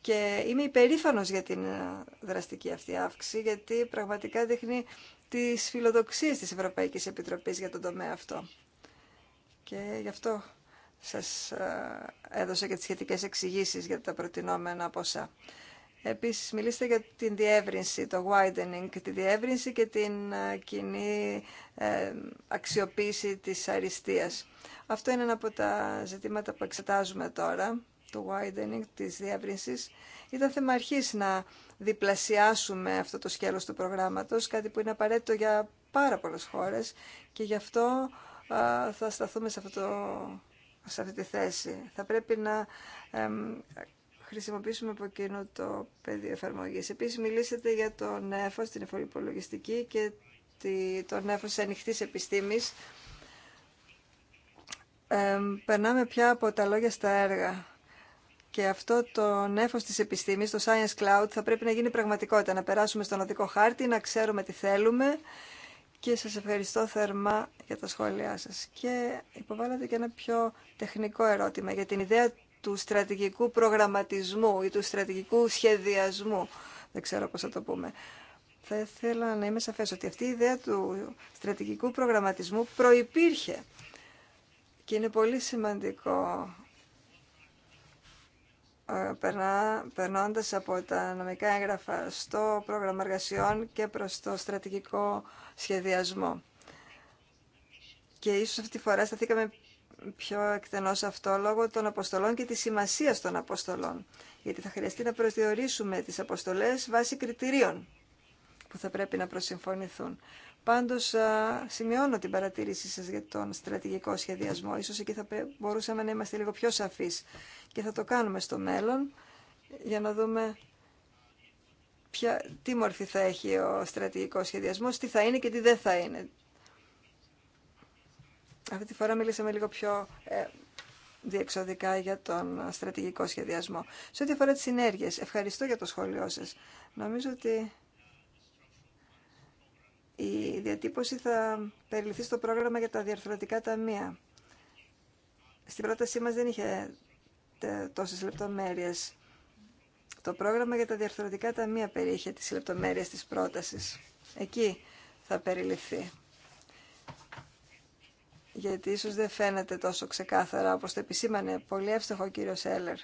Και είμαι υπερήφανο για την ε, δραστική αυτή αύξηση, γιατί πραγματικά δείχνει τι φιλοδοξίε τη Ευρωπαϊκή Επιτροπή για τον τομέα αυτό. Και γι' αυτό σας ε, έδωσα και τις σχετικές εξηγήσεις για τα προτινόμενα από ποσά. Επίσης, μιλήσατε για την διεύρυνση, το widening, τη διεύρυνση και την ε, κοινή ε, αξιοποίηση της αριστείας. Αυτό είναι ένα από τα ζητήματα που εξετάζουμε τώρα, το widening, της διεύρυνσης. Ήταν θέμα αρχής να διπλασιάσουμε αυτό το σκέλος του προγράμματος, κάτι που είναι απαραίτητο για πάρα πολλές χώρες και γι' αυτό θα σταθούμε σε αυτό αυτή τη θέση. Θα πρέπει να χρησιμοποιήσουμε από εκείνο το πεδίο εφαρμογή. Επίση, μιλήσατε για το νέφο, την εφολυπολογιστική και το νέφο τη ανοιχτή επιστήμη. περνάμε πια από τα λόγια στα έργα. Και αυτό το νέφος της επιστήμης, το Science Cloud, θα πρέπει να γίνει πραγματικότητα, να περάσουμε στον οδικό χάρτη, να ξέρουμε τι θέλουμε και σας ευχαριστώ θερμά για τα σχόλιά σας. Και υποβάλλατε και ένα πιο τεχνικό ερώτημα για την ιδέα του στρατηγικού προγραμματισμού ή του στρατηγικού σχεδιασμού. Δεν ξέρω πώς θα το πούμε. Θα ήθελα να είμαι σαφές ότι αυτή η ιδέα του στρατηγικού προγραμματισμού προϋπήρχε και είναι πολύ σημαντικό ε, περνά, περνώντας από τα νομικά έγγραφα στο πρόγραμμα εργασιών και προς το στρατηγικό σχεδιασμό. Και ίσως αυτή τη φορά σταθήκαμε πιο εκτενώς αυτό λόγω των αποστολών και της σημασίας των αποστολών. Γιατί θα χρειαστεί να προσδιορίσουμε τις αποστολές βάσει κριτηρίων που θα πρέπει να προσυμφωνηθούν. Πάντως, σημειώνω την παρατήρησή σας για τον στρατηγικό σχεδιασμό. Ίσως εκεί θα μπορούσαμε να είμαστε λίγο πιο σαφείς και θα το κάνουμε στο μέλλον για να δούμε ποια, τι μορφή θα έχει ο στρατηγικός σχεδιασμός, τι θα είναι και τι δεν θα είναι, αυτή τη φορά μιλήσαμε λίγο πιο ε, διεξοδικά για τον στρατηγικό σχεδιασμό. Σε ό,τι αφορά τις συνέργειες, ευχαριστώ για το σχόλιο σας. Νομίζω ότι η διατύπωση θα περιληφθεί στο πρόγραμμα για τα διαρθρωτικά ταμεία. Στην πρότασή μας δεν είχε τόσες λεπτομέρειες. Το πρόγραμμα για τα διαρθρωτικά ταμεία περιείχε τις λεπτομέρειες της πρότασης. Εκεί θα περιληφθεί γιατί ίσως δεν φαίνεται τόσο ξεκάθαρα όπως το επισήμανε πολύ εύστοχο ο κύριος Έλλερ.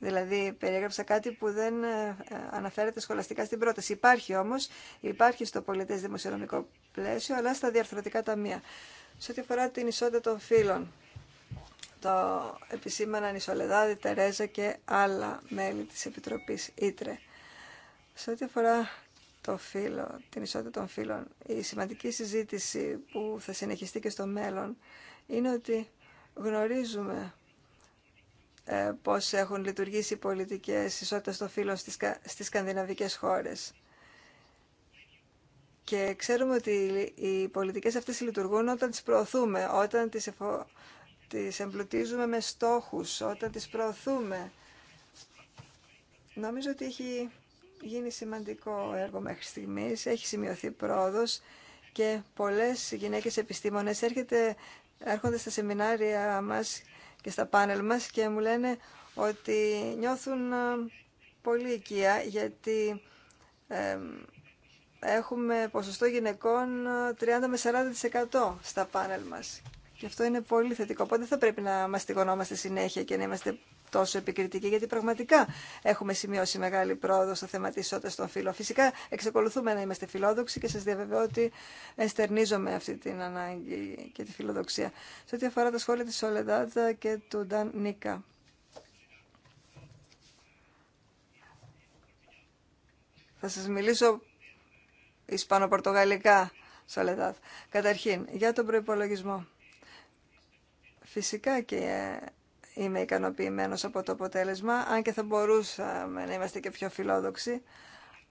Δηλαδή, περιέγραψα κάτι που δεν ε, αναφέρεται σχολαστικά στην πρόταση. Υπάρχει όμως, υπάρχει στο πολιτές δημοσιονομικό πλαίσιο, αλλά στα διαρθρωτικά ταμεία. Σε ό,τι αφορά την ισότητα των φύλων, το επισήμαναν η Σολεδάδη, η Τερέζα και άλλα μέλη της Επιτροπής Ήτρε. Σε ό,τι αφορά το φύλλο, την ισότητα των φύλων, η σημαντική συζήτηση που θα συνεχιστεί και στο μέλλον είναι ότι γνωρίζουμε ε, πώς έχουν λειτουργήσει οι πολιτικές ισότητα των φύλων στις, στις σκανδιναβικές χώρες. Και ξέρουμε ότι οι πολιτικές αυτές λειτουργούν όταν τις προωθούμε, όταν τις, τις εμπλουτίζουμε με στόχους, όταν τις προωθούμε. Νομίζω ότι έχει γίνει σημαντικό έργο μέχρι στιγμής, έχει σημειωθεί πρόοδος και πολλές γυναίκες επιστήμονες έρχονται στα σεμινάρια μας και στα πάνελ μας και μου λένε ότι νιώθουν πολύ οικία γιατί έχουμε ποσοστό γυναικών 30 με 40% στα πάνελ μας. Και αυτό είναι πολύ θετικό. Οπότε δεν θα πρέπει να μαστιγωνόμαστε συνέχεια και να είμαστε τόσο επικριτική, γιατί πραγματικά έχουμε σημειώσει μεγάλη πρόοδο στο θέμα τη ισότητα των φύλων. Φυσικά, εξακολουθούμε να είμαστε φιλόδοξοι και σα διαβεβαιώ ότι εστερνίζομαι αυτή την ανάγκη και τη φιλοδοξία. Σε ό,τι αφορά τα σχόλια τη Σολεντάτ και του Νταν Νίκα. Θα σας μιλήσω ισπανοπορτογαλικά, Σολεδάδ. Καταρχήν, για τον προϋπολογισμό. Φυσικά και είμαι ικανοποιημένος από το αποτέλεσμα, αν και θα μπορούσαμε να είμαστε και πιο φιλόδοξοι.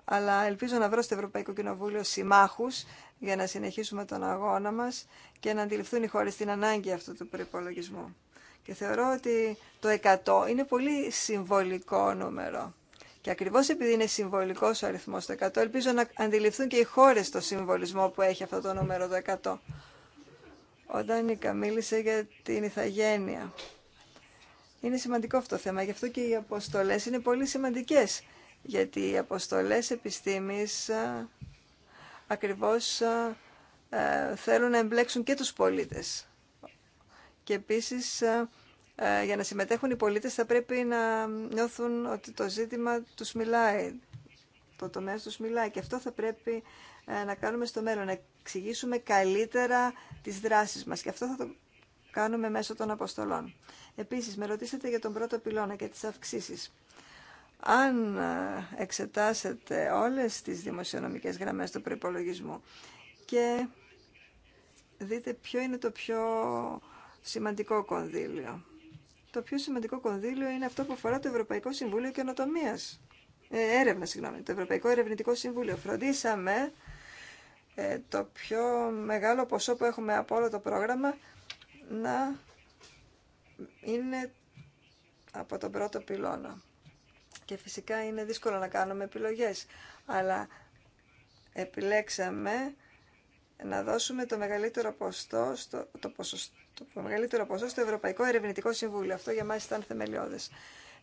Αλλά ελπίζω να βρω στο Ευρωπαϊκό Κοινοβούλιο συμμάχους για να συνεχίσουμε τον αγώνα μας και να αντιληφθούν οι χώρες την ανάγκη αυτού του προπολογισμού. Και θεωρώ ότι το 100 είναι πολύ συμβολικό νούμερο. Και ακριβώ επειδή είναι συμβολικό ο αριθμό το 100, ελπίζω να αντιληφθούν και οι χώρε το συμβολισμό που έχει αυτό το νούμερο το 100. Όταν η μίλησε για την ηθαγένεια. Είναι σημαντικό αυτό το θέμα, γι' αυτό και οι αποστολές είναι πολύ σημαντικές, γιατί οι αποστολές επιστήμης ακριβώς ε, θέλουν να εμπλέξουν και τους πολίτες. Και επίσης, ε, για να συμμετέχουν οι πολίτες θα πρέπει να νιώθουν ότι το ζήτημα τους μιλάει, το τομέα τους μιλάει και αυτό θα πρέπει ε, να κάνουμε στο μέλλον, να εξηγήσουμε καλύτερα τις δράσεις μας. Και αυτό θα το κάνουμε μέσω των αποστολών. Επίσης, με ρωτήσατε για τον πρώτο πυλώνα και τις αυξήσεις. Αν ε, εξετάσετε όλες τις δημοσιονομικές γραμμές του προϋπολογισμού και δείτε ποιο είναι το πιο σημαντικό κονδύλιο. Το πιο σημαντικό κονδύλιο είναι αυτό που αφορά το Ευρωπαϊκό Συμβούλιο Καινοτομία. Ε, έρευνα, συγγνώμη, το Ευρωπαϊκό Ερευνητικό Συμβούλιο. Φροντίσαμε ε, το πιο μεγάλο ποσό που έχουμε από όλο το πρόγραμμα να είναι από τον πρώτο πυλώνα. Και φυσικά είναι δύσκολο να κάνουμε επιλογές, αλλά επιλέξαμε να δώσουμε το μεγαλύτερο ποσοστό το το μεγαλύτερο ποσό στο Ευρωπαϊκό Ερευνητικό Συμβούλιο. Αυτό για μας ήταν θεμελιώδες.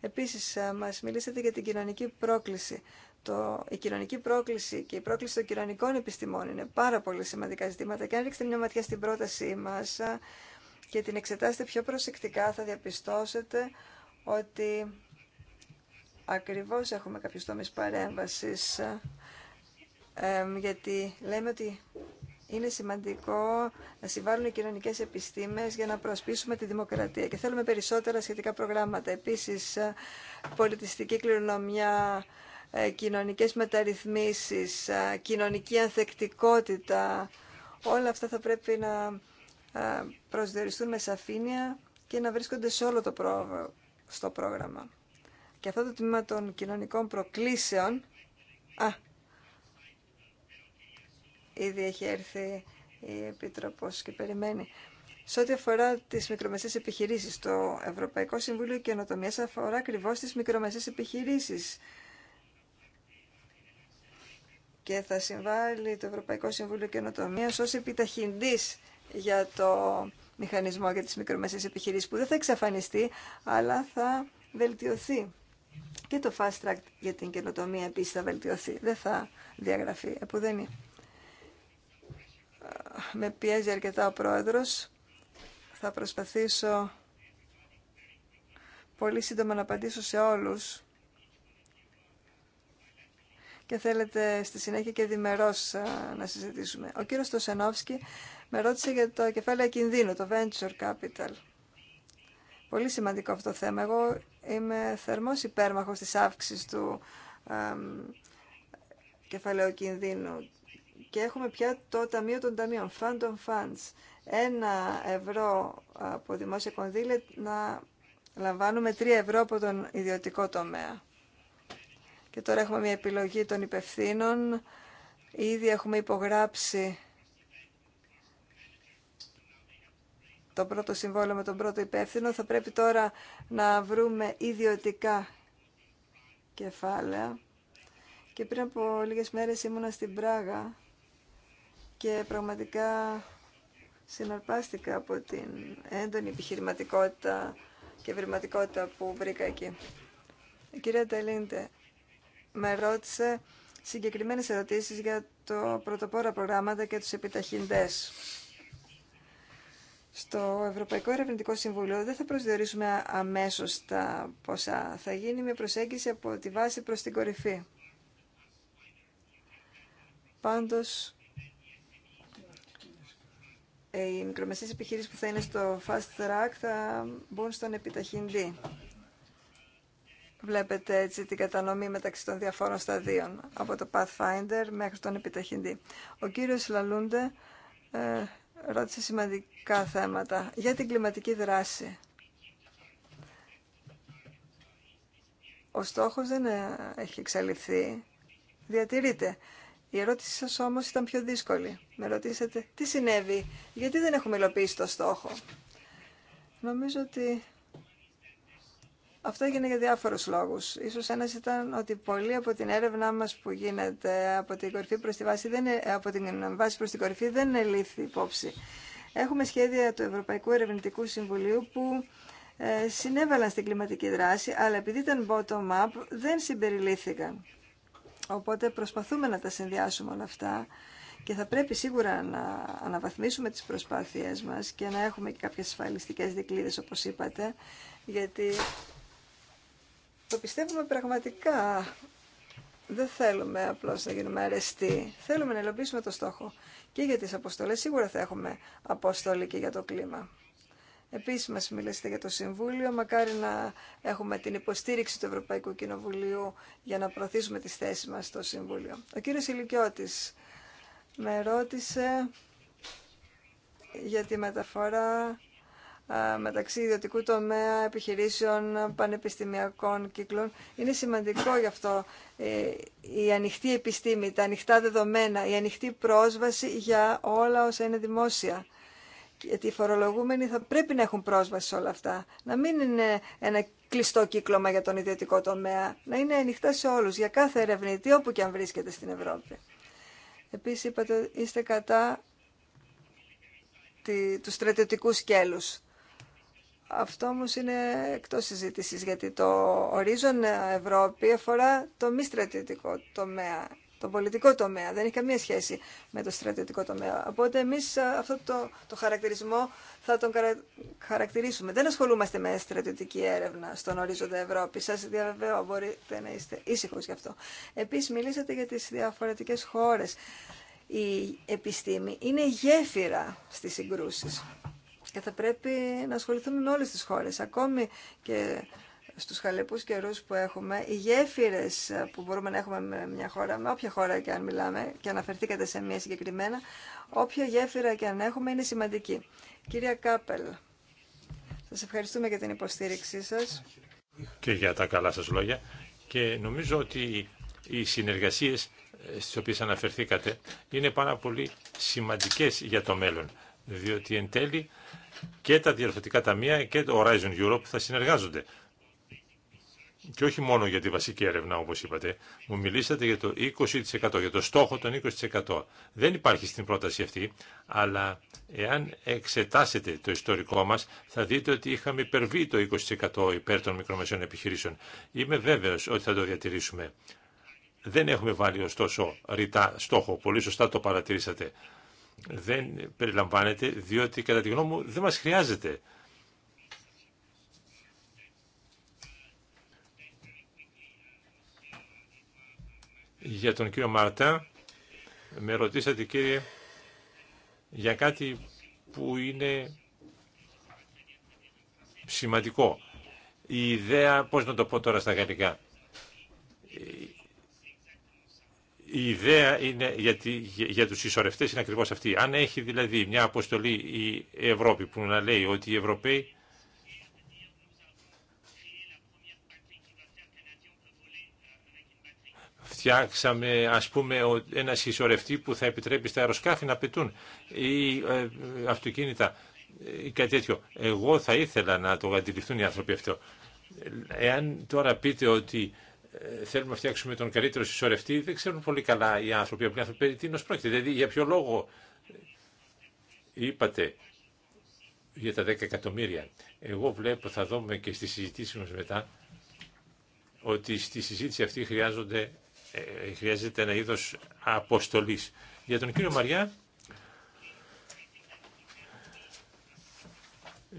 Επίσης, ε, μας μιλήσατε για την κοινωνική πρόκληση. Το, η κοινωνική πρόκληση και η πρόκληση των κοινωνικών επιστημών είναι πάρα πολύ σημαντικά ζητήματα. Και αν ρίξετε μια ματιά στην πρότασή μας, και την εξετάσετε πιο προσεκτικά θα διαπιστώσετε ότι ακριβώς έχουμε κάποιους τομείς παρέμβασης γιατί λέμε ότι είναι σημαντικό να συμβάλλουν οι κοινωνικές επιστήμες για να προσπίσουμε τη δημοκρατία. Και θέλουμε περισσότερα σχετικά προγράμματα. Επίσης, πολιτιστική κληρονομιά, ε, κοινωνικές μεταρρυθμίσεις, ε, κοινωνική ανθεκτικότητα. Όλα αυτά θα πρέπει να ε, προσδιοριστούν με σαφήνεια και να βρίσκονται σε όλο το πρόγραμμα, στο πρόγραμμα. Και αυτό το τμήμα των κοινωνικών προκλήσεων... Α, ήδη έχει έρθει η Επίτροπος και περιμένει. Σε ό,τι αφορά τι μικρομεσαίε επιχειρήσει, το Ευρωπαϊκό Συμβούλιο Καινοτομία αφορά ακριβώ τι μικρομεσαίε επιχειρήσει. Και θα συμβάλλει το Ευρωπαϊκό Συμβούλιο Καινοτομία ω επιταχυντή για το μηχανισμό για τις μικρομεσαίες επιχειρήσεις που δεν θα εξαφανιστεί, αλλά θα βελτιωθεί. Και το fast track για την καινοτομία επίση θα βελτιωθεί. Δεν θα διαγραφεί. Με πιέζει αρκετά ο πρόεδρος. Θα προσπαθήσω πολύ σύντομα να απαντήσω σε όλους και θέλετε στη συνέχεια και διμερώς να συζητήσουμε. Ο κύριος Στοσενόφσκι με ρώτησε για το κεφάλαιο κινδύνου, το venture capital. Πολύ σημαντικό αυτό το θέμα. Εγώ είμαι θερμός υπέρμαχος της αύξησης του κεφαλαίου κινδύνου και έχουμε πια το Ταμείο των Ταμείων, Fund on Funds. Ένα ευρώ από δημόσια κονδύλια να λαμβάνουμε τρία ευρώ από τον ιδιωτικό τομέα. Και τώρα έχουμε μια επιλογή των υπευθύνων. Ήδη έχουμε υπογράψει το πρώτο συμβόλαιο με τον πρώτο υπεύθυνο. Θα πρέπει τώρα να βρούμε ιδιωτικά κεφάλαια. Και πριν από λίγες μέρες ήμουνα στην Πράγα και πραγματικά συναρπάστηκα από την έντονη επιχειρηματικότητα και ευρηματικότητα που βρήκα εκεί. Ε, κυρία Τελίντε, με ρώτησε συγκεκριμένες ερωτήσεις για το πρωτοπόρα προγράμματα και τους επιταχυντές. Στο Ευρωπαϊκό Ερευνητικό Συμβουλίο δεν θα προσδιορίσουμε αμέσως τα ποσά. Θα γίνει με προσέγγιση από τη βάση προς την κορυφή. Πάντως, οι μικρομεσαίες επιχείρησεις που θα είναι στο Fast Track θα μπουν στον επιταχυντή βλέπετε έτσι την κατανομή μεταξύ των διαφόρων σταδίων από το Pathfinder μέχρι τον επιταχυντή. Ο κύριος Λαλούντε ε, ρώτησε σημαντικά θέματα για την κλιματική δράση. Ο στόχος δεν ε, έχει εξαλειφθεί, διατηρείται. Η ερώτησή σας όμως ήταν πιο δύσκολη. Με ρωτήσατε τι συνέβη, γιατί δεν έχουμε υλοποιήσει το στόχο. Νομίζω ότι αυτό έγινε για διάφορου λόγου. Σω ένα ήταν ότι πολλοί από την έρευνά μα που γίνεται από την, κορυφή προ τη βάση, δεν, ε, από την βάση προς την κορυφή δεν ελήφθη υπόψη. Έχουμε σχέδια του Ευρωπαϊκού Ερευνητικού Συμβουλίου που ε, συνέβαλαν στην κλιματική δράση, αλλά επειδή ήταν bottom-up δεν συμπεριλήθηκαν. Οπότε προσπαθούμε να τα συνδυάσουμε όλα αυτά και θα πρέπει σίγουρα να αναβαθμίσουμε τις προσπάθειές μας και να έχουμε και κάποιες ασφαλιστικές δικλείδες όπως είπατε, γιατί το πιστεύουμε πραγματικά. Δεν θέλουμε απλώς να γίνουμε αρεστοί. Θέλουμε να υλοποιήσουμε το στόχο. Και για τις αποστολές σίγουρα θα έχουμε αποστολή και για το κλίμα. Επίσης μας μιλήσετε για το Συμβούλιο, μακάρι να έχουμε την υποστήριξη του Ευρωπαϊκού Κοινοβουλίου για να προωθήσουμε τις θέσεις μας στο Συμβούλιο. Ο κύριος Ηλικιώτης με ρώτησε για τη μεταφορά μεταξύ ιδιωτικού τομέα, επιχειρήσεων, πανεπιστημιακών κύκλων. Είναι σημαντικό γι' αυτό ε, η ανοιχτή επιστήμη, τα ανοιχτά δεδομένα, η ανοιχτή πρόσβαση για όλα όσα είναι δημόσια. Γιατί οι φορολογούμενοι θα πρέπει να έχουν πρόσβαση σε όλα αυτά. Να μην είναι ένα κλειστό κύκλωμα για τον ιδιωτικό τομέα. Να είναι ανοιχτά σε όλους, για κάθε ερευνητή, όπου και αν βρίσκεται στην Ευρώπη. Επίσης είπατε είστε κατά του στρατιωτικού σκέλους, αυτό όμω είναι εκτό συζήτηση, γιατί το ορίζον Ευρώπη αφορά το μη στρατιωτικό τομέα, το πολιτικό τομέα. Δεν έχει καμία σχέση με το στρατιωτικό τομέα. Οπότε εμεί αυτό το, το χαρακτηρισμό θα τον χαρακτηρίσουμε. Δεν ασχολούμαστε με στρατιωτική έρευνα στον ορίζοντα Ευρώπη. Σα διαβεβαιώ, μπορείτε να είστε ήσυχο γι' αυτό. Επίση, μιλήσατε για τι διαφορετικέ χώρε. Η επιστήμη είναι γέφυρα στι συγκρούσει. Και θα πρέπει να ασχοληθούμε με όλες τις χώρες, ακόμη και στους χαλεπούς καιρούς που έχουμε, οι γέφυρες που μπορούμε να έχουμε με μια χώρα, με όποια χώρα και αν μιλάμε, και αναφερθήκατε σε μια συγκεκριμένα, όποια γέφυρα και αν έχουμε είναι σημαντική. Κυρία Κάπελ, σας ευχαριστούμε για την υποστήριξή σας. Και για τα καλά σας λόγια. Και νομίζω ότι οι συνεργασίες ε, στις οποίες αναφερθήκατε είναι πάρα πολύ σημαντικές για το μέλλον διότι εν τέλει και τα διαρθρωτικά ταμεία και το Horizon Europe θα συνεργάζονται. Και όχι μόνο για τη βασική έρευνα, όπως είπατε. Μου μιλήσατε για το 20%, για το στόχο των 20%. Δεν υπάρχει στην πρόταση αυτή, αλλά εάν εξετάσετε το ιστορικό μας, θα δείτε ότι είχαμε υπερβεί το 20% υπέρ των μικρομεσαίων επιχειρήσεων. Είμαι βέβαιος ότι θα το διατηρήσουμε. Δεν έχουμε βάλει ωστόσο ρητά στόχο. Πολύ σωστά το παρατηρήσατε δεν περιλαμβάνεται διότι κατά τη γνώμη μου δεν μας χρειάζεται. Για τον κύριο Μαρτά με ρωτήσατε κύριε για κάτι που είναι σημαντικό. Η ιδέα, πώς να το πω τώρα στα γαλλικά, η ιδέα είναι για, για τους συσσωρευτές είναι ακριβώς αυτή. Αν έχει δηλαδή μια αποστολή η Ευρώπη που να λέει ότι οι Ευρωπαίοι φτιάξαμε ας πούμε ένα συσσωρευτή που θα επιτρέπει στα αεροσκάφη να πετούν ή ε, αυτοκίνητα ή ε, κάτι τέτοιο. Εγώ θα ήθελα να το αντιληφθούν οι άνθρωποι αυτό. Εάν τώρα πείτε ότι ε, θέλουμε να φτιάξουμε τον καλύτερο συσσωρευτή, δεν ξέρουν πολύ καλά οι άνθρωποι, απλοί άνθρωποι, τι νοσπρόκειται. πρόκειται. Δηλαδή, για ποιο λόγο είπατε για τα 10 εκατομμύρια. Εγώ βλέπω, θα δούμε και στη συζήτηση μας μετά, ότι στη συζήτηση αυτή χρειάζονται, ε, χρειάζεται ένα είδος αποστολής. Για τον κύριο Μαριά,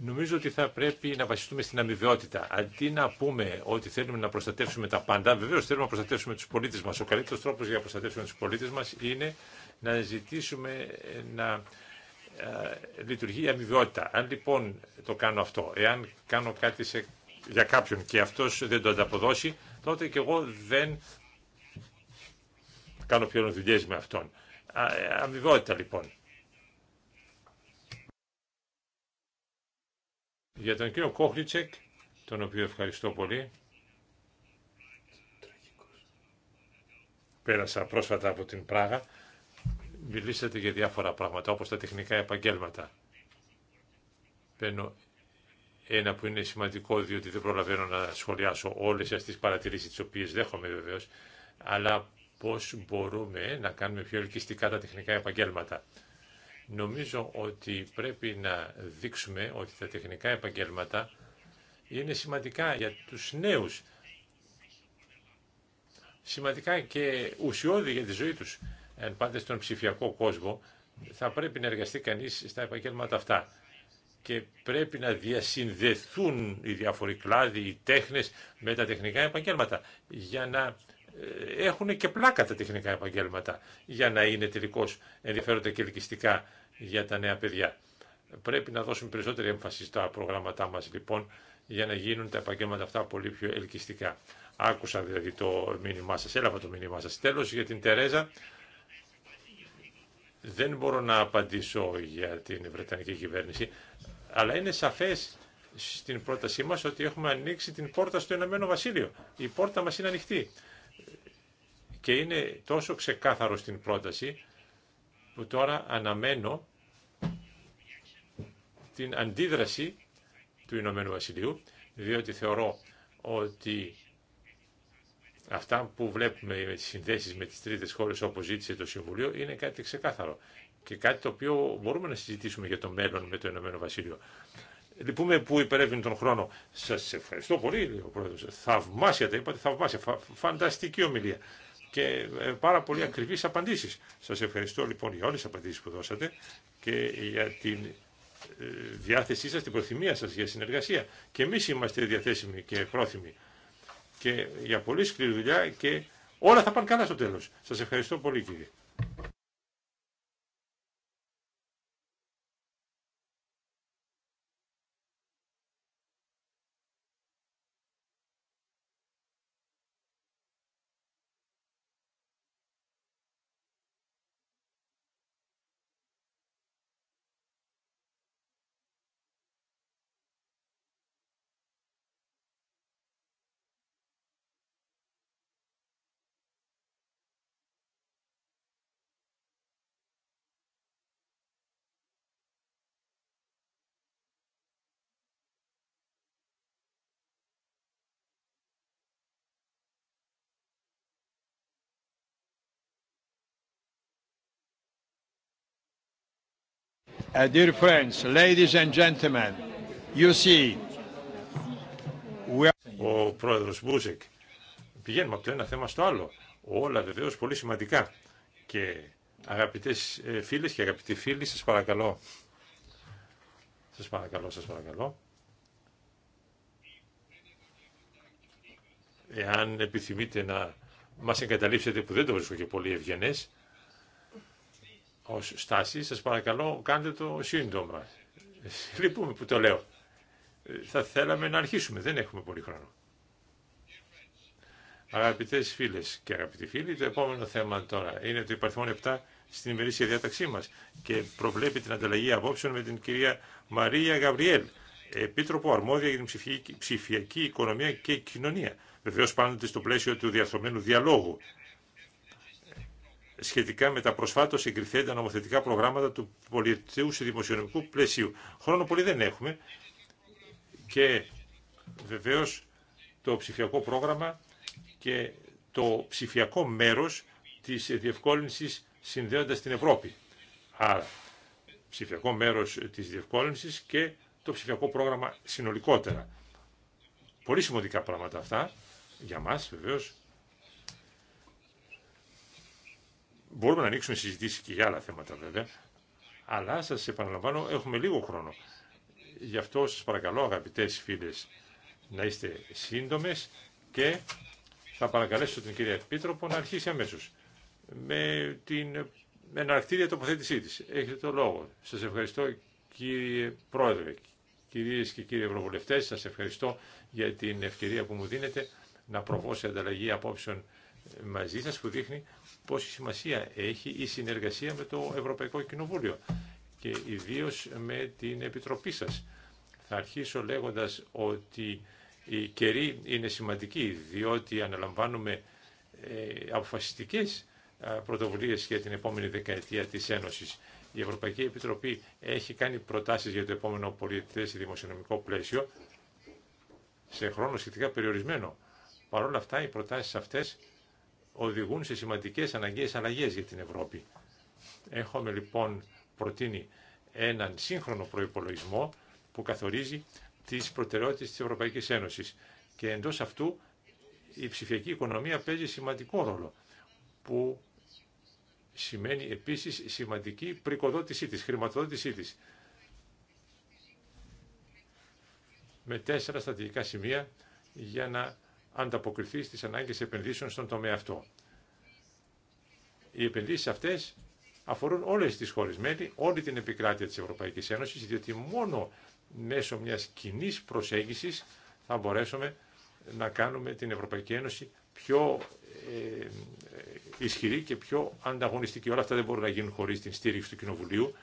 Νομίζω ότι θα πρέπει να βασιστούμε στην αμοιβαιότητα. Αντί να πούμε ότι θέλουμε να προστατεύσουμε τα πάντα, βεβαίω θέλουμε να προστατεύσουμε του πολίτε μα. Ο καλύτερο τρόπο για να προστατεύσουμε του πολίτε μα είναι να ζητήσουμε ε, να ε, λειτουργεί η αμοιβαιότητα. Αν λοιπόν το κάνω αυτό, εάν κάνω κάτι σε, για κάποιον και αυτό δεν το ανταποδώσει, τότε και εγώ δεν κάνω πιο δουλειέ με αυτόν. Ε, αμοιβαιότητα λοιπόν. Για τον κύριο Κόχλιτσεκ, τον οποίο ευχαριστώ πολύ, πέρασα πρόσφατα από την Πράγα, μιλήσατε για διάφορα πράγματα, όπως τα τεχνικά επαγγέλματα. Παίρνω ένα που είναι σημαντικό, διότι δεν προλαβαίνω να σχολιάσω όλες αυτές τις παρατηρήσεις, τις οποίες δέχομαι βεβαίως, αλλά πώς μπορούμε να κάνουμε πιο ελκυστικά τα τεχνικά επαγγέλματα. Νομίζω ότι πρέπει να δείξουμε ότι τα τεχνικά επαγγέλματα είναι σημαντικά για τους νέους. Σημαντικά και ουσιώδη για τη ζωή τους. Εν πάντα στον ψηφιακό κόσμο θα πρέπει να εργαστεί κανείς στα επαγγέλματα αυτά. Και πρέπει να διασυνδεθούν οι διάφοροι κλάδοι, οι τέχνες με τα τεχνικά επαγγέλματα για να έχουν και πλάκα τα τεχνικά επαγγέλματα για να είναι τελικώ ενδιαφέροντα και ελκυστικά για τα νέα παιδιά. Πρέπει να δώσουμε περισσότερη έμφαση στα προγράμματά μα λοιπόν για να γίνουν τα επαγγέλματα αυτά πολύ πιο ελκυστικά. Άκουσα δηλαδή το μήνυμά σα, έλαβα το μήνυμά σα τέλο για την Τερέζα, δεν μπορώ να απαντήσω για την Βρετανική κυβέρνηση, αλλά είναι σαφές στην πρότασή μας ότι έχουμε ανοίξει την πόρτα στο Ηνωμένο Βασίλειο. Η πόρτα μας είναι ανοιχτή και είναι τόσο ξεκάθαρο στην πρόταση που τώρα αναμένω την αντίδραση του Ηνωμένου Βασιλείου, διότι θεωρώ ότι αυτά που βλέπουμε με τις συνδέσεις με τις τρίτες χώρες όπως ζήτησε το Συμβουλίο είναι κάτι ξεκάθαρο και κάτι το οποίο μπορούμε να συζητήσουμε για το μέλλον με το Ηνωμένο Βασίλειο. Λυπούμε που υπερεύει τον χρόνο. Σας ευχαριστώ πολύ, ο Πρόεδρος. Θαυμάσια τα είπατε, θαυμάσια. Φανταστική ομιλία και ε, πάρα πολύ ακριβείς απαντήσεις. Σας ευχαριστώ λοιπόν για όλες τις απαντήσεις που δώσατε και για την ε, διάθεσή σας, την προθυμία σας για συνεργασία. Και εμείς είμαστε διαθέσιμοι και πρόθυμοι και για πολύ σκληρή δουλειά και όλα θα πάνε καλά στο τέλος. Σας ευχαριστώ πολύ κύριε. Uh, dear friends, ladies and gentlemen, you see, Ο πρόεδρος Μπούζεκ, πηγαίνουμε από το ένα θέμα στο άλλο. Όλα βεβαίω πολύ σημαντικά. Και αγαπητές ε, φίλες και αγαπητοί φίλοι, σας παρακαλώ. Σας παρακαλώ, σας παρακαλώ. Εάν επιθυμείτε να μας εγκαταλείψετε που δεν το βρίσκω και πολύ ευγενές, Ω στάση, σα παρακαλώ κάντε το σύντομα. Λυπούμε που το λέω. Θα θέλαμε να αρχίσουμε, δεν έχουμε πολύ χρόνο. Αγαπητές φίλε και αγαπητοί φίλοι, το επόμενο θέμα τώρα είναι το υπαρθμόν 7 στην ημερήσια διάταξή μα και προβλέπει την ανταλλαγή απόψεων με την κυρία Μαρία Γαβριέλ, Επίτροπο Αρμόδια για την Ψηφιακή Οικονομία και Κοινωνία. Βεβαίω πάντοτε στο πλαίσιο του διαρθρωμένου διαλόγου σχετικά με τα προσφάτως εγκριθέντα νομοθετικά προγράμματα του πολιτικού δημοσιονομικού πλαισίου. Χρόνο πολύ δεν έχουμε και βεβαίως το ψηφιακό πρόγραμμα και το ψηφιακό μέρος της διευκόλυνσης συνδέοντας την Ευρώπη. Άρα, ψηφιακό μέρος της διευκόλυνσης και το ψηφιακό πρόγραμμα συνολικότερα. Πολύ σημαντικά πράγματα αυτά για μας βεβαίως Μπορούμε να ανοίξουμε συζητήσει και για άλλα θέματα βέβαια, αλλά σας επαναλαμβάνω έχουμε λίγο χρόνο. Γι' αυτό σας παρακαλώ αγαπητές φίλε να είστε σύντομες και θα παρακαλέσω την κυρία Επίτροπο να αρχίσει αμέσως με την εναρκτήρια τοποθέτησή τη. Έχετε το λόγο. Σας ευχαριστώ κύριε Πρόεδρε, κυρίε και κύριοι Ευρωβουλευτέ. σα ευχαριστώ για την ευκαιρία που μου δίνετε να προβώ σε ανταλλαγή απόψεων μαζί σας που δείχνει πόση σημασία έχει η συνεργασία με το Ευρωπαϊκό Κοινοβούλιο και ιδίως με την Επιτροπή σας. Θα αρχίσω λέγοντας ότι η καιρή είναι σημαντική διότι αναλαμβάνουμε ε, αποφασιστικές πρωτοβουλίες για την επόμενη δεκαετία της Ένωσης. Η Ευρωπαϊκή Επιτροπή έχει κάνει προτάσεις για το επόμενο πολιτές δημοσιονομικό πλαίσιο σε χρόνο σχετικά περιορισμένο. Παρ' όλα αυτά οι προτάσεις αυτές οδηγούν σε σημαντικές αναγκαίες αλλαγές για την Ευρώπη. Έχουμε λοιπόν προτείνει έναν σύγχρονο προϋπολογισμό που καθορίζει τις προτεραιότητες της Ευρωπαϊκής Ένωσης και εντός αυτού η ψηφιακή οικονομία παίζει σημαντικό ρόλο που σημαίνει επίσης σημαντική πρικοδότησή της, χρηματοδότησή της. Με τέσσερα στατικά σημεία για να ανταποκριθεί στις ανάγκες επενδύσεων στον τομέα αυτό. Οι επενδύσεις αυτές αφορούν όλες τις χώρες μέλη, όλη την επικράτεια της Ευρωπαϊκής Ένωσης, διότι μόνο μέσω μιας κοινή προσέγγισης θα μπορέσουμε να κάνουμε την Ευρωπαϊκή Ένωση πιο ε, ε, ισχυρή και πιο ανταγωνιστική. Όλα αυτά δεν μπορούν να γίνουν χωρίς την στήριξη του Κοινοβουλίου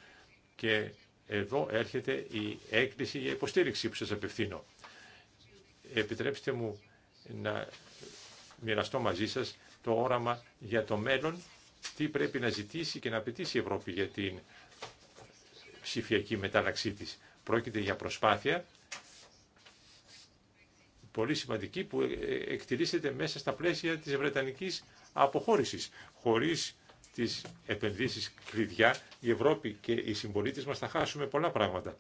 και εδώ έρχεται η έκκληση για υποστήριξη που σας απευθύνω. Επιτρέψτε μου να μοιραστώ μαζί σας το όραμα για το μέλλον, τι πρέπει να ζητήσει και να απαιτήσει η Ευρώπη για την ψηφιακή μετάλλαξή της. Πρόκειται για προσπάθεια πολύ σημαντική που ε, ε, εκτελήσεται μέσα στα πλαίσια της Βρετανικής αποχώρησης. Χωρίς τις επενδύσεις κλειδιά, η Ευρώπη και οι συμπολίτε μας θα χάσουμε πολλά πράγματα.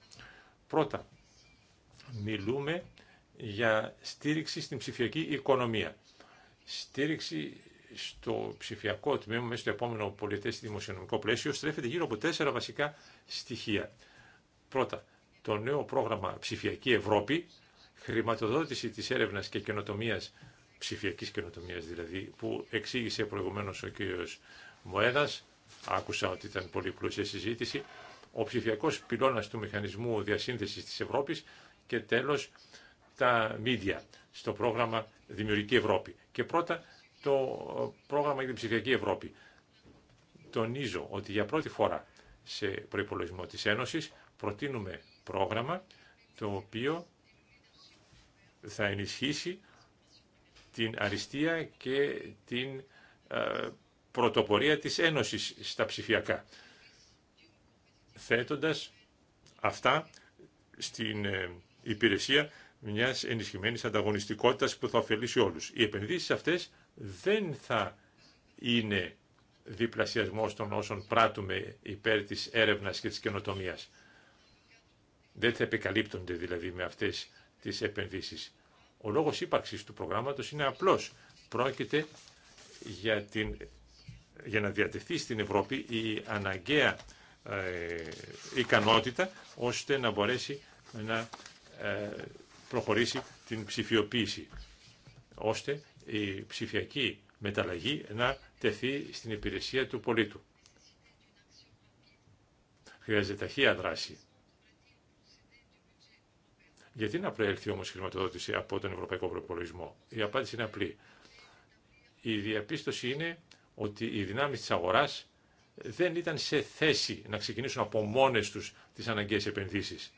Πρώτα, μιλούμε για στήριξη στην ψηφιακή οικονομία. Στήριξη στο ψηφιακό τμήμα μέσα στο επόμενο πολιτές δημοσιονομικό πλαίσιο στρέφεται γύρω από τέσσερα βασικά στοιχεία. Πρώτα, το νέο πρόγραμμα Ψηφιακή Ευρώπη, χρηματοδότηση της έρευνας και καινοτομίας, ψηφιακής καινοτομίας δηλαδή, που εξήγησε προηγουμένως ο κ. Μοέδας, άκουσα ότι ήταν πολύ πλούσια συζήτηση, ο ψηφιακός πυλώνας του μηχανισμού διασύνδεσης της Ευρώπης και τέλος τα μίδια στο πρόγραμμα Δημιουργική Ευρώπη. Και πρώτα το πρόγραμμα για την ψηφιακή Ευρώπη. Τονίζω ότι για πρώτη φορά σε προϋπολογισμό της Ένωσης προτείνουμε πρόγραμμα το οποίο θα ενισχύσει την αριστεία και την ε, πρωτοπορία της Ένωσης στα ψηφιακά. Θέτοντας αυτά στην ε, υπηρεσία μια ενισχυμένη ανταγωνιστικότητας που θα ωφελήσει όλους. Οι επενδύσεις αυτές δεν θα είναι διπλασιασμός των όσων πράττουμε υπέρ τη έρευνας και τη καινοτομία. Δεν θα επικαλύπτονται δηλαδή με αυτές τις επενδύσεις. Ο λόγος ύπαρξης του προγράμματος είναι απλός. Πρόκειται για, την, για να διατεθεί στην Ευρώπη η αναγκαία ε, ικανότητα ώστε να μπορέσει να ε, προχωρήσει την ψηφιοποίηση, ώστε η ψηφιακή μεταλλαγή να τεθεί στην υπηρεσία του πολίτου. Χρειάζεται ταχεία δράση. Γιατί να προέλθει όμως η χρηματοδότηση από τον Ευρωπαϊκό Προπολογισμό. Η απάντηση είναι απλή. Η διαπίστωση είναι ότι οι δυνάμεις της αγοράς δεν ήταν σε θέση να ξεκινήσουν από μόνες τους τις αναγκαίες επενδύσεις.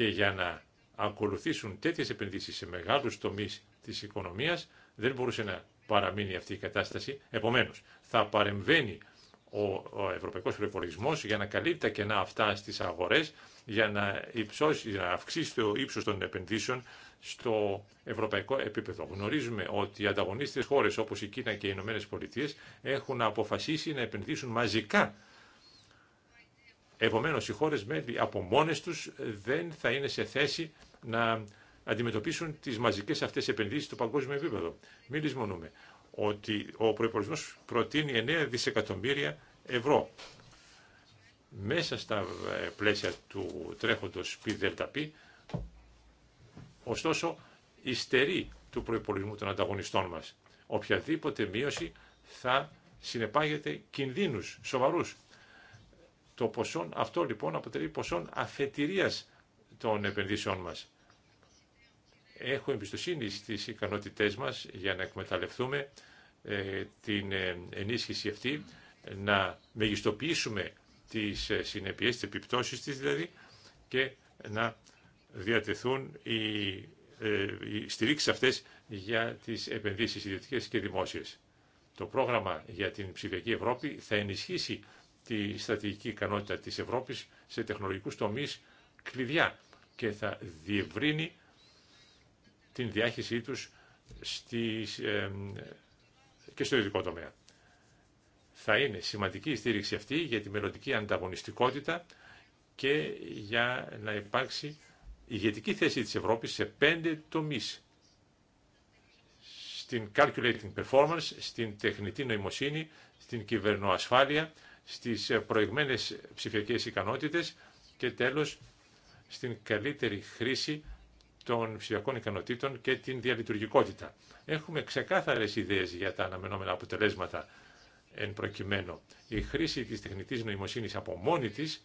Και για να ακολουθήσουν τέτοιε επενδύσεις σε μεγάλου τομεί της οικονομίας δεν μπορούσε να παραμείνει αυτή η κατάσταση. Επομένως, θα παρεμβαίνει ο, ο ευρωπαϊκός προπολογισμό για να καλύπτει τα κενά αυτά στι αγορέ για να, αυξήσει το ύψο των επενδύσεων στο ευρωπαϊκό επίπεδο. Γνωρίζουμε ότι οι ανταγωνιστέ χώρες όπως η Κίνα και οι Ηνωμένε Πολιτείε έχουν αποφασίσει να επενδύσουν μαζικά Επομένως, οι χώρες μέλη από μόνες τους δεν θα είναι σε θέση να αντιμετωπίσουν τις μαζικές αυτές επενδύσεις στο παγκόσμιο επίπεδο. Μην λησμονούμε ότι ο προϋπολογισμός προτείνει 9 δισεκατομμύρια ευρώ. Μέσα στα πλαίσια του τρέχοντος ΠΔΠ, ωστόσο, ιστερεί του προϋπολογισμού των ανταγωνιστών μας. Οποιαδήποτε μείωση θα συνεπάγεται κινδύνους σοβαρούς το ποσό αυτό λοιπόν αποτελεί ποσόν αφετηρίας των επενδύσεών μας. Έχω εμπιστοσύνη στις ικανότητές μας για να εκμεταλλευτούμε ε, την ε, ενίσχυση αυτή, να μεγιστοποιήσουμε τις ε, συνεπειές, τις επιπτώσεις της δηλαδή και να διατεθούν οι, οι στηρίξεις αυτές για τις επενδύσεις ιδιωτικές και δημόσιες. Το πρόγραμμα για την ψηφιακή Ευρώπη θα ενισχύσει τη στρατηγική ικανότητα της Ευρώπης σε τεχνολογικούς τομείς κλειδιά και θα διευρύνει την διάχυσή τους στις, και στο ειδικό τομέα. Θα είναι σημαντική η στήριξη αυτή για τη μελλοντική ανταγωνιστικότητα και για να υπάρξει ηγετική θέση της Ευρώπης σε πέντε τομείς. Στην calculating performance, στην τεχνητή νοημοσύνη, στην κυβερνοασφάλεια, στις ε, προηγμένες ψηφιακές ικανότητες και τέλος στην καλύτερη χρήση των ψηφιακών ικανοτήτων και την διαλειτουργικότητα. Έχουμε ξεκάθαρες ιδέες για τα αναμενόμενα αποτελέσματα εν προκειμένου. Η χρήση της τεχνητής νοημοσύνης από μόνη της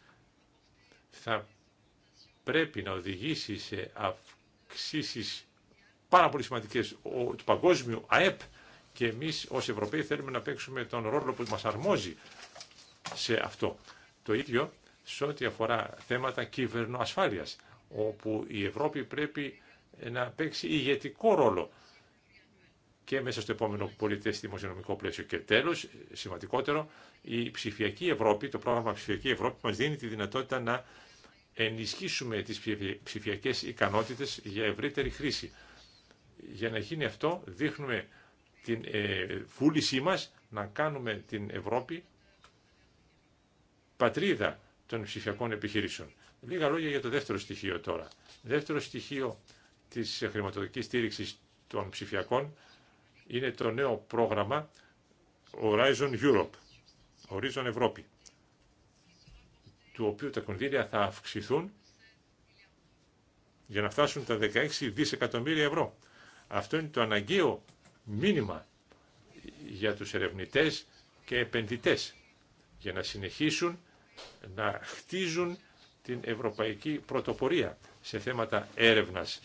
θα πρέπει να οδηγήσει σε αυξήσεις πάρα πολύ σημαντικέ του παγκόσμιου ΑΕΠ και εμείς ως Ευρωπαίοι θέλουμε να παίξουμε τον ρόλο που μας αρμόζει σε αυτό. Το ίδιο σε ό,τι αφορά θέματα κυβερνοασφάλειας, όπου η Ευρώπη πρέπει να παίξει ηγετικό ρόλο και μέσα στο επόμενο πολιτέ δημοσιονομικό πλαίσιο. Και τέλος, σημαντικότερο, η ψηφιακή Ευρώπη, το πρόγραμμα Ψηφιακή Ευρώπη, μας δίνει τη δυνατότητα να ενισχύσουμε τις ψηφιακές ικανότητε για ευρύτερη χρήση. Για να γίνει αυτό, δείχνουμε την ε, βούλησή μας να κάνουμε την Ευρώπη πατρίδα των ψηφιακών επιχειρήσεων. Λίγα λόγια για το δεύτερο στοιχείο τώρα. Δεύτερο στοιχείο τη χρηματοδοτική στήριξη των ψηφιακών είναι το νέο πρόγραμμα Horizon Europe, Horizon Ευρώπη, του οποίου τα κονδύλια θα αυξηθούν για να φτάσουν τα 16 δισεκατομμύρια ευρώ. Αυτό είναι το αναγκαίο μήνυμα για τους ερευνητές και επενδυτές για να συνεχίσουν να χτίζουν την ευρωπαϊκή πρωτοπορία σε θέματα έρευνας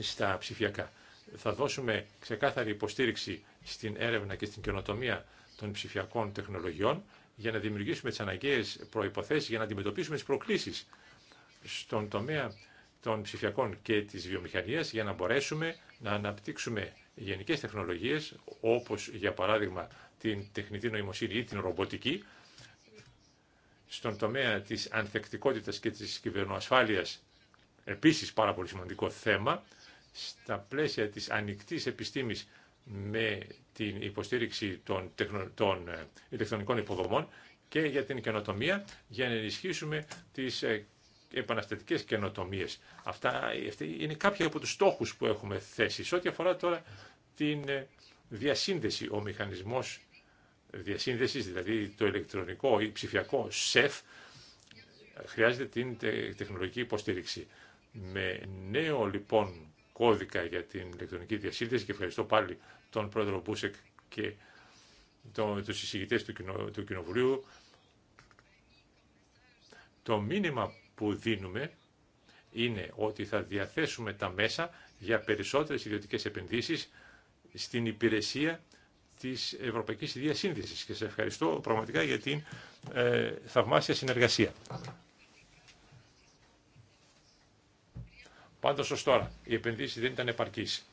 στα ψηφιακά. Θα δώσουμε ξεκάθαρη υποστήριξη στην έρευνα και στην καινοτομία των ψηφιακών τεχνολογιών για να δημιουργήσουμε τις αναγκαίες προϋποθέσεις για να αντιμετωπίσουμε τις προκλήσεις στον τομέα των ψηφιακών και της βιομηχανίας για να μπορέσουμε να αναπτύξουμε γενικές τεχνολογίες όπως για παράδειγμα την τεχνητή νοημοσύνη ή την ρομποτική στον τομέα της ανθεκτικότητας και της κυβερνοασφάλειας, επίσης πάρα πολύ σημαντικό θέμα, στα πλαίσια της ανοιχτή επιστήμης με την υποστήριξη των, τεχνο, ε, ηλεκτρονικών υποδομών και για την καινοτομία, για να ενισχύσουμε τις ε, επαναστατικές καινοτομίες. Αυτά είναι κάποια από τους στόχους που έχουμε θέσει. Σε ό,τι αφορά τώρα την ε, διασύνδεση, ο μηχανισμός Διασύνδεση, δηλαδή το ηλεκτρονικό ή ψηφιακό ΣΕΦ, χρειάζεται την τεχνολογική υποστήριξη. Με νέο λοιπόν κώδικα για την ηλεκτρονική διασύνδεση και ευχαριστώ πάλι τον πρόεδρο Μπούσεκ και το, τους συζητητές του, κοινο, του Κοινοβουλίου, το μήνυμα που δίνουμε είναι ότι θα διαθέσουμε τα μέσα για περισσότερες ιδιωτικές επενδύσεις στην υπηρεσία της Ευρωπαϊκής Ιδία Σύνδεσης και σε ευχαριστώ πραγματικά για την ε, θαυμάσια συνεργασία. Πάντως ως τώρα, οι επενδύσει δεν ήταν επαρκείς.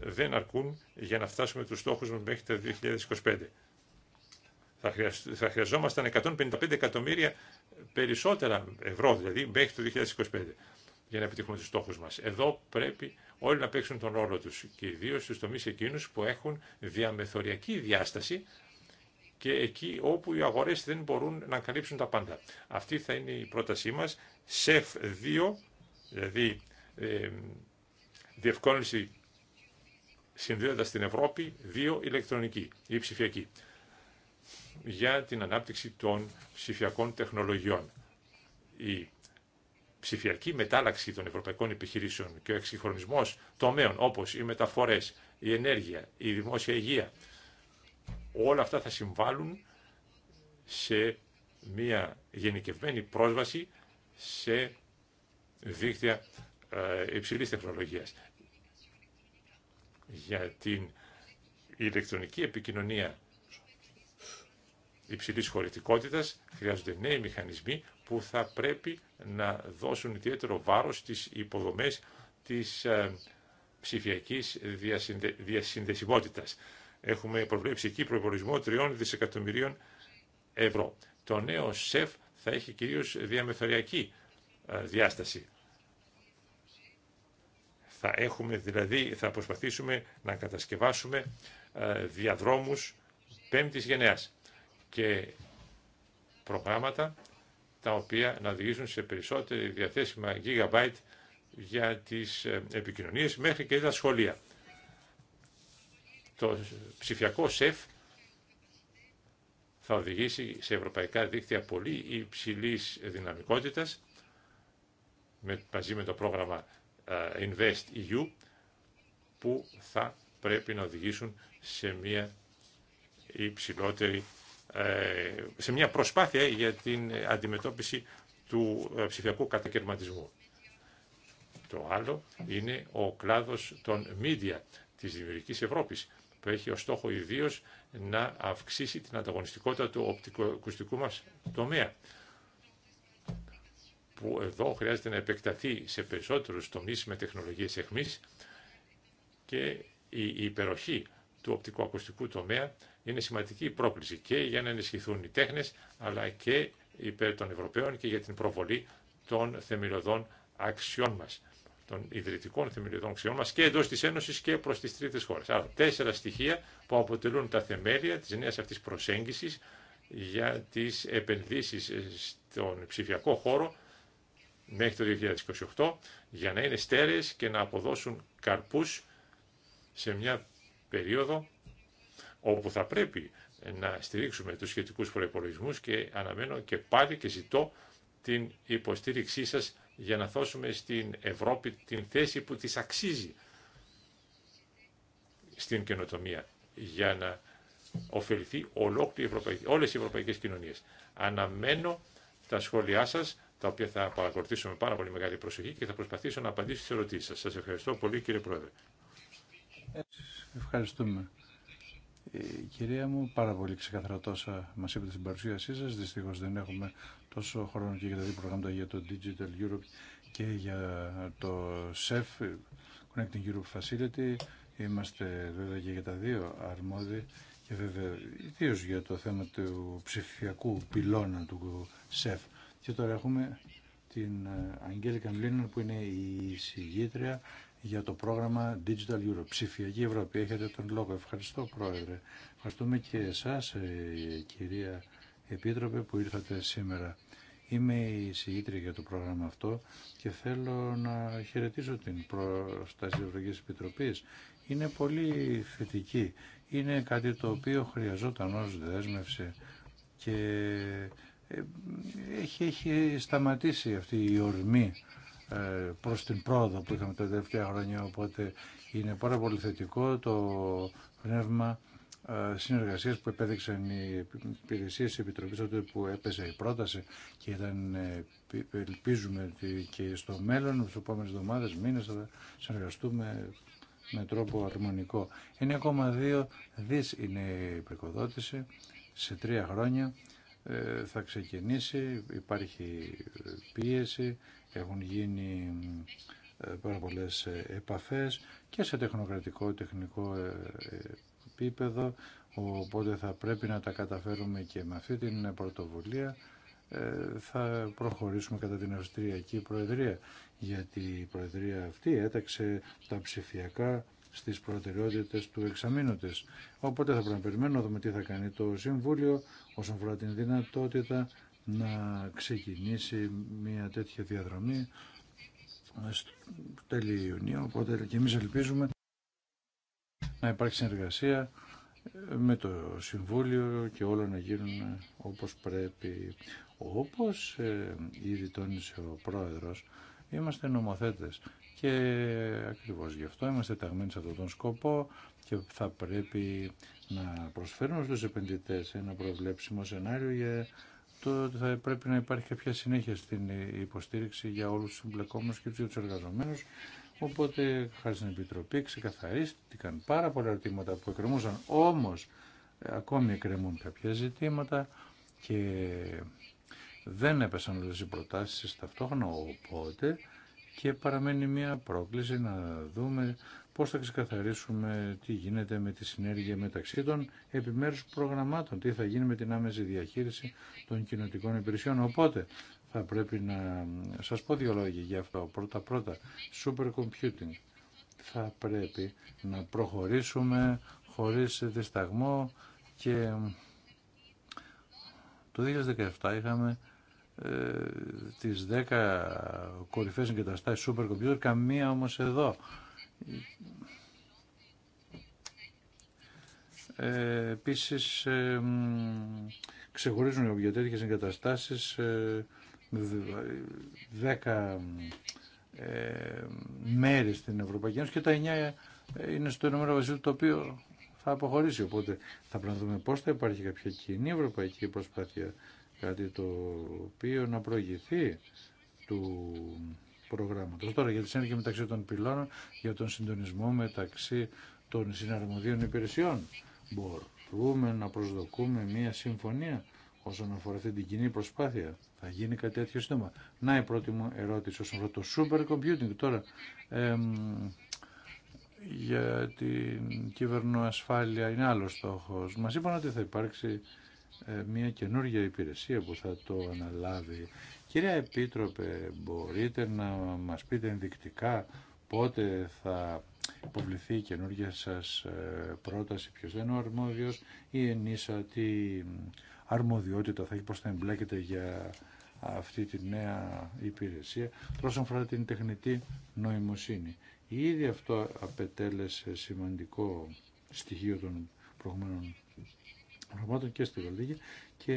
Δεν αρκούν για να φτάσουμε τους στόχους μας μέχρι το 2025. Θα χρειαζόμασταν 155 εκατομμύρια περισσότερα ευρώ, δηλαδή μέχρι το 2025 για να επιτύχουμε τους στόχους μας. Εδώ πρέπει όλοι να παίξουν τον ρόλο τους και ιδίω στους τομείς εκείνους που έχουν διαμεθοριακή διάσταση και εκεί όπου οι αγορές δεν μπορούν να καλύψουν τα πάντα. Αυτή θα είναι η πρότασή μας. ΣΕΦ 2, δηλαδή ε, διευκόλυνση συνδέοντα την Ευρώπη, 2 ηλεκτρονική ή ψηφιακή για την ανάπτυξη των ψηφιακών τεχνολογιών. Η ψηφιακή μετάλλαξη των ευρωπαϊκών επιχειρήσεων και ο εξυγχρονισμό τομέων όπως οι μεταφορές, η ενέργεια, η δημόσια υγεία, όλα αυτά θα συμβάλλουν σε μια γενικευμένη πρόσβαση σε δίκτυα ε, υψηλής τεχνολογίας. Για την ηλεκτρονική επικοινωνία υψηλής χωρητικότητας, χρειάζονται νέοι μηχανισμοί που θα πρέπει να δώσουν ιδιαίτερο βάρος στις υποδομές της ε, ψηφιακής διασυνδε... διασυνδεσιμότητας. Έχουμε προβλέψει εκεί προϋπολογισμό 3 δισεκατομμυρίων ευρώ. Το νέο ΣΕΦ θα έχει κυρίως διαμεθοριακή ε, διάσταση. Θα έχουμε δηλαδή, θα προσπαθήσουμε να κατασκευάσουμε ε, διαδρόμους πέμπτης γενεάς και προγράμματα τα οποία να οδηγήσουν σε περισσότερη διαθέσιμα gigabyte για τις ε, επικοινωνίες μέχρι και τα σχολεία. Το ψηφιακό ΣΕΦ θα οδηγήσει σε ευρωπαϊκά δίκτυα πολύ υψηλής δυναμικότητας με, μαζί με το πρόγραμμα ε, Invest EU που θα πρέπει να οδηγήσουν σε μια υψηλότερη ε, σε μια προσπάθεια για την αντιμετώπιση του ε, ψηφιακού κατακαιρματισμού. Το άλλο είναι ο κλάδος των media της Δημιουργικής Ευρώπης, που έχει ως στόχο ιδίω να αυξήσει την ανταγωνιστικότητα του οπτικοακουστικού μας τομέα, που εδώ χρειάζεται να επεκταθεί σε περισσότερους τομείς με τεχνολογίες εχμής και η υπεροχή του οπτικοακουστικού τομέα είναι σημαντική πρόκληση και για να ενισχυθούν οι τέχνες αλλά και υπέρ των Ευρωπαίων και για την προβολή των θεμελιωδών αξιών μας των ιδρυτικών θεμελιωδών αξιών μας και εντός της Ένωσης και προς τις τρίτες χώρες. Άρα τέσσερα στοιχεία που αποτελούν τα θεμέλια της νέας αυτής προσέγγισης για τις επενδύσεις στον ψηφιακό χώρο μέχρι το 2028 για να είναι στέρεες και να αποδώσουν καρπούς σε μια περίοδο όπου θα πρέπει να στηρίξουμε τους σχετικούς προϋπολογισμούς και αναμένω και πάλι και ζητώ την υποστήριξή σας για να δώσουμε στην Ευρώπη την θέση που της αξίζει στην καινοτομία για να ωφεληθεί ολόκληρη Ευρωπαϊκή, όλες οι ευρωπαϊκές κοινωνίες. Αναμένω τα σχόλιά σας, τα οποία θα παρακολουθήσουμε με πάρα πολύ μεγάλη προσοχή και θα προσπαθήσω να απαντήσω στις ερωτήσεις σας. Σας ευχαριστώ πολύ κύριε Πρόεδρε. Ευχαριστούμε. Ε, κυρία μου, πάρα πολύ ξεκαθαρά τόσα μα είπατε στην παρουσίασή σα. Δυστυχώ δεν έχουμε τόσο χρόνο και για τα δύο προγράμματα για το Digital Europe και για το SEF, Connecting Europe Facility. Είμαστε βέβαια και για τα δύο αρμόδιοι και βέβαια ιδίω για το θέμα του ψηφιακού πυλώνα του SEF. Και τώρα έχουμε την ε, Αγγέλη Καμπλίνων που είναι η συγγήτρια για το πρόγραμμα Digital Europe, ψηφιακή Ευρώπη. Έχετε τον λόγο. Ευχαριστώ, Πρόεδρε. Ευχαριστούμε και εσάς, ε, κυρία Επίτροπε, που ήρθατε σήμερα. Είμαι η συγήτρια για το πρόγραμμα αυτό και θέλω να χαιρετήσω την προστάση της Ευρωπαϊκής Επιτροπής. Είναι πολύ θετική. Είναι κάτι το οποίο χρειαζόταν ως δέσμευση και ε, έχει, έχει σταματήσει αυτή η ορμή ε, προς την πρόοδο που είχαμε τα τελευταία χρόνια, οπότε είναι πάρα πολύ θετικό το πνεύμα ε, συνεργασίας που επέδειξαν οι υπηρεσίε της Επιτροπής που έπεσε η πρόταση και ήταν, ε, ελπίζουμε ότι και στο μέλλον, στους επόμενε εβδομάδες, μήνες θα συνεργαστούμε με τρόπο αρμονικό. 9,2 δις είναι η σε τρία χρόνια θα ξεκινήσει, υπάρχει πίεση έχουν γίνει ε, πάρα πολλές ε, επαφές και σε τεχνοκρατικό, τεχνικό ε, επίπεδο, οπότε θα πρέπει να τα καταφέρουμε και με αυτή την πρωτοβουλία θα προχωρήσουμε κατά την Αυστριακή Προεδρία, γιατί η Προεδρία αυτή έταξε τα ψηφιακά στις προτεραιότητες του εξαμήνου της. Οπότε θα πρέπει να περιμένουμε να δούμε τι θα κάνει το Συμβούλιο όσον αφορά την δυνατότητα να ξεκινήσει μια τέτοια διαδρομή τέλη Ιουνίου, οπότε και εμείς ελπίζουμε να υπάρχει συνεργασία με το Συμβούλιο και όλα να γίνουν όπως πρέπει. Όπως ε, ήδη τόνισε ο Πρόεδρος, είμαστε νομοθέτες και ακριβώς γι' αυτό είμαστε ταγμένοι σε αυτόν τον σκοπό και θα πρέπει να προσφέρουμε στους επενδυτές ένα προβλέψιμο σενάριο για το ότι θα πρέπει να υπάρχει κάποια συνέχεια στην υποστήριξη για όλους τους εμπλεκόμενου και τους εργαζομένους. Οπότε, χάρη στην Επιτροπή, ξεκαθαρίστηκαν πάρα πολλά ερωτήματα που εκκρεμούσαν, όμως ακόμη εκκρεμούν κάποια ζητήματα και δεν έπεσαν όλε οι προτάσει ταυτόχρονα, οπότε και παραμένει μια πρόκληση να δούμε πώς θα ξεκαθαρίσουμε τι γίνεται με τη συνέργεια μεταξύ των επιμέρους προγραμμάτων, τι θα γίνει με την άμεση διαχείριση των κοινοτικών υπηρεσιών. Οπότε θα πρέπει να σας πω δύο λόγια για αυτό. Πρώτα-πρώτα, super computing. Θα πρέπει να προχωρήσουμε χωρίς δισταγμό και το 2017 είχαμε ε, τις 10 κορυφαίες εγκαταστάσεις super computer, καμία όμως εδώ ε, επίσης ε, ξεχωρίζουν για τέτοιες εγκαταστάσεις ε, δέκα ε, μέρη στην Ευρωπαϊκή Ένωση και τα εννιά ε, είναι στο Ηνωμένο Βασίλειο το οποίο θα αποχωρήσει. Οπότε θα πρέπει να δούμε πώς θα υπάρχει κάποια κοινή ευρωπαϊκή προσπάθεια, κάτι το οποίο να προηγηθεί του Τώρα για τη συνέργεια μεταξύ των πυλώνων, για τον συντονισμό μεταξύ των συναρμοδίων υπηρεσιών. Μπορούμε να προσδοκούμε μια συμφωνία όσον αφορά αυτή την κοινή προσπάθεια. Θα γίνει κάτι τέτοιο σύντομα. Να η πρώτη μου ερώτηση όσον αφορά το super computing τώρα. για την κυβερνοασφάλεια είναι άλλος στόχο, μα είπαν ότι θα υπάρξει ε, μια καινούργια υπηρεσία που θα το αναλάβει. Κύριε Επίτροπε, μπορείτε να μας πείτε ενδεικτικά πότε θα υποβληθεί η καινούργια σας ε, πρόταση, ποιος δεν είναι ο αρμόδιος ή ενίσα τι αρμοδιότητα θα έχει, πώς θα εμπλέκεται για αυτή τη νέα υπηρεσία όσον αφορά την τεχνητή νοημοσύνη. Ήδη αυτό απετέλεσε σημαντικό στοιχείο των προηγούμενων πραγμάτων και στη Βαλτική και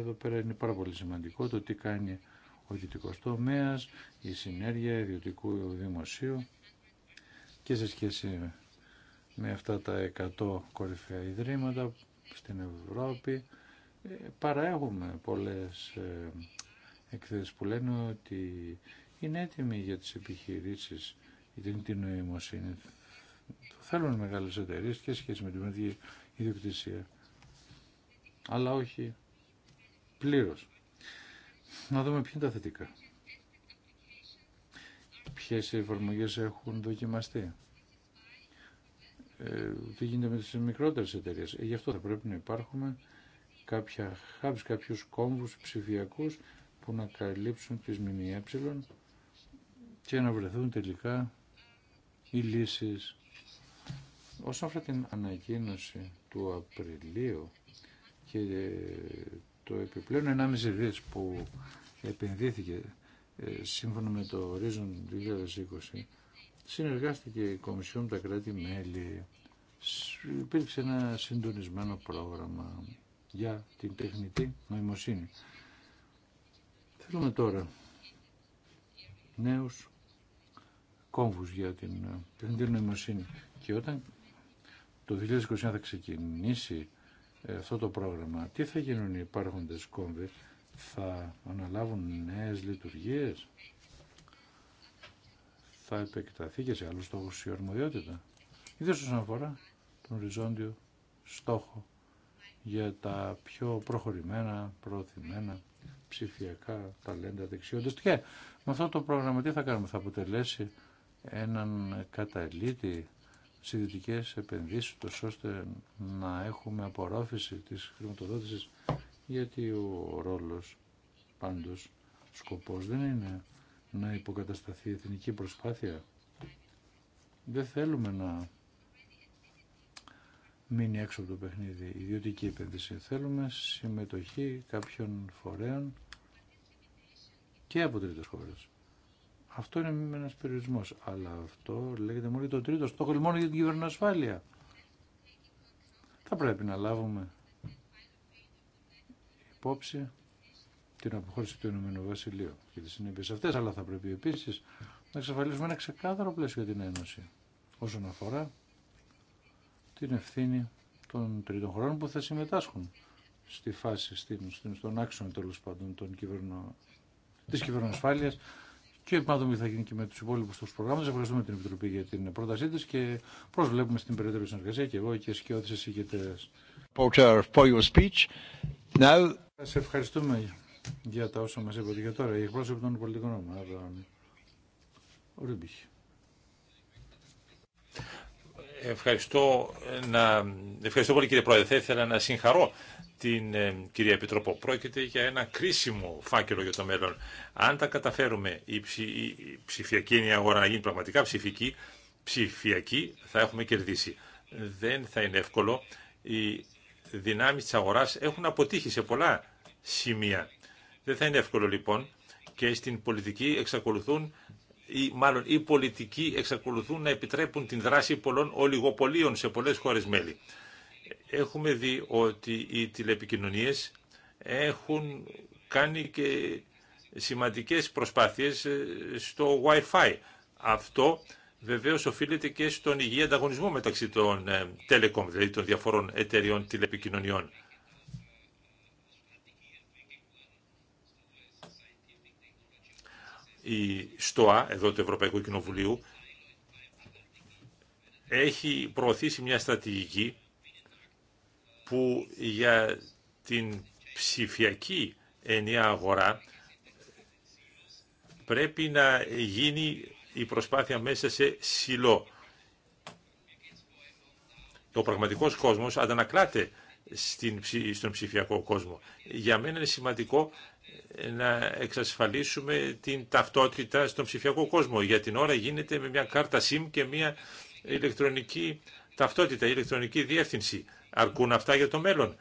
εδώ πέρα είναι πάρα πολύ σημαντικό το τι κάνει ο ιδιωτικός τομέας, η συνέργεια ιδιωτικού δημοσίου και σε σχέση με αυτά τα 100 κορυφαία ιδρύματα στην Ευρώπη ε, παραέχουμε πολλές ε, εκθέσεις που λένε ότι είναι έτοιμοι για τις επιχειρήσεις για την νοημοσύνη. Το θέλουν μεγάλες εταιρείες και σχέση με την ιδιοκτησία. Αλλά όχι πλήρως. Να δούμε ποια είναι τα θετικά. Ποιες εφαρμογέ έχουν δοκιμαστεί. Ε, τι γίνεται με τι μικρότερε εταιρείε. Ε, γι' αυτό θα πρέπει να υπάρχουν κάποια hubs, κάποιους κόμβους ψηφιακούς που να καλύψουν τις ΜΜΕ και να βρεθούν τελικά οι λύσει. Όσον αφορά την ανακοίνωση του Απριλίου και το επιπλέον 1,5 δις που επενδύθηκε ε, σύμφωνα με το Horizon 2020 συνεργάστηκε η Κομισιόν τα κράτη-μέλη υπήρξε ένα συντονισμένο πρόγραμμα για την τεχνητή νοημοσύνη. Θέλουμε τώρα νέους κόμβους για την τεχνητή νοημοσύνη και όταν το 2021 θα ξεκινήσει αυτό το πρόγραμμα, τι θα γίνουν οι υπάρχοντες κόμβοι, θα αναλάβουν νέες λειτουργίες, θα επεκταθεί και σε άλλους στόχους η αρμοδιότητα. Ιδίως όσον αφορά τον οριζόντιο στόχο για τα πιο προχωρημένα, προωθημένα, ψηφιακά ταλέντα δεξιότητες. Και με αυτό το πρόγραμμα τι θα κάνουμε, θα αποτελέσει έναν καταλήτη σε ιδιωτικές επενδύσεις, τόσο ώστε να έχουμε απορρόφηση της χρηματοδότησης, γιατί ο ρόλος, πάντως, σκοπός δεν είναι να υποκατασταθεί η εθνική προσπάθεια. Δεν θέλουμε να μείνει έξω από το παιχνίδι ιδιωτική επένδυση. Θέλουμε συμμετοχή κάποιων φορέων και από τρίτες χώρες. Αυτό είναι ένα περιορισμό. Αλλά αυτό λέγεται μόνο για το τρίτο στόχο, μόνο για την κυβερνοασφάλεια. Θα πρέπει να λάβουμε υπόψη την αποχώρηση του Ηνωμένου Βασιλείου και τι συνέπειε αυτέ, αλλά θα πρέπει επίση να εξασφαλίσουμε ένα ξεκάθαρο πλαίσιο για την Ένωση όσον αφορά την ευθύνη των τρίτων χωρών που θα συμμετάσχουν στη φάση, στην, στον άξονα τέλο πάντων των κυβερνο, της κυβερνοασφάλειας και τι θα γίνει και με του υπόλοιπου του προγράμματο. Ευχαριστούμε την Επιτροπή για την πρότασή τη και προσβλέπουμε στην περαιτέρω συνεργασία και εγώ και σκιώδη εισηγητέ. Σα ευχαριστούμε για τα όσα μα είπατε για τώρα. η εκπρόσωπη των πολιτικών ομάδων. Ευχαριστώ, να... Ευχαριστώ πολύ κύριε Πρόεδρε. Θα ήθελα να συγχαρώ την ε, κυρία Επιτροπό. Πρόκειται για ένα κρίσιμο φάκελο για το μέλλον. Αν τα καταφέρουμε η, ψηφιακή είναι η αγορά να γίνει πραγματικά ψηφική, ψηφιακή θα έχουμε κερδίσει. Δεν θα είναι εύκολο. Οι δυνάμεις της αγοράς έχουν αποτύχει σε πολλά σημεία. Δεν θα είναι εύκολο λοιπόν και στην πολιτική εξακολουθούν ή μάλλον οι πολιτικοί εξακολουθούν να επιτρέπουν την δράση πολλών ολιγοπολίων σε πολλές χώρες μέλη. Έχουμε δει ότι οι τηλεπικοινωνίες έχουν κάνει και σημαντικές προσπάθειες ε, στο Wi-Fi. Αυτό βεβαίως οφείλεται και στον υγιή ανταγωνισμό μεταξύ των ε, telecom, δηλαδή των διαφορών εταιριών τηλεπικοινωνιών. η ΣΤΟΑ, εδώ του Ευρωπαϊκού Κοινοβουλίου, έχει προωθήσει μια στρατηγική που για την ψηφιακή ενιαία αγορά πρέπει να γίνει η προσπάθεια μέσα σε σιλό. Το πραγματικός κόσμος αντανακλάται στον ψηφιακό κόσμο. Για μένα είναι σημαντικό να εξασφαλίσουμε την ταυτότητα στον ψηφιακό κόσμο. Για την ώρα γίνεται με μια κάρτα SIM και μια ηλεκτρονική ταυτότητα, ηλεκτρονική διεύθυνση. Αρκούν αυτά για το μέλλον.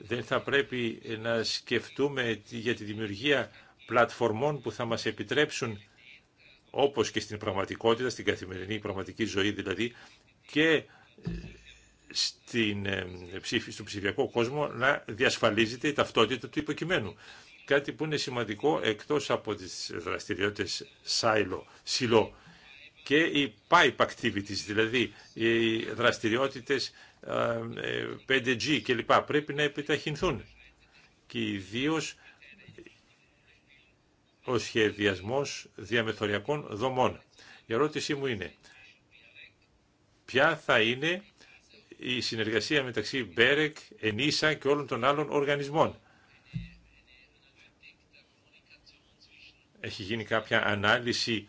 Δεν θα πρέπει να σκεφτούμε για τη δημιουργία πλατφορμών που θα μας επιτρέψουν, όπως και στην πραγματικότητα, στην καθημερινή πραγματική ζωή δηλαδή, και ε, στην, ε, στον ψηφιακό κόσμο να διασφαλίζεται η ταυτότητα του υποκειμένου κάτι που είναι σημαντικό εκτός από τις δραστηριότητες σάιλο, σιλό και οι pipe activities, δηλαδή οι δραστηριότητες 5G ε, ε, κλπ. πρέπει να επιταχυνθούν και ιδίω ο σχεδιασμός διαμεθοριακών δομών. Η ερώτησή μου είναι, ποια θα είναι η συνεργασία μεταξύ Μπέρεκ, Ενίσα και όλων των άλλων οργανισμών Έχει γίνει κάποια ανάλυση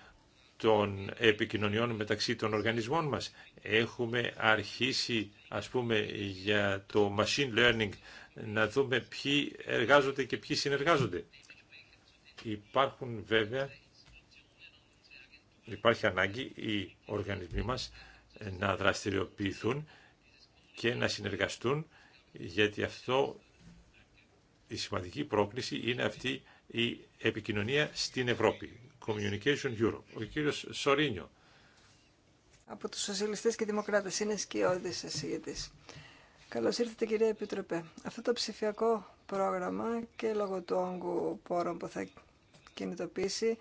των επικοινωνιών μεταξύ των οργανισμών μας. Έχουμε αρχίσει, ας πούμε, για το machine learning να δούμε ποιοι εργάζονται και ποιοι συνεργάζονται. Υπάρχουν βέβαια, υπάρχει ανάγκη οι οργανισμοί μας να δραστηριοποιηθούν και να συνεργαστούν, γιατί αυτό η σημαντική πρόκληση είναι αυτή η επικοινωνία στην Ευρώπη. Communication Europe. Ο κύριος Σορίνιο. Από τους Σοσιαλιστές και Δημοκράτες. Είναι σκιώδης εισηγητής. Καλώς ήρθατε κυρία Επίτροπε. Αυτό το ψηφιακό πρόγραμμα και λόγω του όγκου πόρων που θα κινητοποιήσει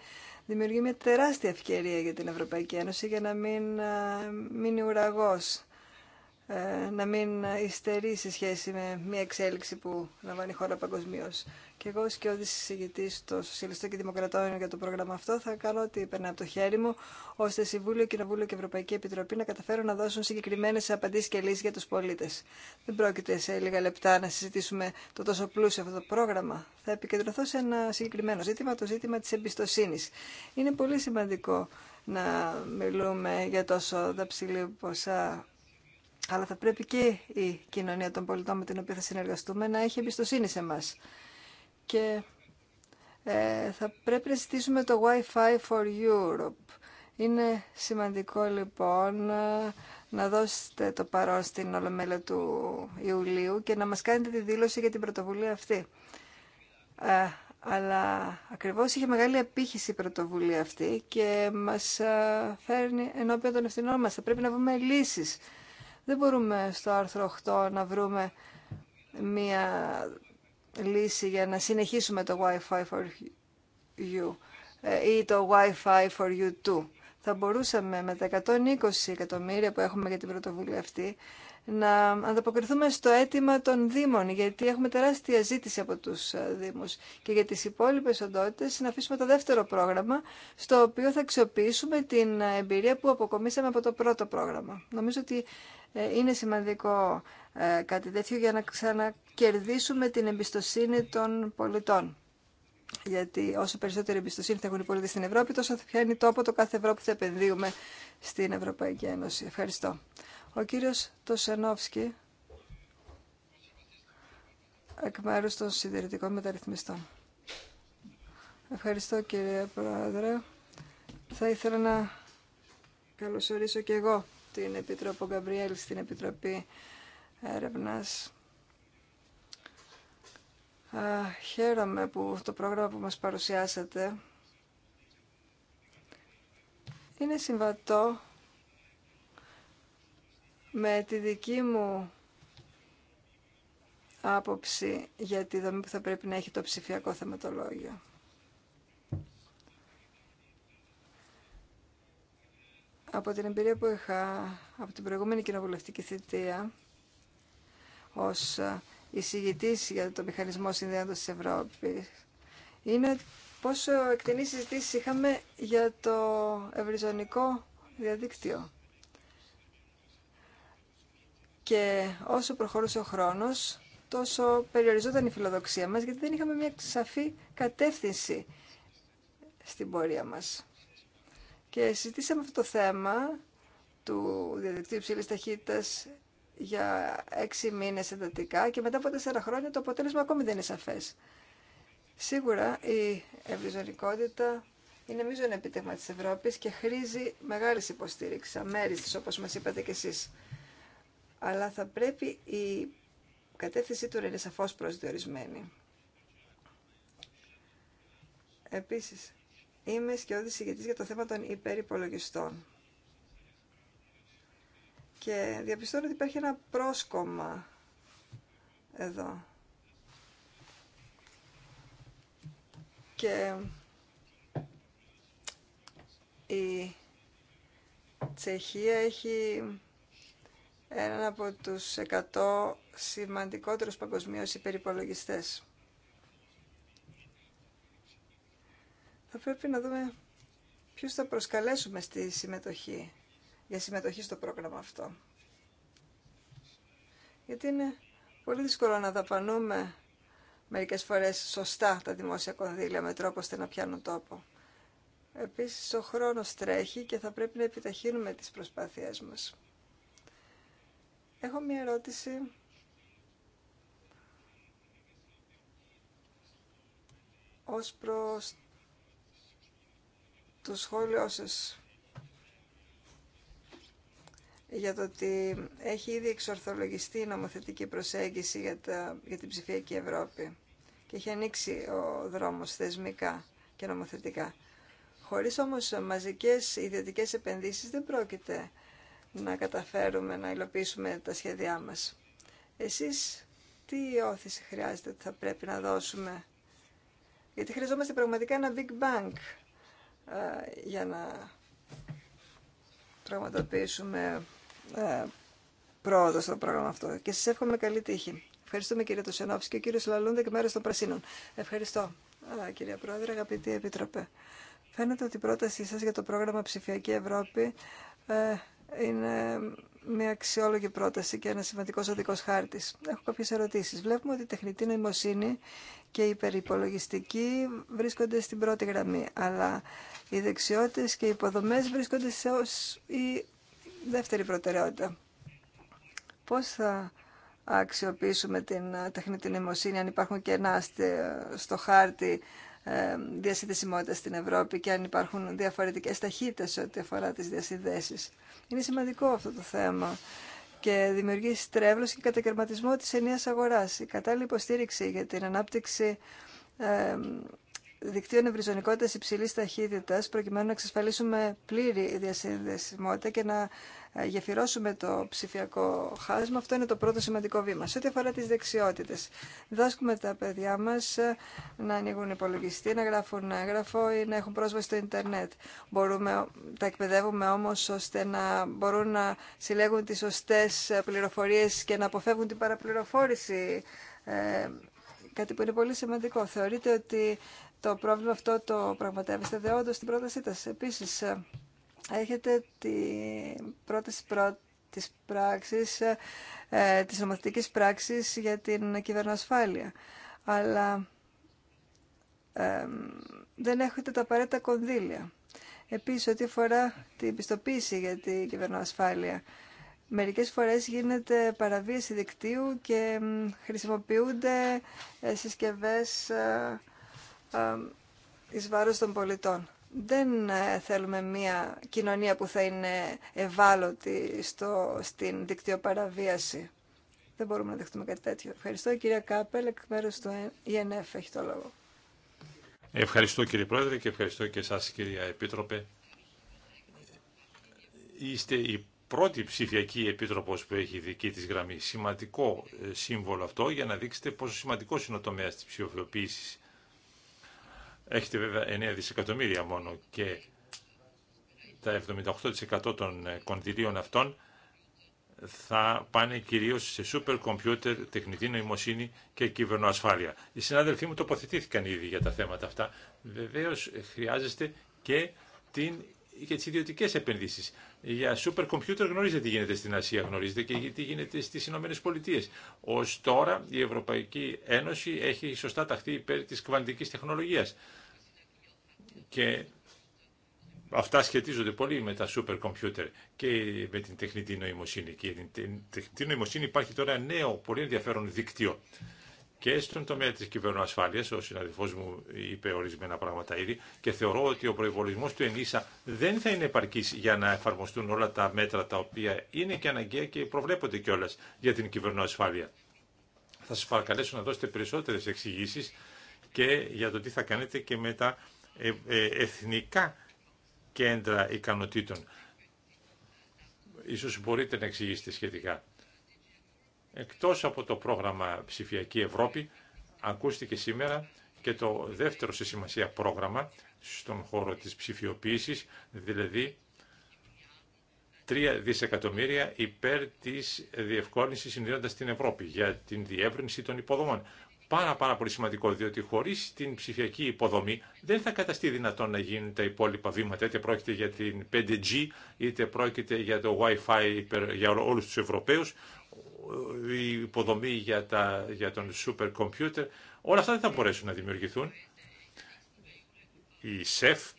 δημιουργεί μια τεράστια ευκαιρία για την Ευρωπαϊκή Ένωση για να μην μείνει ουραγός ε, να μην υστερεί σε σχέση με μια εξέλιξη που λαμβάνει η χώρα παγκοσμίω. Και εγώ, ως και συζητητή των Σοσιαλιστών και Δημοκρατών για το πρόγραμμα αυτό, θα κάνω ό,τι περνά από το χέρι μου, ώστε Συμβούλιο, Κοινοβούλιο και Ευρωπαϊκή Επιτροπή να καταφέρουν να δώσουν συγκεκριμένε απαντήσει και λύσει για του πολίτε. Δεν πρόκειται σε λίγα λεπτά να συζητήσουμε το τόσο πλούσιο αυτό το πρόγραμμα. Θα επικεντρωθώ σε ένα συγκεκριμένο ζήτημα, το ζήτημα τη εμπιστοσύνη. Είναι πολύ σημαντικό να μιλούμε για τόσο δαψιλή ποσά αλλά θα πρέπει και η κοινωνία των πολιτών με την οποία θα συνεργαστούμε να έχει εμπιστοσύνη σε μας. Και ε, θα πρέπει να ζητήσουμε το Wi-Fi for Europe. Είναι σημαντικό λοιπόν να δώσετε το παρόν στην Ολομέλεια του Ιουλίου και να μας κάνετε τη δήλωση για την πρωτοβουλία αυτή. Ε, αλλά ακριβώς είχε μεγάλη απήχηση η πρωτοβουλία αυτή και μας ε, φέρνει ενώπιον των ευθυνών μας. Θα πρέπει να βρούμε λύσεις δεν μπορούμε στο άρθρο 8 να βρούμε μία λύση για να συνεχίσουμε το Wi-Fi for you ε, ή το Wi-Fi for you too. Θα μπορούσαμε με τα 120 εκατομμύρια που έχουμε για την πρωτοβουλία αυτή να ανταποκριθούμε στο αίτημα των Δήμων, γιατί έχουμε τεράστια ζήτηση από τους ε, Δήμους και για τις υπόλοιπες οντότητες να αφήσουμε το δεύτερο πρόγραμμα, στο οποίο θα αξιοποιήσουμε την ε, εμπειρία που αποκομίσαμε από το πρώτο πρόγραμμα. Νομίζω ότι ε, είναι σημαντικό ε, κάτι τέτοιο για να ξανακερδίσουμε την εμπιστοσύνη των πολιτών. Γιατί όσο περισσότερη εμπιστοσύνη θα έχουν οι πολίτε στην Ευρώπη, τόσο θα πιάνει τόπο το κάθε ευρώ που θα επενδύουμε στην Ευρωπαϊκή Ένωση. Ευχαριστώ. Ο κύριος Τοσενόφσκι, εκ μέρους των συντηρητικών μεταρρυθμιστών. Ευχαριστώ κύριε Πρόεδρε. Θα ήθελα να καλωσορίσω και εγώ την Επίτροπο Γκαμπριέλ στην Επιτροπή Έρευνας. χαίρομαι που το πρόγραμμα που μας παρουσιάσατε είναι συμβατό με τη δική μου άποψη για τη δομή που θα πρέπει να έχει το ψηφιακό θεματολόγιο. Από την εμπειρία που είχα από την προηγούμενη κοινοβουλευτική θητεία ως εισηγητής για το μηχανισμό συνδέοντος της Ευρώπης είναι πόσο εκτενή συζήτηση είχαμε για το ευρυζωνικό διαδίκτυο. Και όσο προχωρούσε ο χρόνος, τόσο περιοριζόταν η φιλοδοξία μας, γιατί δεν είχαμε μια σαφή κατεύθυνση στην πορεία μας. Και συζητήσαμε αυτό το θέμα του διαδικτύου υψηλή ταχύτητα για έξι μήνες εντατικά και μετά από τέσσερα χρόνια το αποτέλεσμα ακόμη δεν είναι σαφές. Σίγουρα η ευρυζωνικότητα είναι μείζον επίτευγμα της Ευρώπης και χρήζει μεγάλης υποστήριξης, αμέριστης όπως μας είπατε κι εσείς. Αλλά θα πρέπει η κατεύθυνσή του να είναι σαφώς προσδιορισμένη. Επίσης, Είμαι σκιώδης ηγετής για το θέμα των υπερυπολογιστών. Και διαπιστώνω ότι υπάρχει ένα πρόσκομα εδώ. Και η Τσεχία έχει έναν από τους 100 σημαντικότερους παγκοσμίως υπερυπολογιστές. θα πρέπει να δούμε ποιους θα προσκαλέσουμε στη συμμετοχή, για συμμετοχή στο πρόγραμμα αυτό. Γιατί είναι πολύ δύσκολο να δαπανούμε μερικές φορές σωστά τα δημόσια κονδύλια με τρόπο ώστε να πιάνουν τόπο. Επίσης ο χρόνος τρέχει και θα πρέπει να επιταχύνουμε τις προσπάθειές μας. Έχω μία ερώτηση ως προς το σχόλιο σας για το ότι έχει ήδη εξορθολογιστεί η νομοθετική προσέγγιση για, τα, για την ψηφιακή Ευρώπη και έχει ανοίξει ο δρόμος θεσμικά και νομοθετικά. Χωρίς όμως μαζικές ιδιωτικές επενδύσεις δεν πρόκειται να καταφέρουμε να υλοποιήσουμε τα σχέδιά μας. Εσείς τι όθηση χρειάζεται ότι θα πρέπει να δώσουμε. Γιατί χρειαζόμαστε πραγματικά ένα Big bank. Ε, για να πραγματοποιήσουμε ε, πρόοδο στο πρόγραμμα αυτό. Και σας εύχομαι καλή τύχη. Ευχαριστούμε κύριε Τουσενόφης και ο κύριος Λαλούντα και μέρο των Πρασίνων. Ευχαριστώ. ε, κυρία Πρόεδρε, αγαπητή Επιτροπέ. Φαίνεται ότι η πρότασή σας για το πρόγραμμα Ψηφιακή Ευρώπη ε, είναι μια αξιόλογη πρόταση και ένα σημαντικό οδικό χάρτη. Έχω κάποιε ερωτήσει. Βλέπουμε ότι η τεχνητή νοημοσύνη και οι υπερυπολογιστικοί βρίσκονται στην πρώτη γραμμή, αλλά οι δεξιότητες και οι υποδομές βρίσκονται σε ως δεύτερη προτεραιότητα. Πώς θα αξιοποιήσουμε την ε, τεχνητή νοημοσύνη αν υπάρχουν κενά στο χάρτη ε, διασυνδεσιμότητα στην Ευρώπη και αν υπάρχουν διαφορετικές ταχύτητες ό,τι αφορά τις διασυνδέσεις. Είναι σημαντικό αυτό το θέμα και δημιουργεί στρέβλωση και κατακαιρματισμό της ενιαίας αγοράς. Η κατάλληλη υποστήριξη για την ανάπτυξη ε, δικτύων ευρυζωνικότητα υψηλή ταχύτητα προκειμένου να εξασφαλίσουμε πλήρη διασυνδεσιμότητα και να ε, γεφυρώσουμε το ψηφιακό χάσμα. Αυτό είναι το πρώτο σημαντικό βήμα. Σε ό,τι αφορά τι δεξιότητε, δάσκουμε τα παιδιά μα ε, να ανοίγουν υπολογιστή, να γράφουν έγγραφο ή να έχουν πρόσβαση στο ίντερνετ. Μπορούμε, τα εκπαιδεύουμε όμω, ώστε να μπορούν να συλλέγουν τι σωστέ ε, πληροφορίε και να αποφεύγουν την παραπληροφόρηση κάτι που είναι πολύ σημαντικό. Θεωρείται ότι το πρόβλημα αυτό το πραγματεύεστε δεόντως στην πρότασή σας. Επίσης, ε, έχετε την πρόταση της πράξης, ε, ε, της νομοθετικής πράξης για την κυβερνοασφάλεια. Αλλά δεν έχετε τα απαραίτητα κονδύλια. Επίσης, ό,τι αφορά την πιστοποίηση για την κυβερνοασφάλεια, μερικές φορές γίνεται παραβίαση δικτύου και χρησιμοποιούνται συσκευές εις βάρος των πολιτών. Δεν ε, θέλουμε μια κοινωνία που θα είναι ευάλωτη στο, στην δικτυοπαραβίαση. Δεν μπορούμε να δεχτούμε κάτι τέτοιο. Ευχαριστώ κυρία Κάπελ, εκ μέρους του ΙΕΝΕΦ έχει το λόγο. Ευχαριστώ κύριε Πρόεδρε και ευχαριστώ και εσάς κυρία Επίτροπε. Είστε η πρώτη ψηφιακή επίτροπος που έχει δική της γραμμή. Σημαντικό ε, σύμβολο αυτό για να δείξετε πόσο σημαντικό είναι ο τομέας της ψηφιοποίησης Έχετε βέβαια 9 δισεκατομμύρια μόνο και τα 78% των ε, κονδυλίων αυτών θα πάνε κυρίως σε σούπερ κομπιούτερ, τεχνητή νοημοσύνη και κυβερνοασφάλεια. Οι συνάδελφοί μου τοποθετήθηκαν ήδη για τα θέματα αυτά. Βεβαίως ε, χρειάζεστε και την για τι ιδιωτικέ επενδύσει. Για σούπερ κομπιούτερ γνωρίζετε τι γίνεται στην Ασία, γνωρίζετε και τι γίνεται στι Ηνωμένε Πολιτείε. Ω τώρα η Ευρωπαϊκή Ένωση έχει σωστά ταχθεί υπέρ τη κβαντική τεχνολογία. Και αυτά σχετίζονται πολύ με τα super computer και με την τεχνητή νοημοσύνη. Και την τεχνητή νοημοσύνη υπάρχει τώρα νέο πολύ ενδιαφέρον δίκτυο. Και στον τομέα τη κυβερνοασφάλεια, ο συναδελφό μου είπε ορισμένα πράγματα ήδη, και θεωρώ ότι ο προπολογισμό του ΕΝΗΣΑ δεν θα είναι επαρκή για να εφαρμοστούν όλα τα μέτρα τα οποία είναι και αναγκαία και προβλέπονται κιόλα για την κυβερνοασφάλεια. Θα σα παρακαλέσω να δώσετε περισσότερε εξηγήσει και για το τι θα κάνετε και μετά. Ε, ε, εθνικά κέντρα ικανοτήτων. Ίσως μπορείτε να εξηγήσετε σχετικά. Εκτός από το πρόγραμμα Ψηφιακή Ευρώπη, ακούστηκε σήμερα και το δεύτερο σε σημασία πρόγραμμα στον χώρο της ψηφιοποίησης, δηλαδή 3 δισεκατομμύρια υπέρ της διευκόλυνσης συνδέοντας την Ευρώπη για την διεύρυνση των υποδομών πάρα πάρα πολύ σημαντικό, διότι χωρίς την ψηφιακή υποδομή δεν θα καταστεί δυνατόν να γίνουν τα υπόλοιπα βήματα, είτε πρόκειται για την 5G, είτε πρόκειται για το Wi-Fi για όλους τους Ευρωπαίους, η υποδομή για, τα, για τον super computer, όλα αυτά δεν θα μπορέσουν να δημιουργηθούν. Η ΣΕΦ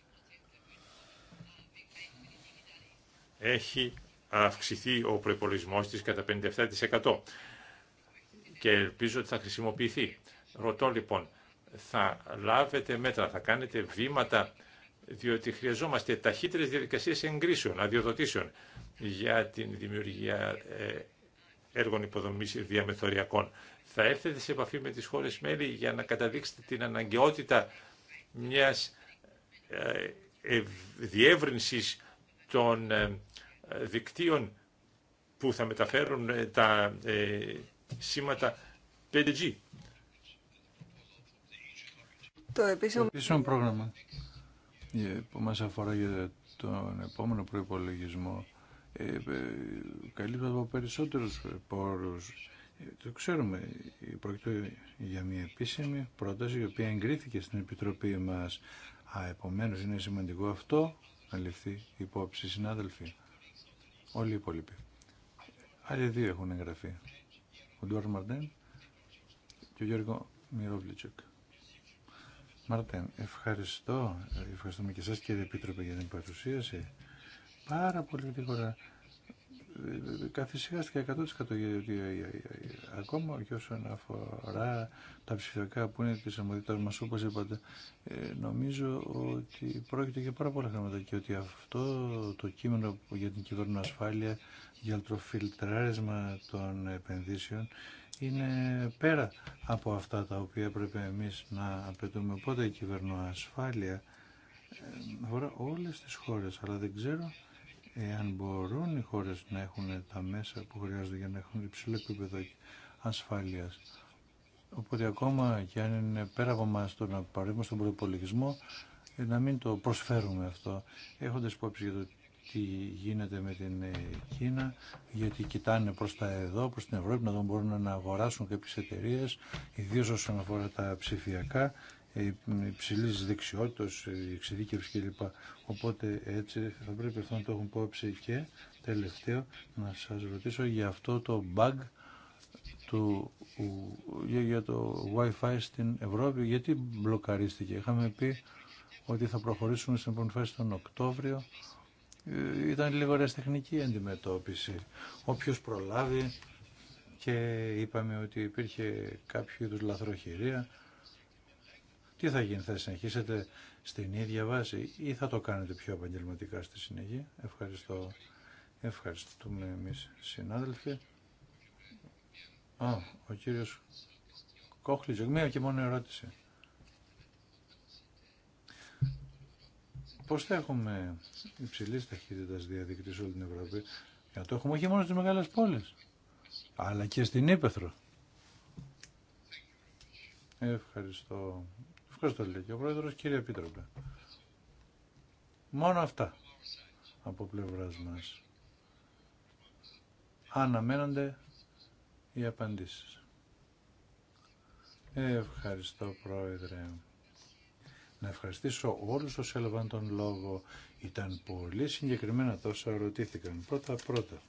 έχει αυξηθεί ο προπολογισμό της κατά 57% και ελπίζω ότι θα χρησιμοποιηθεί. Ρωτώ λοιπόν, θα λάβετε μέτρα, θα κάνετε βήματα, διότι χρειαζόμαστε ταχύτερες διαδικασίες εγκρίσεων, αδειοδοτήσεων για την δημιουργία ε, έργων υποδομής διαμεθοριακών. Θα έρθετε σε επαφή με τις χώρες μέλη για να καταδείξετε την αναγκαιότητα μιας ε, διεύρυνσης των ε, δικτύων που θα μεταφέρουν τα σήματα 5G. Το επίσημο, πρόγραμμα που μας αφορά για τον επόμενο προϋπολογισμό ε, ε από περισσότερους πόρους. Ε, το ξέρουμε, πρόκειται για μια επίσημη πρόταση η οποία εγκρίθηκε στην Επιτροπή μας. Α, επομένως είναι σημαντικό αυτό να ληφθεί υπόψη, συνάδελφοι. Όλοι οι υπόλοιποι. Άλλοι δύο έχουν εγγραφεί. Ο Ντουάρ Μαρντέν και ο Γιώργο Μιρόβλητσεκ. Μάρτεν, ευχαριστώ. Ε, ευχαριστούμε και εσάς κύριε Επίτροπε για την παρουσίαση. Πάρα πολύ γρήγορα καθησυχάστηκε 100% γιατί ε, ε, ε, ακόμα και όσον αφορά τα ψηφιακά που είναι της αρμοδιότητας μας όπως είπατε νομίζω ότι πρόκειται για πάρα πολλά χρήματα και ότι αυτό το κείμενο για την κυβέρνηση ασφάλεια για το φιλτράρισμα των επενδύσεων είναι πέρα από αυτά τα οποία πρέπει εμείς να απαιτούμε οπότε η κυβέρνηση αφορά όλες τις χώρες αλλά δεν ξέρω εάν μπορούν οι χώρες να έχουν τα μέσα που χρειάζονται για να έχουν υψηλό επίπεδο ασφάλειας. Οπότε ακόμα και αν είναι πέρα από εμάς το να παρέμβουμε στον προπολογισμό, ε, να μην το προσφέρουμε αυτό, έχοντας υπόψη για το τι γίνεται με την ε, Κίνα, γιατί κοιτάνε προς τα εδώ, προς την Ευρώπη, να δουν μπορούν να αγοράσουν κάποιες εταιρείε, ιδίως όσον αφορά τα ψηφιακά ε, υψηλή δεξιότητα, ε, εξειδίκευση κλπ. Οπότε έτσι θα πρέπει αυτό να το έχουν υπόψη και τελευταίο να σας ρωτήσω για αυτό το bug του, για το wifi fi στην Ευρώπη, γιατί μπλοκαρίστηκε. Είχαμε πει ότι θα προχωρήσουμε στην επόμενη τον Οκτώβριο. Ε, ήταν λίγο τεχνική αντιμετώπιση. Όποιος προλάβει και είπαμε ότι υπήρχε κάποιο είδους λαθροχειρία τι θα γίνει, θα συνεχίσετε στην ίδια βάση ή θα το κάνετε πιο επαγγελματικά στη συνέχεια. Ευχαριστώ. Ευχαριστούμε εμείς συνάδελφοι. Α, ο κύριος Κόχλης, μία και μόνο ερώτηση. Πώς θα έχουμε ταχύτητα ταχύτητας σε όλη την Ευρώπη, για το έχουμε όχι μόνο στις μεγάλες πόλεις, αλλά και στην Ήπεθρο. Ευχαριστώ. Ευχαριστώ, λέει και ο Πρόεδρος, κύριε Επίτροπε. Μόνο αυτά από πλευρά μα Αναμένονται οι απαντήσεις. Ευχαριστώ, Πρόεδρε. Να ευχαριστήσω όλους όσοι έλαβαν τον λόγο. Ήταν πολύ συγκεκριμένα τόσα ρωτήθηκαν. Πρώτα-πρώτα,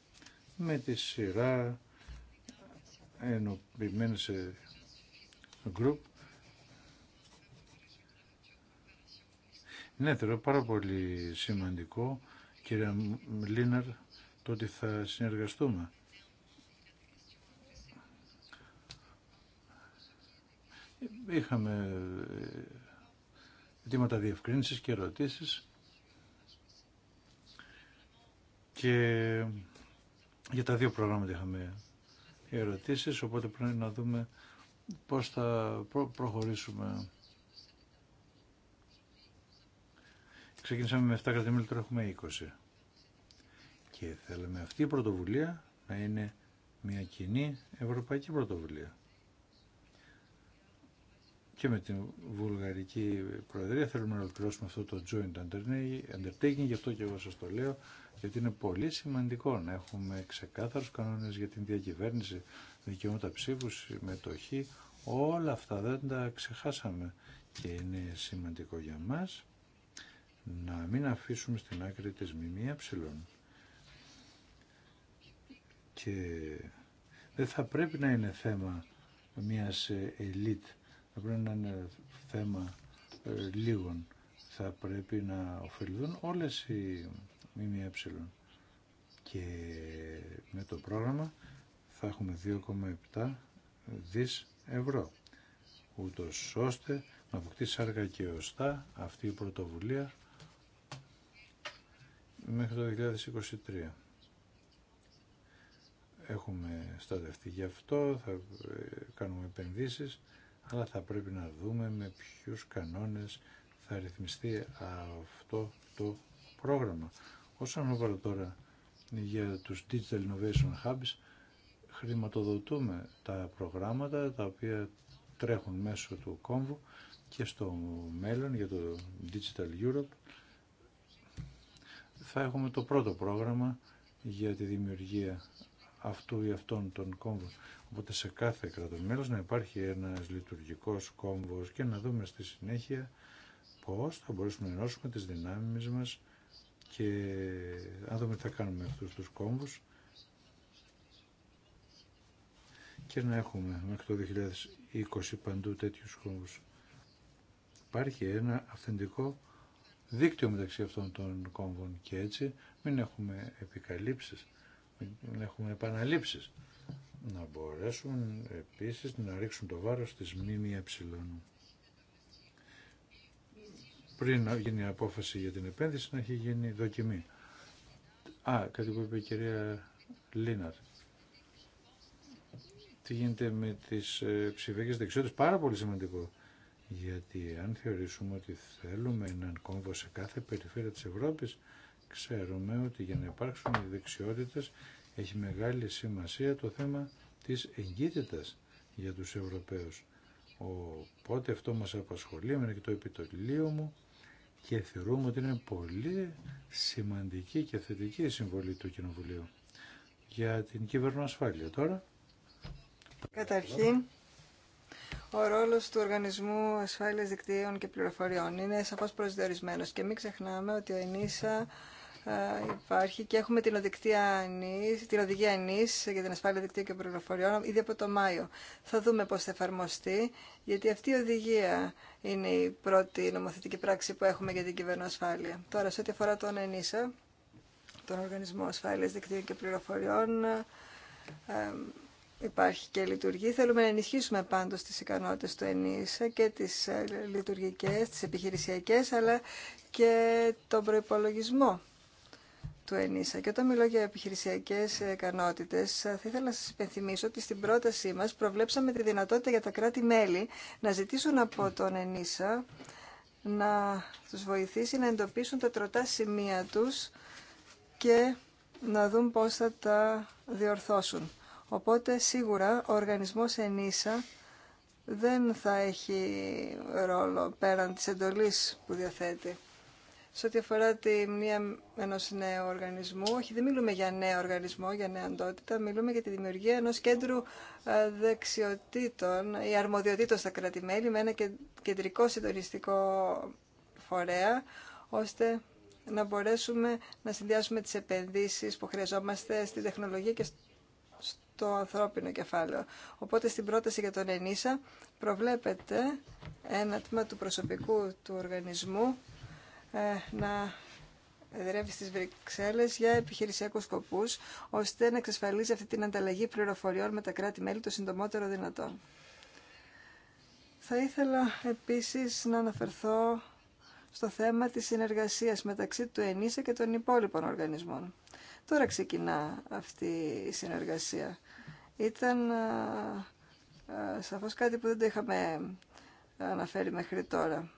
με τη σειρά ενωπημένη σε γκρουπ Ναι, θεωρώ πάρα πολύ σημαντικό, κυρία Λίναρ, το ότι θα συνεργαστούμε. Είχαμε δήματα ε, διευκρίνησης και ερωτήσεις και για τα δύο προγράμματα είχαμε ερωτήσεις, οπότε πρέπει να δούμε πώς θα προχωρήσουμε. Ξεκινήσαμε με 7 κρατημέλη, τώρα έχουμε 20. Και θέλουμε αυτή η πρωτοβουλία να είναι μια κοινή ευρωπαϊκή πρωτοβουλία. Και με την Βουλγαρική Προεδρία θέλουμε να ολοκληρώσουμε αυτό το joint undertaking, γι' αυτό και εγώ σας το λέω, γιατί είναι πολύ σημαντικό να έχουμε ξεκάθαρους κανόνες για την διακυβέρνηση, δικαιώματα ψήφου, συμμετοχή, όλα αυτά δεν τα ξεχάσαμε και είναι σημαντικό για μας να μην αφήσουμε στην άκρη της ΜΜΕ και δεν θα πρέπει να είναι θέμα μιας ελίτ, θα πρέπει να είναι θέμα ε, λίγων. Θα πρέπει να ωφεληθούν όλες οι ΜΜΕ και με το πρόγραμμα θα έχουμε 2,7 δις ευρώ Ούτως ώστε να αποκτήσει άργα και οστά αυτή η πρωτοβουλία μέχρι το 2023. Έχουμε στατευτεί γι' αυτό, θα ε, κάνουμε επενδύσεις, αλλά θα πρέπει να δούμε με ποιους κανόνες θα ρυθμιστεί αυτό το πρόγραμμα. Όσον αφορά τώρα για τους Digital Innovation Hubs, χρηματοδοτούμε τα προγράμματα τα οποία τρέχουν μέσω του κόμβου και στο μέλλον για το Digital Europe θα έχουμε το πρώτο πρόγραμμα για τη δημιουργία αυτού ή αυτών των κόμβων. Οπότε σε κάθε μέλος να υπάρχει ένας λειτουργικός κόμβος και να δούμε στη συνέχεια πώς θα μπορέσουμε να ενώσουμε τις δυνάμεις μας και να δούμε τι θα κάνουμε αυτούς τους κόμβους και να έχουμε μέχρι το 2020 παντού τέτοιους κόμβους. Υπάρχει ένα αυθεντικό δίκτυο μεταξύ αυτών των κόμβων και έτσι μην έχουμε επικαλύψεις, μην έχουμε επαναλήψεις. Να μπορέσουν επίσης να ρίξουν το βάρος της Ε. Πριν γίνει η απόφαση για την επένδυση να έχει γίνει δοκιμή. Α, κάτι που είπε η κυρία Λίναρ. Τι γίνεται με τις ε, ψηφιακές δεξιότητες, πάρα πολύ σημαντικό γιατί αν θεωρήσουμε ότι θέλουμε έναν κόμβο σε κάθε περιφέρεια της Ευρώπης, ξέρουμε ότι για να υπάρξουν οι δεξιότητες έχει μεγάλη σημασία το θέμα της εγκύτητας για τους Ευρωπαίους. Οπότε αυτό μας απασχολεί, με και το επιτολίο μου και θεωρούμε ότι είναι πολύ σημαντική και θετική η συμβολή του Κοινοβουλίου για την κυβερνοασφάλεια τώρα. Καταρχήν, ο ρόλο του Οργανισμού Ασφάλεια Δικτύων και Πληροφοριών. Είναι σαφώ προσδιορισμένο. και μην ξεχνάμε ότι ο ΕΝΙΣΑ υπάρχει και έχουμε την, την οδηγία ΕΝΙΣ για την ασφάλεια δικτύων και πληροφοριών ήδη από το Μάιο. Θα δούμε πώ θα εφαρμοστεί, γιατί αυτή η οδηγία είναι η πρώτη νομοθετική πράξη που έχουμε για την κυβερνοασφάλεια. Τώρα, σε ό,τι αφορά τον ΕΝΙΣΑ, τον Οργανισμό Ασφάλεια Δικτύων και Πληροφοριών, υπάρχει και λειτουργεί. Θέλουμε να ενισχύσουμε πάντως τις ικανότητε του ΕΝΙΣΑ και τις ε, λειτουργικές, τις επιχειρησιακές, αλλά και τον προπολογισμό του ΕΝΙΣΑ. Και όταν μιλώ για επιχειρησιακές ικανότητε. θα ήθελα να σα υπενθυμίσω ότι στην πρότασή μα προβλέψαμε τη δυνατότητα για τα κράτη-μέλη να ζητήσουν από τον ΕΝΗΣΑ να τους βοηθήσει να εντοπίσουν τα τροτά σημεία τους και να δουν πώς θα τα διορθώσουν. Οπότε σίγουρα ο οργανισμός ΕΝΙΣΑ δεν θα έχει ρόλο πέραν της εντολής που διαθέτει. Σε ό,τι αφορά τη μία ενό νέου οργανισμού, όχι δεν μιλούμε για νέο οργανισμό, για νέα αντότητα, μιλούμε για τη δημιουργία ενός κέντρου ε, δεξιοτήτων ή αρμοδιοτήτων στα κράτη-μέλη με ένα κεντρικό συντονιστικό φορέα, ώστε να μπορέσουμε να συνδυάσουμε τις επενδύσεις που χρειαζόμαστε στην τεχνολογία και το ανθρώπινο κεφάλαιο. Οπότε στην πρόταση για τον ΕΝΙΣΑ προβλέπεται ένα τμήμα του προσωπικού του οργανισμού ε, να εδρεύει στις Βρυξέλλες για επιχειρησιακούς σκοπούς, ώστε να εξασφαλίζει αυτή την ανταλλαγή πληροφοριών με τα κράτη-μέλη το συντομότερο δυνατόν. Θα ήθελα επίσης να αναφερθώ στο θέμα της συνεργασίας μεταξύ του ΕΝΙΣΑ και των υπόλοιπων οργανισμών. Τώρα ξεκινά αυτή η συνεργασία ήταν ε, ε, σαφώς κάτι που δεν το είχαμε αναφέρει μέχρι τώρα.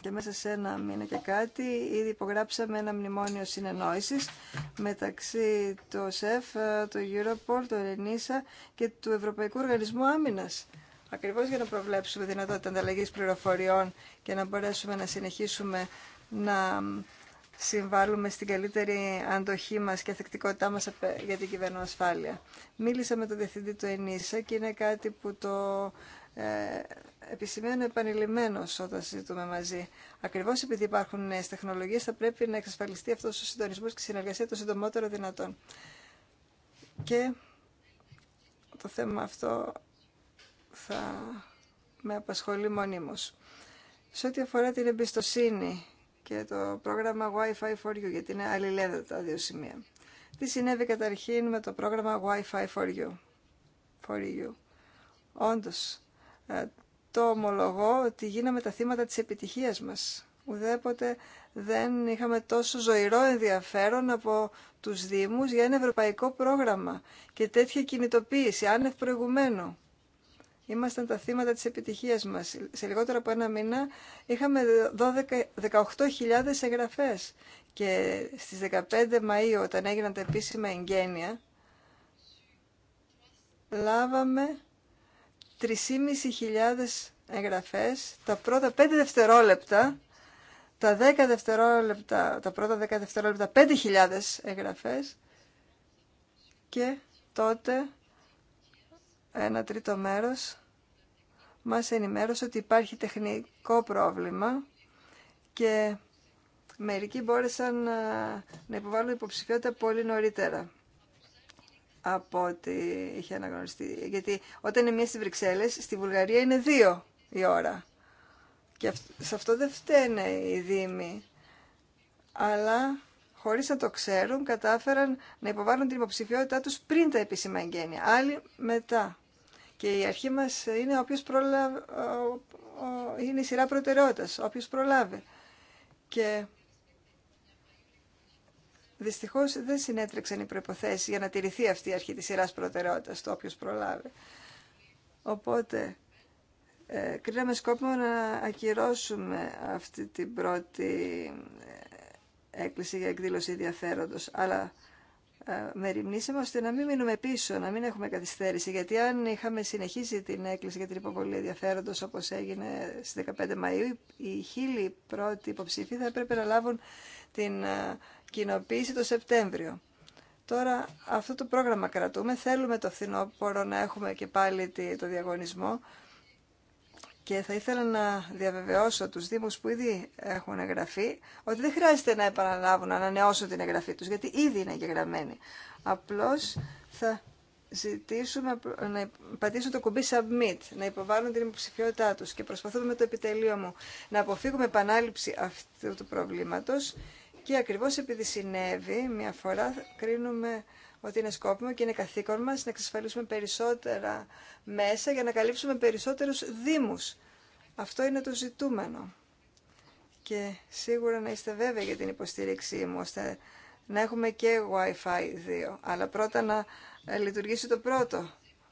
Και μέσα σε ένα μήνα και κάτι ήδη υπογράψαμε ένα μνημόνιο συνεννόησης μεταξύ του σεφ ε, του Europol, του ΕΡΕΝΗΣΑ και του Ευρωπαϊκού Οργανισμού Άμυνας. Ακριβώς για να προβλέψουμε δυνατότητα ανταλλαγής πληροφοριών και να μπορέσουμε να συνεχίσουμε να συμβάλλουμε στην καλύτερη αντοχή μας και αθεκτικότητά μας για την κυβερνοασφάλεια. Μίλησα με τον Διευθυντή του ΕΝΙΣΑ και είναι κάτι που το ε, επισημαίνω επανειλημμένος όταν συζητούμε μαζί. Ακριβώς επειδή υπάρχουν νέες τεχνολογίες θα πρέπει να εξασφαλιστεί αυτός ο συντονισμός και η συνεργασία το συντομότερο δυνατόν. Και το θέμα αυτό θα με απασχολεί μονίμως. Σε ό,τι αφορά την εμπιστοσύνη και το πρόγραμμα Wi-Fi for You, γιατί είναι αλληλένδετα τα δύο σημεία. Τι συνέβη καταρχήν με το πρόγραμμα Wi-Fi for You. For you. Όντως, ε, το ομολογώ ότι γίναμε τα θύματα της επιτυχίας μας. Ουδέποτε δεν είχαμε τόσο ζωηρό ενδιαφέρον από τους Δήμους για ένα ευρωπαϊκό πρόγραμμα και τέτοια κινητοποίηση άνευ προηγουμένου ήμασταν τα θύματα της επιτυχίας μας. Σε λιγότερο από ένα μήνα είχαμε 18.000 εγγραφές και στις 15 Μαΐου όταν έγιναν τα επίσημα εγγένεια λάβαμε 3.500 εγγραφές τα πρώτα 5 δευτερόλεπτα τα 10 δευτερόλεπτα, τα πρώτα 10 δευτερόλεπτα 5.000 εγγραφές και τότε ένα τρίτο μέρος μας ενημέρωσε ότι υπάρχει τεχνικό πρόβλημα και μερικοί μπόρεσαν να, ε, να υποβάλουν υποψηφιότητα πολύ νωρίτερα από ό,τι είχε αναγνωριστεί. Γιατί όταν είναι μία στις Βρυξέλλες, στη Βουλγαρία είναι δύο η ώρα. Και σε αυτό δεν φταίνε οι Δήμοι. Αλλά χωρίς να το ξέρουν, κατάφεραν να υποβάλουν την υποψηφιότητά τους πριν τα επίσημα εγγένεια. Άλλοι μετά. Και η αρχή μας είναι, προλάβει, είναι η σειρά προτεραιότητα, όποιο προλάβει. Και δυστυχώ δεν συνέτρεξαν οι προποθέσει για να τηρηθεί αυτή η αρχή της σειράς προτεραιότητας, το οποίο προλάβει. Οπότε, ε, κρίναμε σκόπιμο να ακυρώσουμε αυτή την πρώτη ε, έκκληση για εκδήλωση ενδιαφέροντος, αλλά ε, μεριμνήσαμε ώστε να μην μείνουμε πίσω, να μην έχουμε καθυστέρηση. Γιατί αν είχαμε συνεχίσει την έκκληση για την υποβολή ενδιαφέροντο όπω έγινε στι 15 Μαου, οι χίλιοι πρώτοι υποψήφοι θα έπρεπε να λάβουν την ε, κοινοποίηση το Σεπτέμβριο. Τώρα αυτό το πρόγραμμα κρατούμε. Θέλουμε το φθινόπωρο να έχουμε και πάλι το διαγωνισμό και θα ήθελα να διαβεβαιώσω τους Δήμους που ήδη έχουν εγγραφεί ότι δεν χρειάζεται να επαναλάβουν, να ανανεώσουν την εγγραφή τους, γιατί ήδη είναι εγγεγραμμένοι. Απλώς θα ζητήσουμε να πατήσουν το κουμπί submit, να υποβάλουν την υποψηφιότητά τους και προσπαθούμε με το επιτελείο μου να αποφύγουμε επανάληψη αυτού του προβλήματος και ακριβώς επειδή συνέβη μια φορά κρίνουμε ότι είναι σκόπιμο και είναι καθήκον μας να εξασφαλίσουμε περισσότερα μέσα για να καλύψουμε περισσότερους δήμους. Αυτό είναι το ζητούμενο. Και σίγουρα να είστε βέβαιοι για την υποστήριξή μου, ώστε να έχουμε και Wi-Fi 2. Αλλά πρώτα να ε, λειτουργήσει το πρώτο,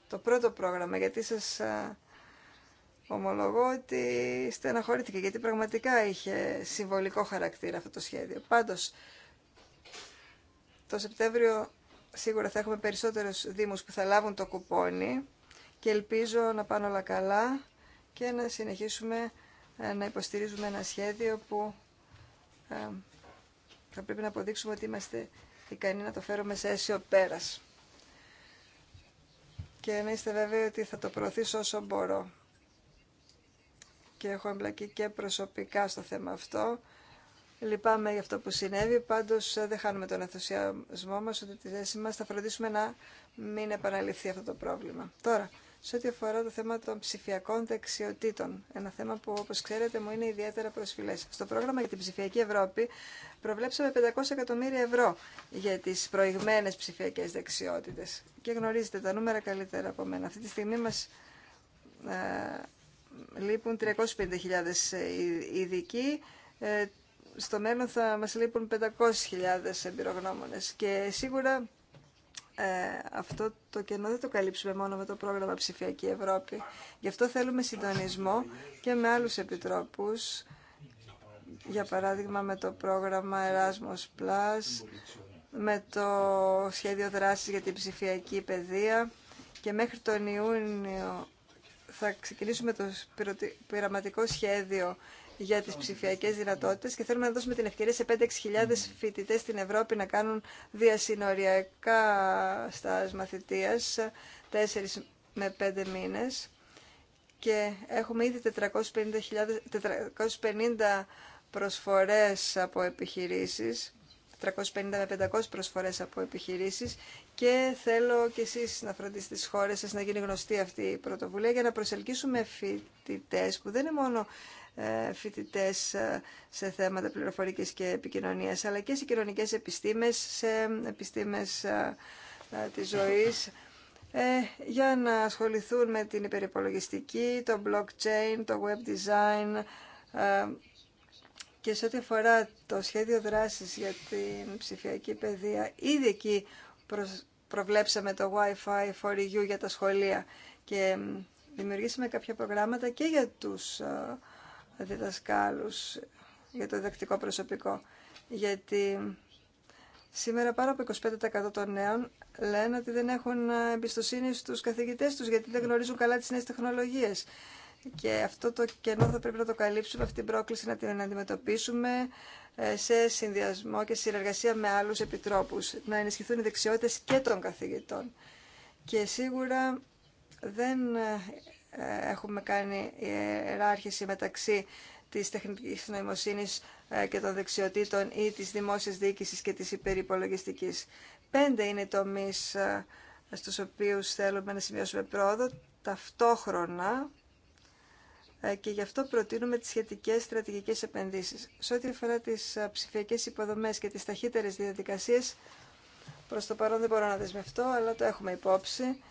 το πρώτο πρόγραμμα, γιατί σας ε, ομολογώ ότι στεναχωρήθηκε, γιατί πραγματικά είχε συμβολικό χαρακτήρα αυτό το σχέδιο. Πάντως, το Σεπτέμβριο σίγουρα θα έχουμε περισσότερους δήμους που θα λάβουν το κουπόνι και ελπίζω να πάνε όλα καλά και να συνεχίσουμε ε, να υποστηρίζουμε ένα σχέδιο που ε, θα πρέπει να αποδείξουμε ότι είμαστε ικανοί να το φέρουμε σε αίσιο πέρας. Και να είστε βέβαιοι ότι θα το προωθήσω όσο μπορώ. Και έχω εμπλακεί και προσωπικά στο θέμα αυτό Λυπάμαι για αυτό που συνέβη, πάντως ε, δεν χάνουμε τον ενθουσιασμό μας ότι τη θέση μας θα φροντίσουμε να μην επαναληφθεί αυτό το πρόβλημα. Τώρα, σε ό,τι αφορά το θέμα των ψηφιακών δεξιοτήτων, ένα θέμα που όπως ξέρετε μου είναι ιδιαίτερα προσφυλές. Στο πρόγραμμα για την ψηφιακή Ευρώπη προβλέψαμε 500 εκατομμύρια ευρώ για τις προηγμένες ψηφιακές δεξιότητες. Και γνωρίζετε τα νούμερα καλύτερα από μένα. Αυτή τη στιγμή μας ε, λείπουν 350.000 ε, ειδικοί, ε, στο μέλλον θα μας λείπουν 500.000 εμπειρογνώμονες και σίγουρα ε, αυτό το κενό δεν το καλύψουμε μόνο με το πρόγραμμα Ψηφιακή Ευρώπη. Γι' αυτό θέλουμε συντονισμό και με άλλους επιτρόπους, για παράδειγμα με το πρόγραμμα Erasmus Plus, με το σχέδιο δράσης για την ψηφιακή παιδεία και μέχρι τον Ιούνιο θα ξεκινήσουμε το πειραματικό σχέδιο για τις ψηφιακές δυνατότητες και θέλουμε να δώσουμε την ευκαιρία σε 5-6 φοιτητές στην Ευρώπη να κάνουν διασυνοριακά στα μαθητείας 4 με 5 μήνες και έχουμε ήδη 450, 450 προσφορές από επιχειρήσεις 350 με 500 προσφορές από επιχειρήσεις και θέλω και εσείς να φροντίσετε στις χώρες σας να γίνει γνωστή αυτή η πρωτοβουλία για να προσελκύσουμε φοιτητέ που δεν είναι μόνο ε, φοιτητέ ε, σε θέματα πληροφορικής και επικοινωνίας, αλλά και σε κοινωνικές επιστήμες, σε επιστήμες ε, της ζωής, για να ασχοληθούν με την υπερυπολογιστική, το blockchain, το web design και σε ό,τι αφορά το σχέδιο δράσης για την ψηφιακή παιδεία, ήδη εκεί προβλέψαμε το Wi-Fi for you για τα σχολεία και δημιουργήσαμε κάποια προγράμματα και για τους διδασκάλους, για το διδακτικό προσωπικό. Γιατί σήμερα πάνω από 25% των νέων λένε ότι δεν έχουν εμπιστοσύνη στους καθηγητές τους γιατί δεν γνωρίζουν καλά τις νέες τεχνολογίες. Και αυτό το κενό θα πρέπει να το καλύψουμε, αυτή την πρόκληση να την αντιμετωπίσουμε ε, σε συνδυασμό και συνεργασία με άλλους επιτρόπους, να ενισχυθούν οι δεξιότητες και των καθηγητών. Και σίγουρα δεν ε, ε, έχουμε κάνει ιεράρχηση μεταξύ της τεχνικής νοημοσύνης ε, και των δεξιοτήτων ή της δημόσιας διοίκησης και της υπερυπολογιστικής. Πέντε είναι οι τομείς ε, στους οποίους θέλουμε να σημειώσουμε πρόοδο ταυτόχρονα και γι' αυτό προτείνουμε τις σχετικές στρατηγικές επενδύσεις. Σε ό,τι αφορά τις ψηφιακές υποδομές και τις ταχύτερες διαδικασίες, προς το παρόν δεν μπορώ να δεσμευτώ, αλλά το έχουμε υπόψη.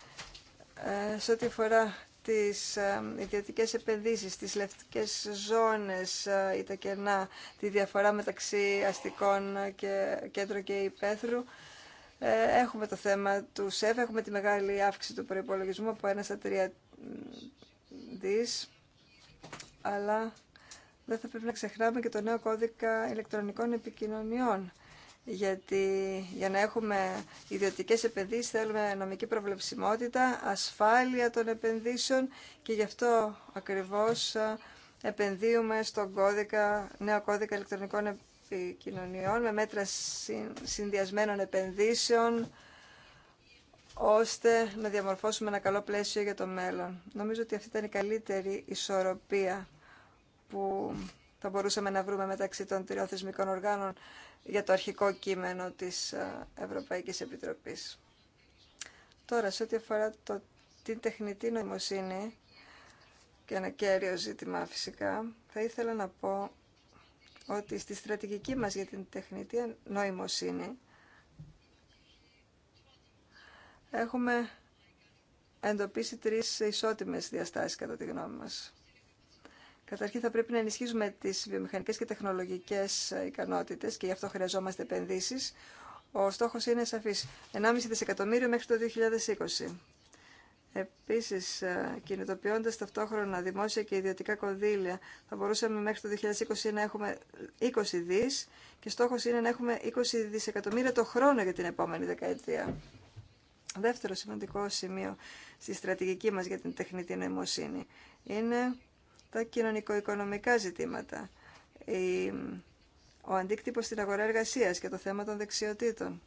Σε ό,τι αφορά τις ε, ιδιωτικές επενδύσεις, τις λευτικές ζώνες ε, ή τα κενά, τη διαφορά μεταξύ αστικών και κέντρο και υπαίθρου. Ε, έχουμε το θέμα του ΣΕΒ, έχουμε τη μεγάλη αύξηση του προϋπολογισμού από ένα στα τρία δις, αλλά δεν θα πρέπει να ξεχνάμε και το νέο κώδικα ηλεκτρονικών επικοινωνιών γιατί για να έχουμε ιδιωτικές επενδύσεις θέλουμε νομική προβλεψιμότητα, ασφάλεια των επενδύσεων και γι' αυτό ακριβώς ε, επενδύουμε στον κώδικα, νέο κώδικα ηλεκτρονικών επικοινωνιών με μέτρα συνδυασμένων επενδύσεων ώστε να διαμορφώσουμε ένα καλό πλαίσιο για το μέλλον. Νομίζω ότι αυτή ήταν η καλύτερη ισορροπία που θα μπορούσαμε να βρούμε μεταξύ των τριών οργάνων για το αρχικό κείμενο της ε, Ευρωπαϊκής Επιτροπής. Τώρα, σε ό,τι αφορά το, την τεχνητή νοημοσύνη, και ένα κέριο ζήτημα φυσικά, θα ήθελα να πω ότι στη στρατηγική μας για την τεχνητή νοημοσύνη έχουμε εντοπίσει τρεις ισότιμες διαστάσεις κατά τη γνώμη μας. Καταρχήν θα πρέπει να ενισχύσουμε τις βιομηχανικές και τεχνολογικές ικανότητες και γι' αυτό χρειαζόμαστε επενδύσεις. Ο στόχος είναι σαφής. 1,5 δισεκατομμύριο μέχρι το 2020. Επίσης, ε, κινητοποιώντας ταυτόχρονα δημόσια και ιδιωτικά κονδύλια, θα μπορούσαμε μέχρι το 2020 να έχουμε 20 δις και στόχος είναι να έχουμε 20 δισεκατομμύρια το χρόνο για την επόμενη δεκαετία. Δεύτερο σημαντικό σημείο στη στρατηγική μας για την τεχνητή νοημοσύνη είναι τα κοινωνικο-οικονομικά ζητήματα, ο αντίκτυπος στην αγορά εργασίας και το θέμα των δεξιοτήτων.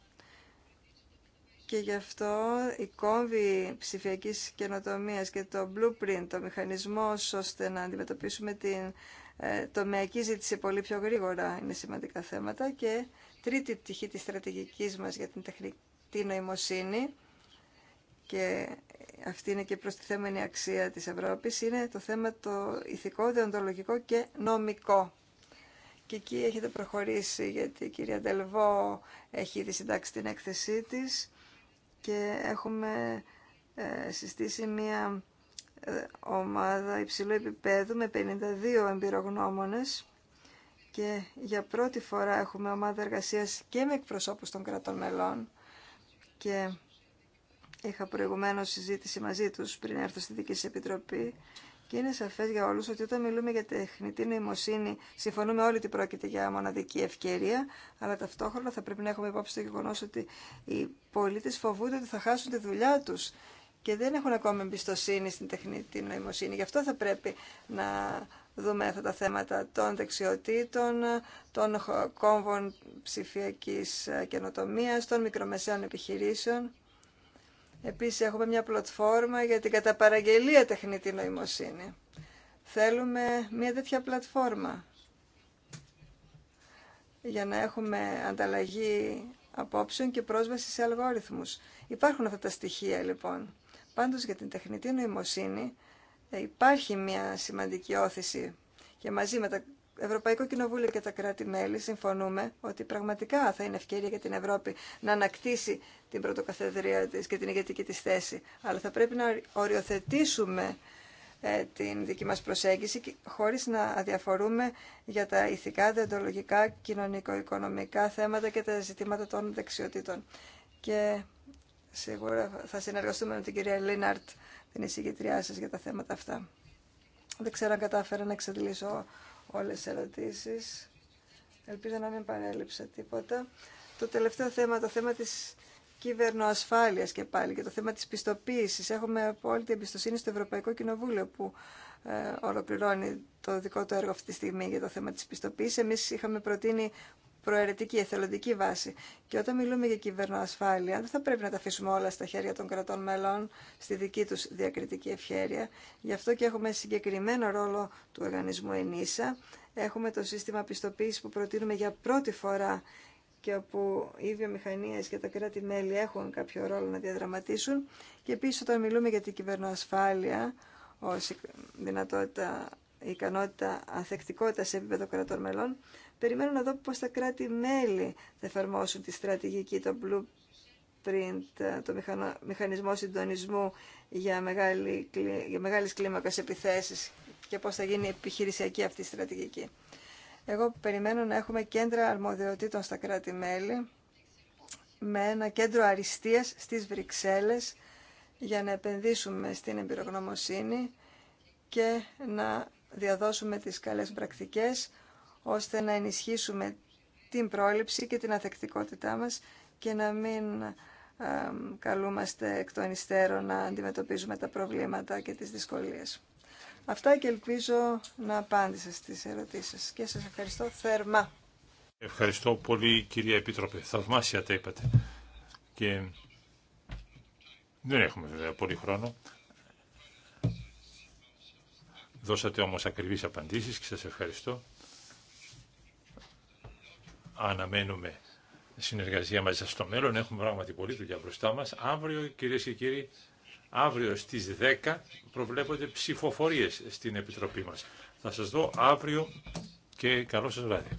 Και γι' αυτό η κόμβη ψηφιακής καινοτομία και το blueprint, το μηχανισμός ώστε να αντιμετωπίσουμε την ε, τομεακή ζήτηση πολύ πιο γρήγορα είναι σημαντικά θέματα. Και τρίτη πτυχή της στρατηγικής μας για την τεχνητή νοημοσύνη και αυτή είναι και προστιθέμενη αξία της Ευρώπης, είναι το θέμα το ηθικό, διοντολογικό και νομικό. Και εκεί έχετε προχωρήσει, γιατί η κυρία Ντελβό έχει ήδη συντάξει την έκθεσή της και έχουμε ε, συστήσει μια ε, ομάδα υψηλού επίπεδου με 52 εμπειρογνώμονες και για πρώτη φορά έχουμε ομάδα εργασίας και με εκπροσώπους των κρατών μελών και Είχα προηγουμένω συζήτηση μαζί του πριν έρθω στη δική σα επιτροπή και είναι σαφέ για όλου ότι όταν μιλούμε για τεχνητή νοημοσύνη συμφωνούμε όλοι ότι πρόκειται για μοναδική ευκαιρία, αλλά ταυτόχρονα θα πρέπει να έχουμε υπόψη το γεγονό ότι οι πολίτε φοβούνται ότι θα χάσουν τη δουλειά του και δεν έχουν ακόμα εμπιστοσύνη στην τεχνητή νοημοσύνη. Γι' αυτό θα πρέπει να δούμε αυτά τα θέματα των δεξιοτήτων, των κόμβων ψηφιακή καινοτομία, των μικρομεσαίων επιχειρήσεων. Επίσης έχουμε μια πλατφόρμα για την καταπαραγγελία τεχνητή νοημοσύνη. Θέλουμε μια τέτοια πλατφόρμα για να έχουμε ανταλλαγή απόψεων και πρόσβαση σε αλγόριθμους. Υπάρχουν αυτά τα στοιχεία λοιπόν. Πάντως για την τεχνητή νοημοσύνη ε, υπάρχει μια σημαντική όθηση και μαζί με τα Ευρωπαϊκό Κοινοβούλιο και τα κράτη-μέλη συμφωνούμε ότι πραγματικά θα είναι ευκαιρία για την Ευρώπη να ανακτήσει την πρωτοκαθεδρία της και την ηγετική της θέση. Αλλά θα πρέπει να οριοθετήσουμε ε, την δική μας προσέγγιση χωρίς να αδιαφορούμε για τα ηθικά, διοντολογικά, κοινωνικο-οικονομικά θέματα και τα ζητήματα των δεξιοτήτων. Και σίγουρα θα συνεργαστούμε με την κυρία Λίναρτ, την εισηγητριά σας, για τα θέματα αυτά. Δεν ξέρω αν κατάφερα να εξαντλήσω όλες τις ερωτήσεις. Ελπίζω να μην παρέλειψα τίποτα. Το τελευταίο θέμα, το θέμα της κυβερνοασφάλειας και πάλι και το θέμα της πιστοποίησης. Έχουμε απόλυτη εμπιστοσύνη στο Ευρωπαϊκό Κοινοβούλιο που ε, ολοκληρώνει το δικό του έργο αυτή τη στιγμή για το θέμα της πιστοποίησης. Εμείς είχαμε προτείνει προαιρετική, εθελοντική βάση. Και όταν μιλούμε για κυβερνοασφάλεια, δεν θα πρέπει να τα αφήσουμε όλα στα χέρια των κρατών μελών, στη δική τους διακριτική ευχέρεια. Γι' αυτό και έχουμε συγκεκριμένο ρόλο του οργανισμού ΕΝΙΣΑ. Έχουμε το σύστημα πιστοποίηση που προτείνουμε για πρώτη φορά και όπου οι βιομηχανίε και τα κράτη-μέλη έχουν κάποιο ρόλο να διαδραματίσουν. Και επίση, όταν μιλούμε για την κυβερνοασφάλεια ω δυνατότητα, ικανότητα ανθεκτικότητα σε επίπεδο κρατών μελών, Περιμένω να δω πώς τα κράτη-μέλη θα εφαρμόσουν τη στρατηγική, το blueprint, το μηχανισμό συντονισμού για, μεγάλη, για μεγάλες κλίμακες επιθέσεις και πώς θα γίνει επιχειρησιακή αυτή η στρατηγική. Εγώ περιμένω να έχουμε κέντρα αρμοδιοτήτων στα κράτη-μέλη με ένα κέντρο αριστείας στις Βρυξέλλες για να επενδύσουμε στην εμπειρογνωμοσύνη και να διαδώσουμε τις καλές πρακτικές ώστε να ενισχύσουμε την πρόληψη και την αθεκτικότητά μας και να μην καλούμαστε εκ των υστέρων να αντιμετωπίζουμε τα προβλήματα και τις δυσκολίες. Αυτά και ελπίζω να απάντησα στις ερωτήσεις σας και σας ευχαριστώ θερμά. Ευχαριστώ πολύ κυρία Επίτροπε. Θαυμάσια τα είπατε. Και δεν έχουμε βέβαια πολύ χρόνο. Δώσατε όμως ακριβείς απαντήσεις και σας ευχαριστώ αναμένουμε συνεργασία μαζί σας στο μέλλον. Έχουμε πράγματι πολύ δουλειά μπροστά μας. Αύριο, κυρίες και κύριοι, αύριο στις 10 προβλέπονται ψηφοφορίες στην Επιτροπή μας. Θα σας δω αύριο και καλό σας βράδυ.